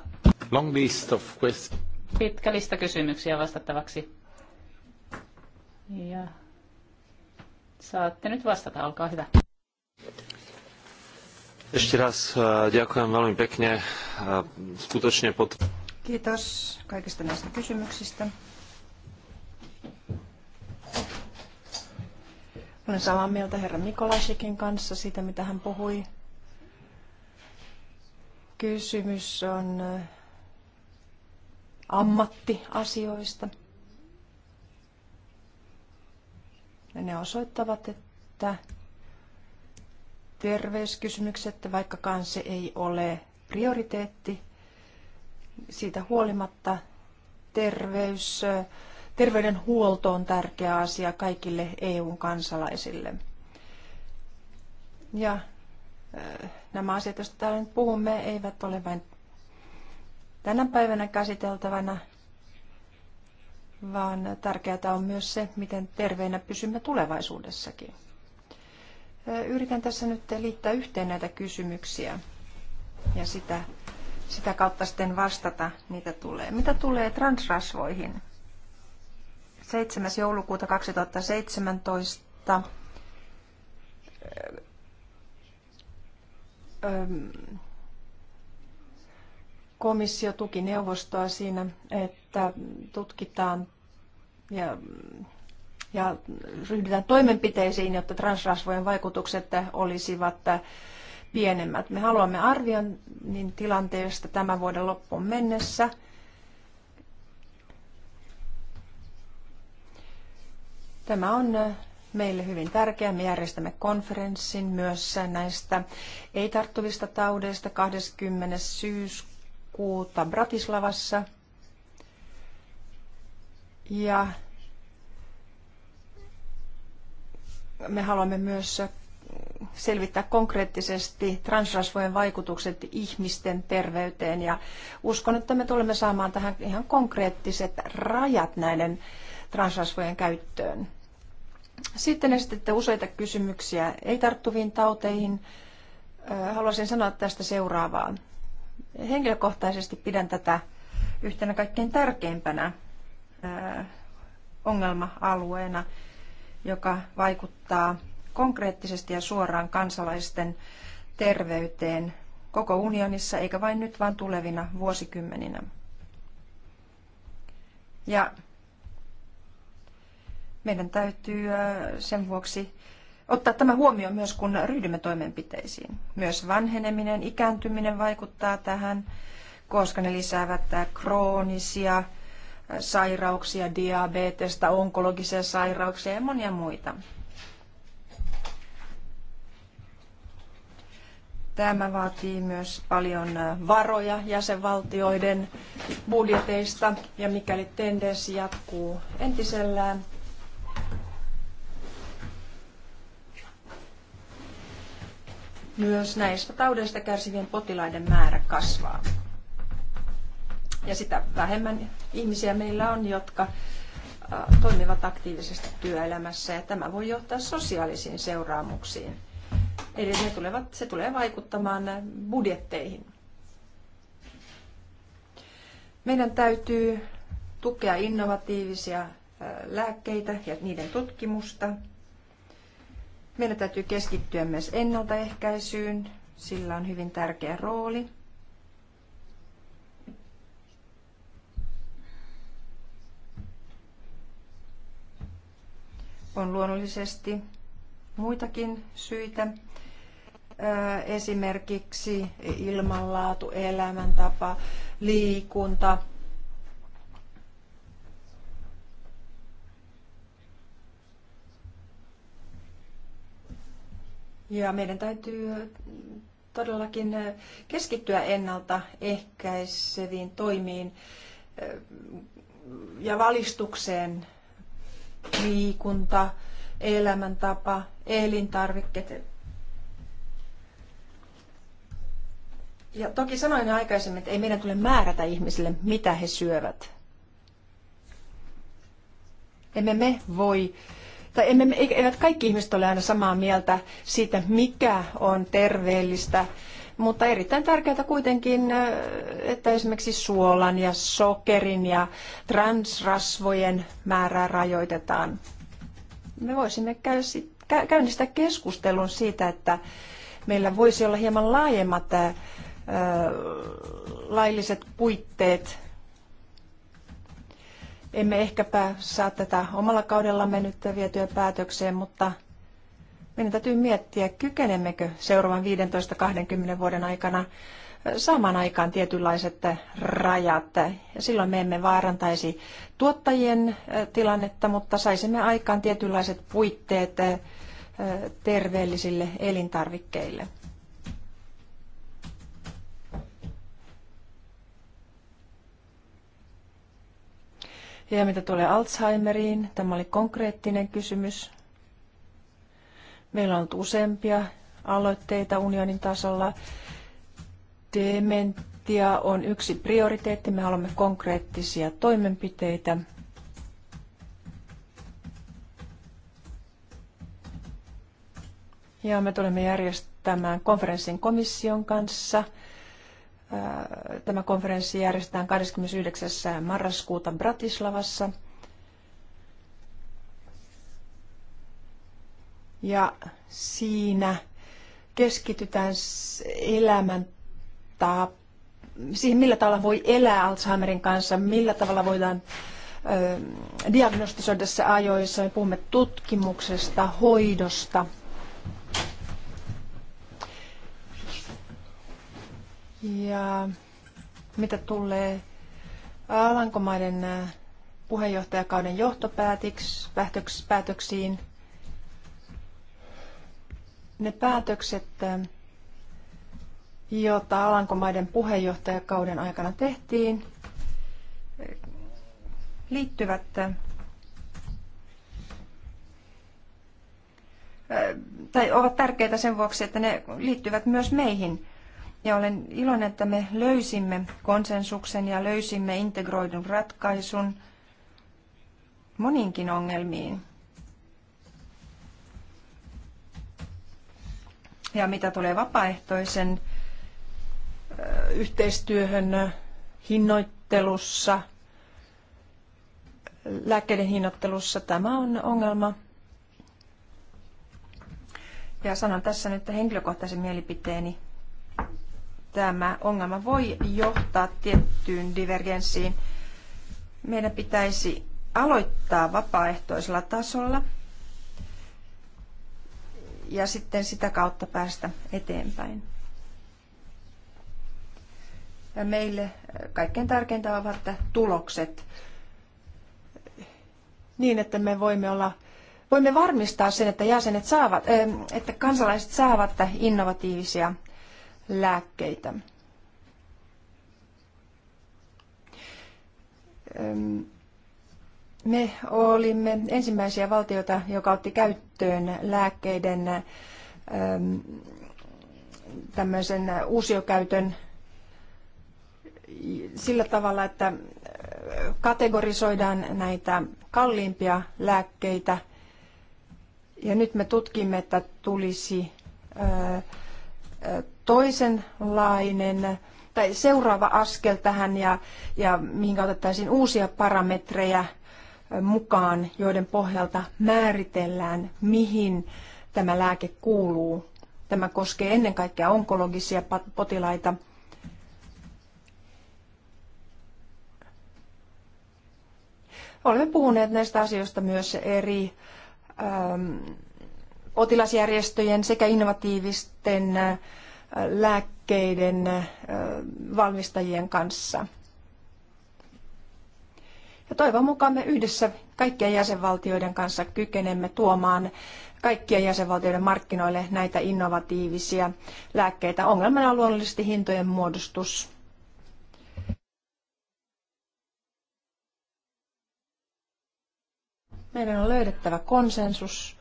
Speaker 1: Long list of questions.
Speaker 2: Pitkä lista kysymyksiä vastattavaksi. Ja saatte nyt vastata, olkaa hyvä.
Speaker 1: Ešte raz eh, ďakujem veľmi pekne. Eh, Skutočne pod...
Speaker 3: Kiitos kaikista näistä kysymyksistä. Olen samaa mieltä herra Mikolasikin kanssa siitä, mitä hän puhui. Kysymys on äh, ammattiasioista. Ja ne osoittavat, että terveyskysymykset, vaikkakaan se ei ole prioriteetti, siitä huolimatta terveys, terveydenhuolto on tärkeä asia kaikille EUn kansalaisille. Ja äh, nämä asiat, joista täällä nyt puhumme, eivät ole vain tänä päivänä käsiteltävänä, vaan tärkeää on myös se, miten terveinä pysymme tulevaisuudessakin. Äh, yritän tässä nyt liittää yhteen näitä kysymyksiä ja sitä, sitä kautta sitten vastata, mitä tulee. Mitä tulee transrasvoihin? 7. joulukuuta 2017 komissio tuki neuvostoa siinä, että tutkitaan ja, ja ryhdytään toimenpiteisiin, jotta transrasvojen vaikutukset olisivat pienemmät. Me haluamme arvioinnin tilanteesta tämän vuoden loppuun mennessä. Tämä on meille hyvin tärkeää. Me järjestämme konferenssin myös näistä ei-tarttuvista taudeista 20. syyskuuta Bratislavassa. Ja me haluamme myös selvittää konkreettisesti transrasvojen vaikutukset ihmisten terveyteen. Ja uskon, että me tulemme saamaan tähän ihan konkreettiset rajat näiden transrasvojen käyttöön. Sitten esititte useita kysymyksiä ei-tarttuviin tauteihin. Haluaisin sanoa tästä seuraavaa. Henkilökohtaisesti pidän tätä yhtenä kaikkein tärkeimpänä ongelma-alueena, joka vaikuttaa konkreettisesti ja suoraan kansalaisten terveyteen koko unionissa, eikä vain nyt, vaan tulevina vuosikymmeninä. Ja meidän täytyy sen vuoksi ottaa tämä huomioon myös, kun ryhdymme toimenpiteisiin. Myös vanheneminen, ikääntyminen vaikuttaa tähän, koska ne lisäävät kroonisia sairauksia, diabetesta, onkologisia sairauksia ja monia muita. Tämä vaatii myös paljon varoja jäsenvaltioiden budjeteista ja mikäli tendenssi jatkuu entisellään, myös näistä taudeista kärsivien potilaiden määrä kasvaa. Ja sitä vähemmän ihmisiä meillä on, jotka toimivat aktiivisesti työelämässä ja tämä voi johtaa sosiaalisiin seuraamuksiin Eli ne tulevat, se tulee vaikuttamaan budjetteihin. Meidän täytyy tukea innovatiivisia lääkkeitä ja niiden tutkimusta. Meidän täytyy keskittyä myös ennaltaehkäisyyn, sillä on hyvin tärkeä rooli. On luonnollisesti muitakin syitä, esimerkiksi ilmanlaatu, elämäntapa, liikunta. Ja meidän täytyy todellakin keskittyä ennaltaehkäiseviin toimiin ja valistukseen liikunta, elämäntapa, elintarvikkeet, Ja toki sanoin jo aikaisemmin, että ei meidän tule määrätä ihmisille, mitä he syövät. Emme me voi, tai emme, eivät kaikki ihmiset ole aina samaa mieltä siitä, mikä on terveellistä, mutta erittäin tärkeää kuitenkin, äh, että esimerkiksi suolan ja sokerin ja transrasvojen määrää rajoitetaan. Me voisimme käynnistää keskustelun siitä, että meillä voisi olla hieman laajemmat äh, lailliset puitteet. Emme ehkäpä saa tätä omalla kaudellamme nyt vietyä päätökseen, mutta meidän täytyy miettiä, kykenemmekö seuraavan 15-20 vuoden aikana saamaan aikaan tietynlaiset rajat. Ja silloin me emme vaarantaisi tuottajien tilannetta, mutta saisimme aikaan tietynlaiset puitteet terveellisille elintarvikkeille. Ja mitä tulee Alzheimeriin, tämä oli konkreettinen kysymys. Meillä on ollut useampia aloitteita unionin tasolla. Dementia on yksi prioriteetti. Me haluamme konkreettisia toimenpiteitä. Ja me tulemme järjestämään konferenssin komission kanssa – Tämä konferenssi järjestetään 29. marraskuuta Bratislavassa. Ja siinä keskitytään elämäntapaan siihen, millä tavalla voi elää Alzheimerin kanssa, millä tavalla voidaan ö, diagnostisoida se ajoissa. Me puhumme tutkimuksesta, hoidosta – Ja mitä tulee Alankomaiden äh, puheenjohtajakauden johtopäätöksiin, ne päätökset, äh, joita Alankomaiden puheenjohtajakauden aikana tehtiin, äh, liittyvät tai ovat tärkeitä sen vuoksi, että ne liittyvät myös meihin. Ja olen iloinen, että me löysimme konsensuksen ja löysimme integroidun ratkaisun moninkin ongelmiin. Ja mitä tulee vapaaehtoisen yhteistyöhön hinnoittelussa, lääkkeiden hinnoittelussa, tämä on ongelma. Ja sanon tässä nyt henkilökohtaisen mielipiteeni tämä ongelma voi johtaa tiettyyn divergenssiin. Meidän pitäisi aloittaa vapaaehtoisella tasolla ja sitten sitä kautta päästä eteenpäin. Ja meille kaikkein tärkeintä ovat tulokset niin, että me voimme olla voimme varmistaa sen, että jäsenet saavat, eh, että kansalaiset saavat innovatiivisia lääkkeitä. Me olimme ensimmäisiä valtioita, joka otti käyttöön lääkkeiden tämmöisen uusiokäytön sillä tavalla, että kategorisoidaan näitä kalliimpia lääkkeitä. Ja nyt me tutkimme, että tulisi toisenlainen tai seuraava askel tähän ja, ja mihin otettaisiin uusia parametreja mukaan, joiden pohjalta määritellään, mihin tämä lääke kuuluu. Tämä koskee ennen kaikkea onkologisia potilaita. Olemme puhuneet näistä asioista myös eri ähm, potilasjärjestöjen sekä innovatiivisten äh, lääkkeiden valmistajien kanssa. Ja toivon mukaan me yhdessä kaikkien jäsenvaltioiden kanssa kykenemme tuomaan kaikkien jäsenvaltioiden markkinoille näitä innovatiivisia lääkkeitä. Ongelmana on luonnollisesti hintojen muodostus. Meidän on löydettävä konsensus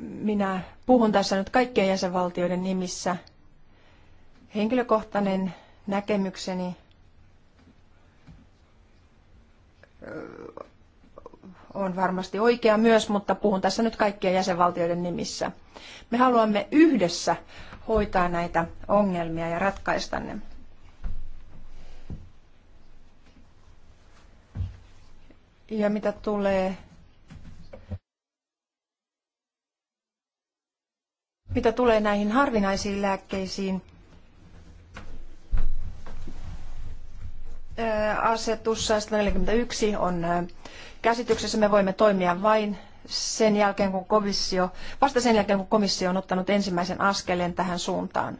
Speaker 3: minä puhun tässä nyt kaikkien jäsenvaltioiden nimissä. Henkilökohtainen näkemykseni on varmasti oikea myös, mutta puhun tässä nyt kaikkien jäsenvaltioiden nimissä. Me haluamme yhdessä hoitaa näitä ongelmia ja ratkaista ne. Ja mitä tulee Mitä tulee näihin harvinaisiin lääkkeisiin, asetus 141 on käsityksessä. Me voimme toimia vain sen jälkeen, kun komissio, vasta sen jälkeen, kun komissio on ottanut ensimmäisen askeleen tähän suuntaan.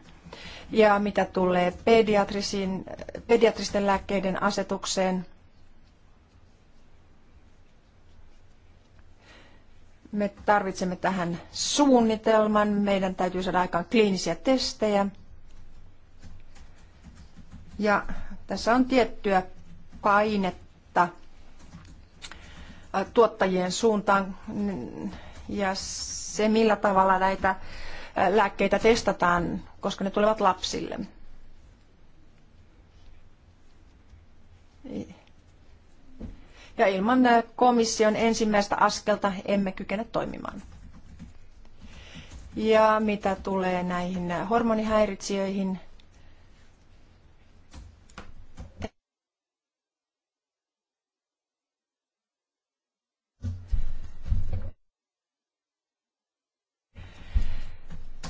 Speaker 3: Ja mitä tulee pediatrisiin, pediatristen lääkkeiden asetukseen, Me tarvitsemme tähän suunnitelman. Meidän täytyy saada aikaan kliinisiä testejä. Ja tässä on tiettyä painetta tuottajien suuntaan ja se, millä tavalla näitä lääkkeitä testataan, koska ne tulevat lapsille. Ja ilman äh, komission ensimmäistä askelta emme kykene toimimaan. Ja mitä tulee näihin äh, hormonihäiritsijöihin,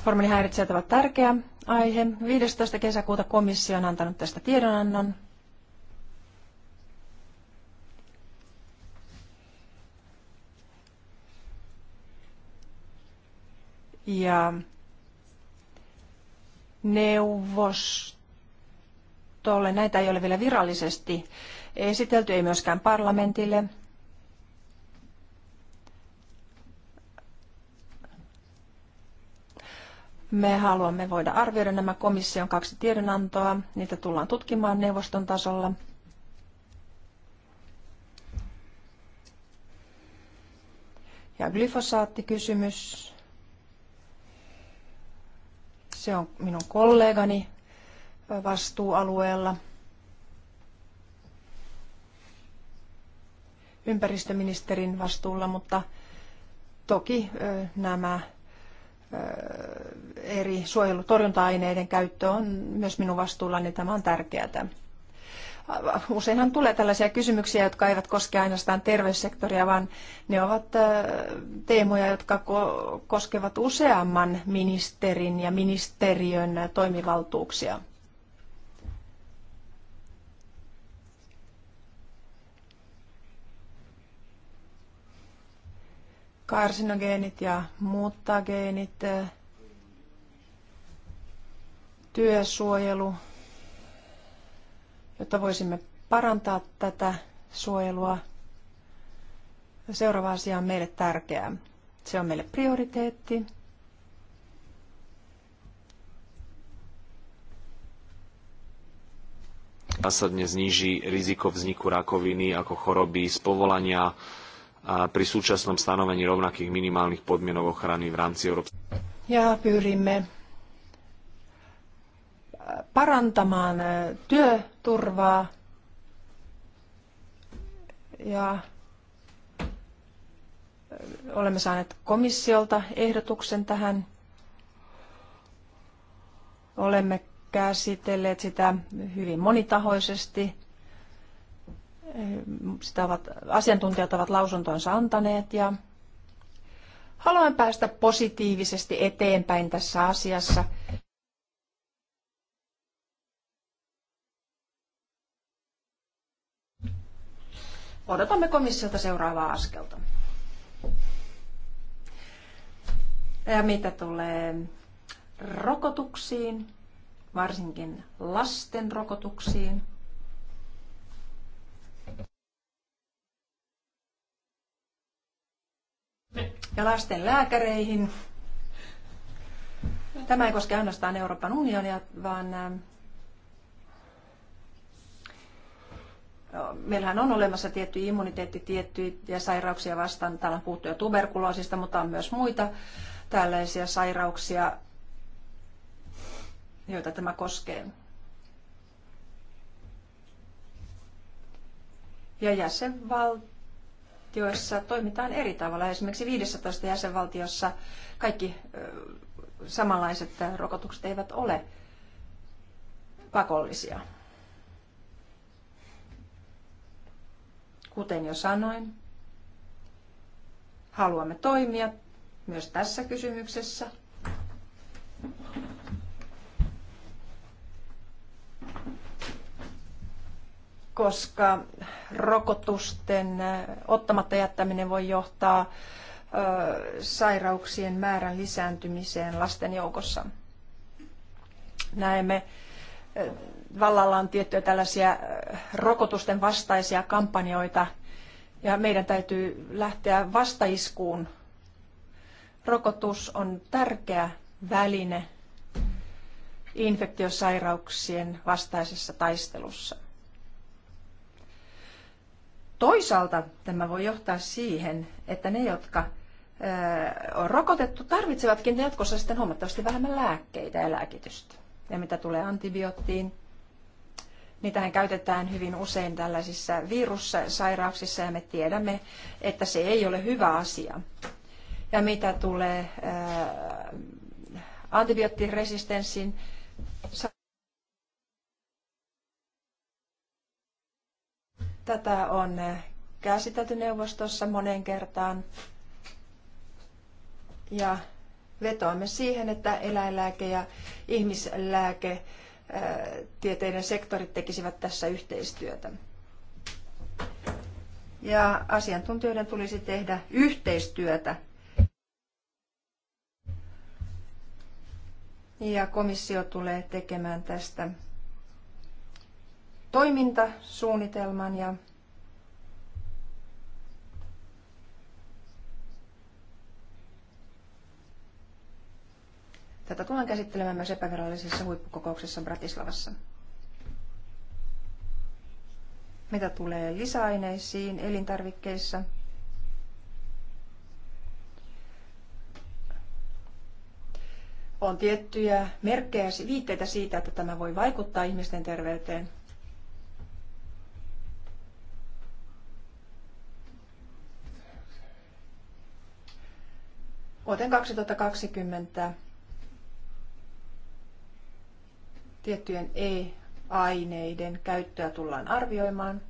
Speaker 3: Hormonihäiritsijät ovat tärkeä aihe. 15. kesäkuuta komissio on antanut tästä tiedonannon ja neuvostolle. Näitä ei ole vielä virallisesti esitelty, ei myöskään parlamentille. Me haluamme voida arvioida nämä komission kaksi tiedonantoa. Niitä tullaan tutkimaan neuvoston tasolla. Ja glyfosaattikysymys. Se on minun kollegani vastuualueella. ympäristöministerin vastuulla, mutta toki nämä eri suojelutorjunta-aineiden käyttö on myös minun vastuullani. Tämä on tärkeää. Useinhan tulee tällaisia kysymyksiä, jotka eivät koske ainoastaan terveyssektoria, vaan ne ovat teemoja, jotka koskevat useamman ministerin ja ministeriön toimivaltuuksia. karsinogeenit ja muuttageenit, työsuojelu, jotta voisimme parantaa tätä suojelua. Seuraava asia on meille tärkeää. Se on meille prioriteetti.
Speaker 1: zásadne zniží riziko vzniku rakoviny ako choroby z povolania pri súčasnom stanovení rovnakých minimálnych podmienok ochrany v rámci Európskej.
Speaker 3: Ja pyrimme parantamaan työturvaa ja olemme saaneet komissiolta ehdotuksen tähän. Olemme käsitelleet sitä hyvin monitahoisesti. Sitä ovat, asiantuntijat ovat lausuntonsa antaneet ja haluan päästä positiivisesti eteenpäin tässä asiassa. odotamme komissiolta seuraavaa askelta. Ja mitä tulee rokotuksiin, varsinkin lasten rokotuksiin, ja lasten lääkäreihin. Tämä ei koske ainoastaan Euroopan unionia, vaan meillähän on olemassa tietty immuniteetti tiettyjä sairauksia vastaan. Täällä on puhuttu jo tuberkuloosista, mutta on myös muita tällaisia sairauksia, joita tämä koskee. Ja jäsenvaltioissa toimitaan eri tavalla. Esimerkiksi 15 jäsenvaltiossa kaikki samanlaiset rokotukset eivät ole pakollisia. Kuten jo sanoin, haluamme toimia myös tässä kysymyksessä. koska rokotusten ottamatta jättäminen voi johtaa sairauksien määrän lisääntymiseen lasten joukossa. Näemme vallalla on tiettyjä tällaisia äh, rokotusten vastaisia kampanjoita ja meidän täytyy lähteä vastaiskuun. Rokotus on tärkeä väline infektiosairauksien vastaisessa taistelussa. Toisaalta tämä voi johtaa siihen, että ne, jotka äh, on rokotettu, tarvitsevatkin jatkossa sitten huomattavasti vähemmän lääkkeitä ja lääkitystä. Ja mitä tulee antibioottiin, Niitähän käytetään hyvin usein tällaisissa virussairauksissa ja me tiedämme, että se ei ole hyvä asia. Ja mitä tulee ää, äh, antibioottiresistenssin, tätä on äh, käsitelty neuvostossa moneen kertaan. Ja vetoamme siihen, että eläinlääke ja ihmislääke tieteiden sektorit tekisivät tässä yhteistyötä. Ja asiantuntijoiden tulisi tehdä yhteistyötä. Ja komissio tulee tekemään tästä toimintasuunnitelman ja Tätä tullaan käsittelemään myös epävirallisessa huippukokouksessa Bratislavassa. Mitä tulee lisäaineisiin elintarvikkeissa, on tiettyjä merkkejä, viitteitä siitä, että tämä voi vaikuttaa ihmisten terveyteen. Vuoteen 2020 tiettyjen e-aineiden käyttöä tullaan arvioimaan.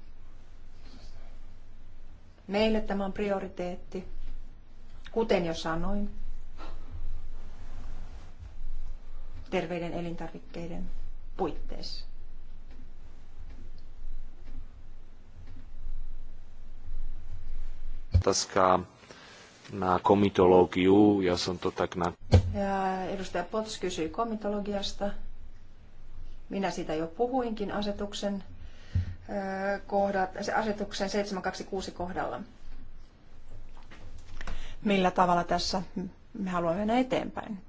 Speaker 3: Meille tämä on prioriteetti, kuten jo sanoin, terveiden elintarvikkeiden puitteissa.
Speaker 1: Taska na komitologiu, ja on to tak na...
Speaker 3: Ja edustaja Pots kysyi komitologiasta. Minä siitä jo puhuinkin asetuksen, kohdat, asetuksen 726 kohdalla. Millä tavalla tässä me haluamme mennä eteenpäin?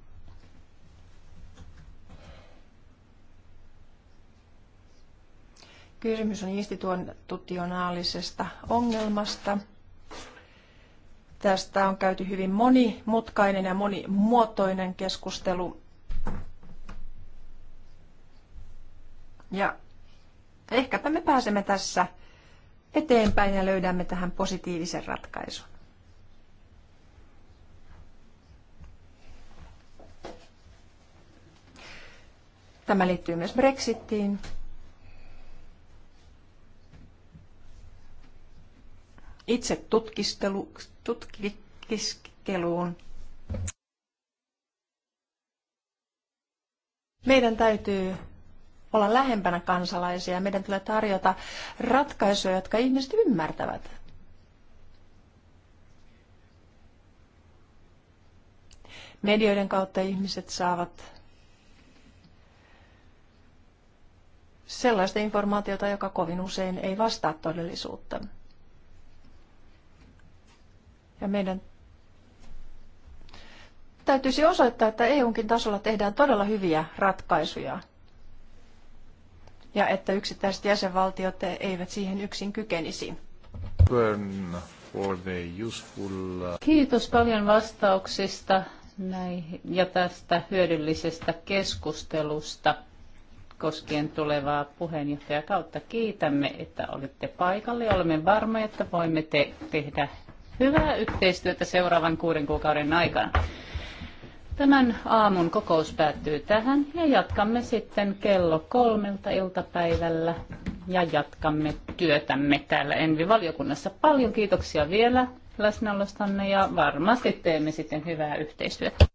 Speaker 3: Kysymys on institutionaalisesta ongelmasta. Tästä on käyty hyvin monimutkainen ja monimuotoinen keskustelu Ja ehkäpä me pääsemme tässä eteenpäin ja löydämme tähän positiivisen ratkaisun. Tämä liittyy myös Brexitiin. Itse tutkistelu, tutkiskeluun. Meidän täytyy olla lähempänä kansalaisia. Meidän tulee tarjota ratkaisuja, jotka ihmiset ymmärtävät. Medioiden kautta ihmiset saavat sellaista informaatiota, joka kovin usein ei vastaa todellisuutta. Ja meidän täytyisi osoittaa, että EUnkin tasolla tehdään todella hyviä ratkaisuja ja että yksittäiset jäsenvaltiot eivät siihen yksin kykenisi.
Speaker 2: Kiitos paljon vastauksista näihin ja tästä hyödyllisestä keskustelusta koskien tulevaa kautta Kiitämme, että olitte paikalle ja olemme varmoja, että voimme te- tehdä hyvää yhteistyötä seuraavan kuuden kuukauden aikana. Tämän aamun kokous päättyy tähän ja jatkamme sitten kello kolmelta iltapäivällä ja jatkamme työtämme täällä Envi-valiokunnassa. Paljon kiitoksia vielä läsnäolostanne ja varmasti teemme sitten hyvää yhteistyötä.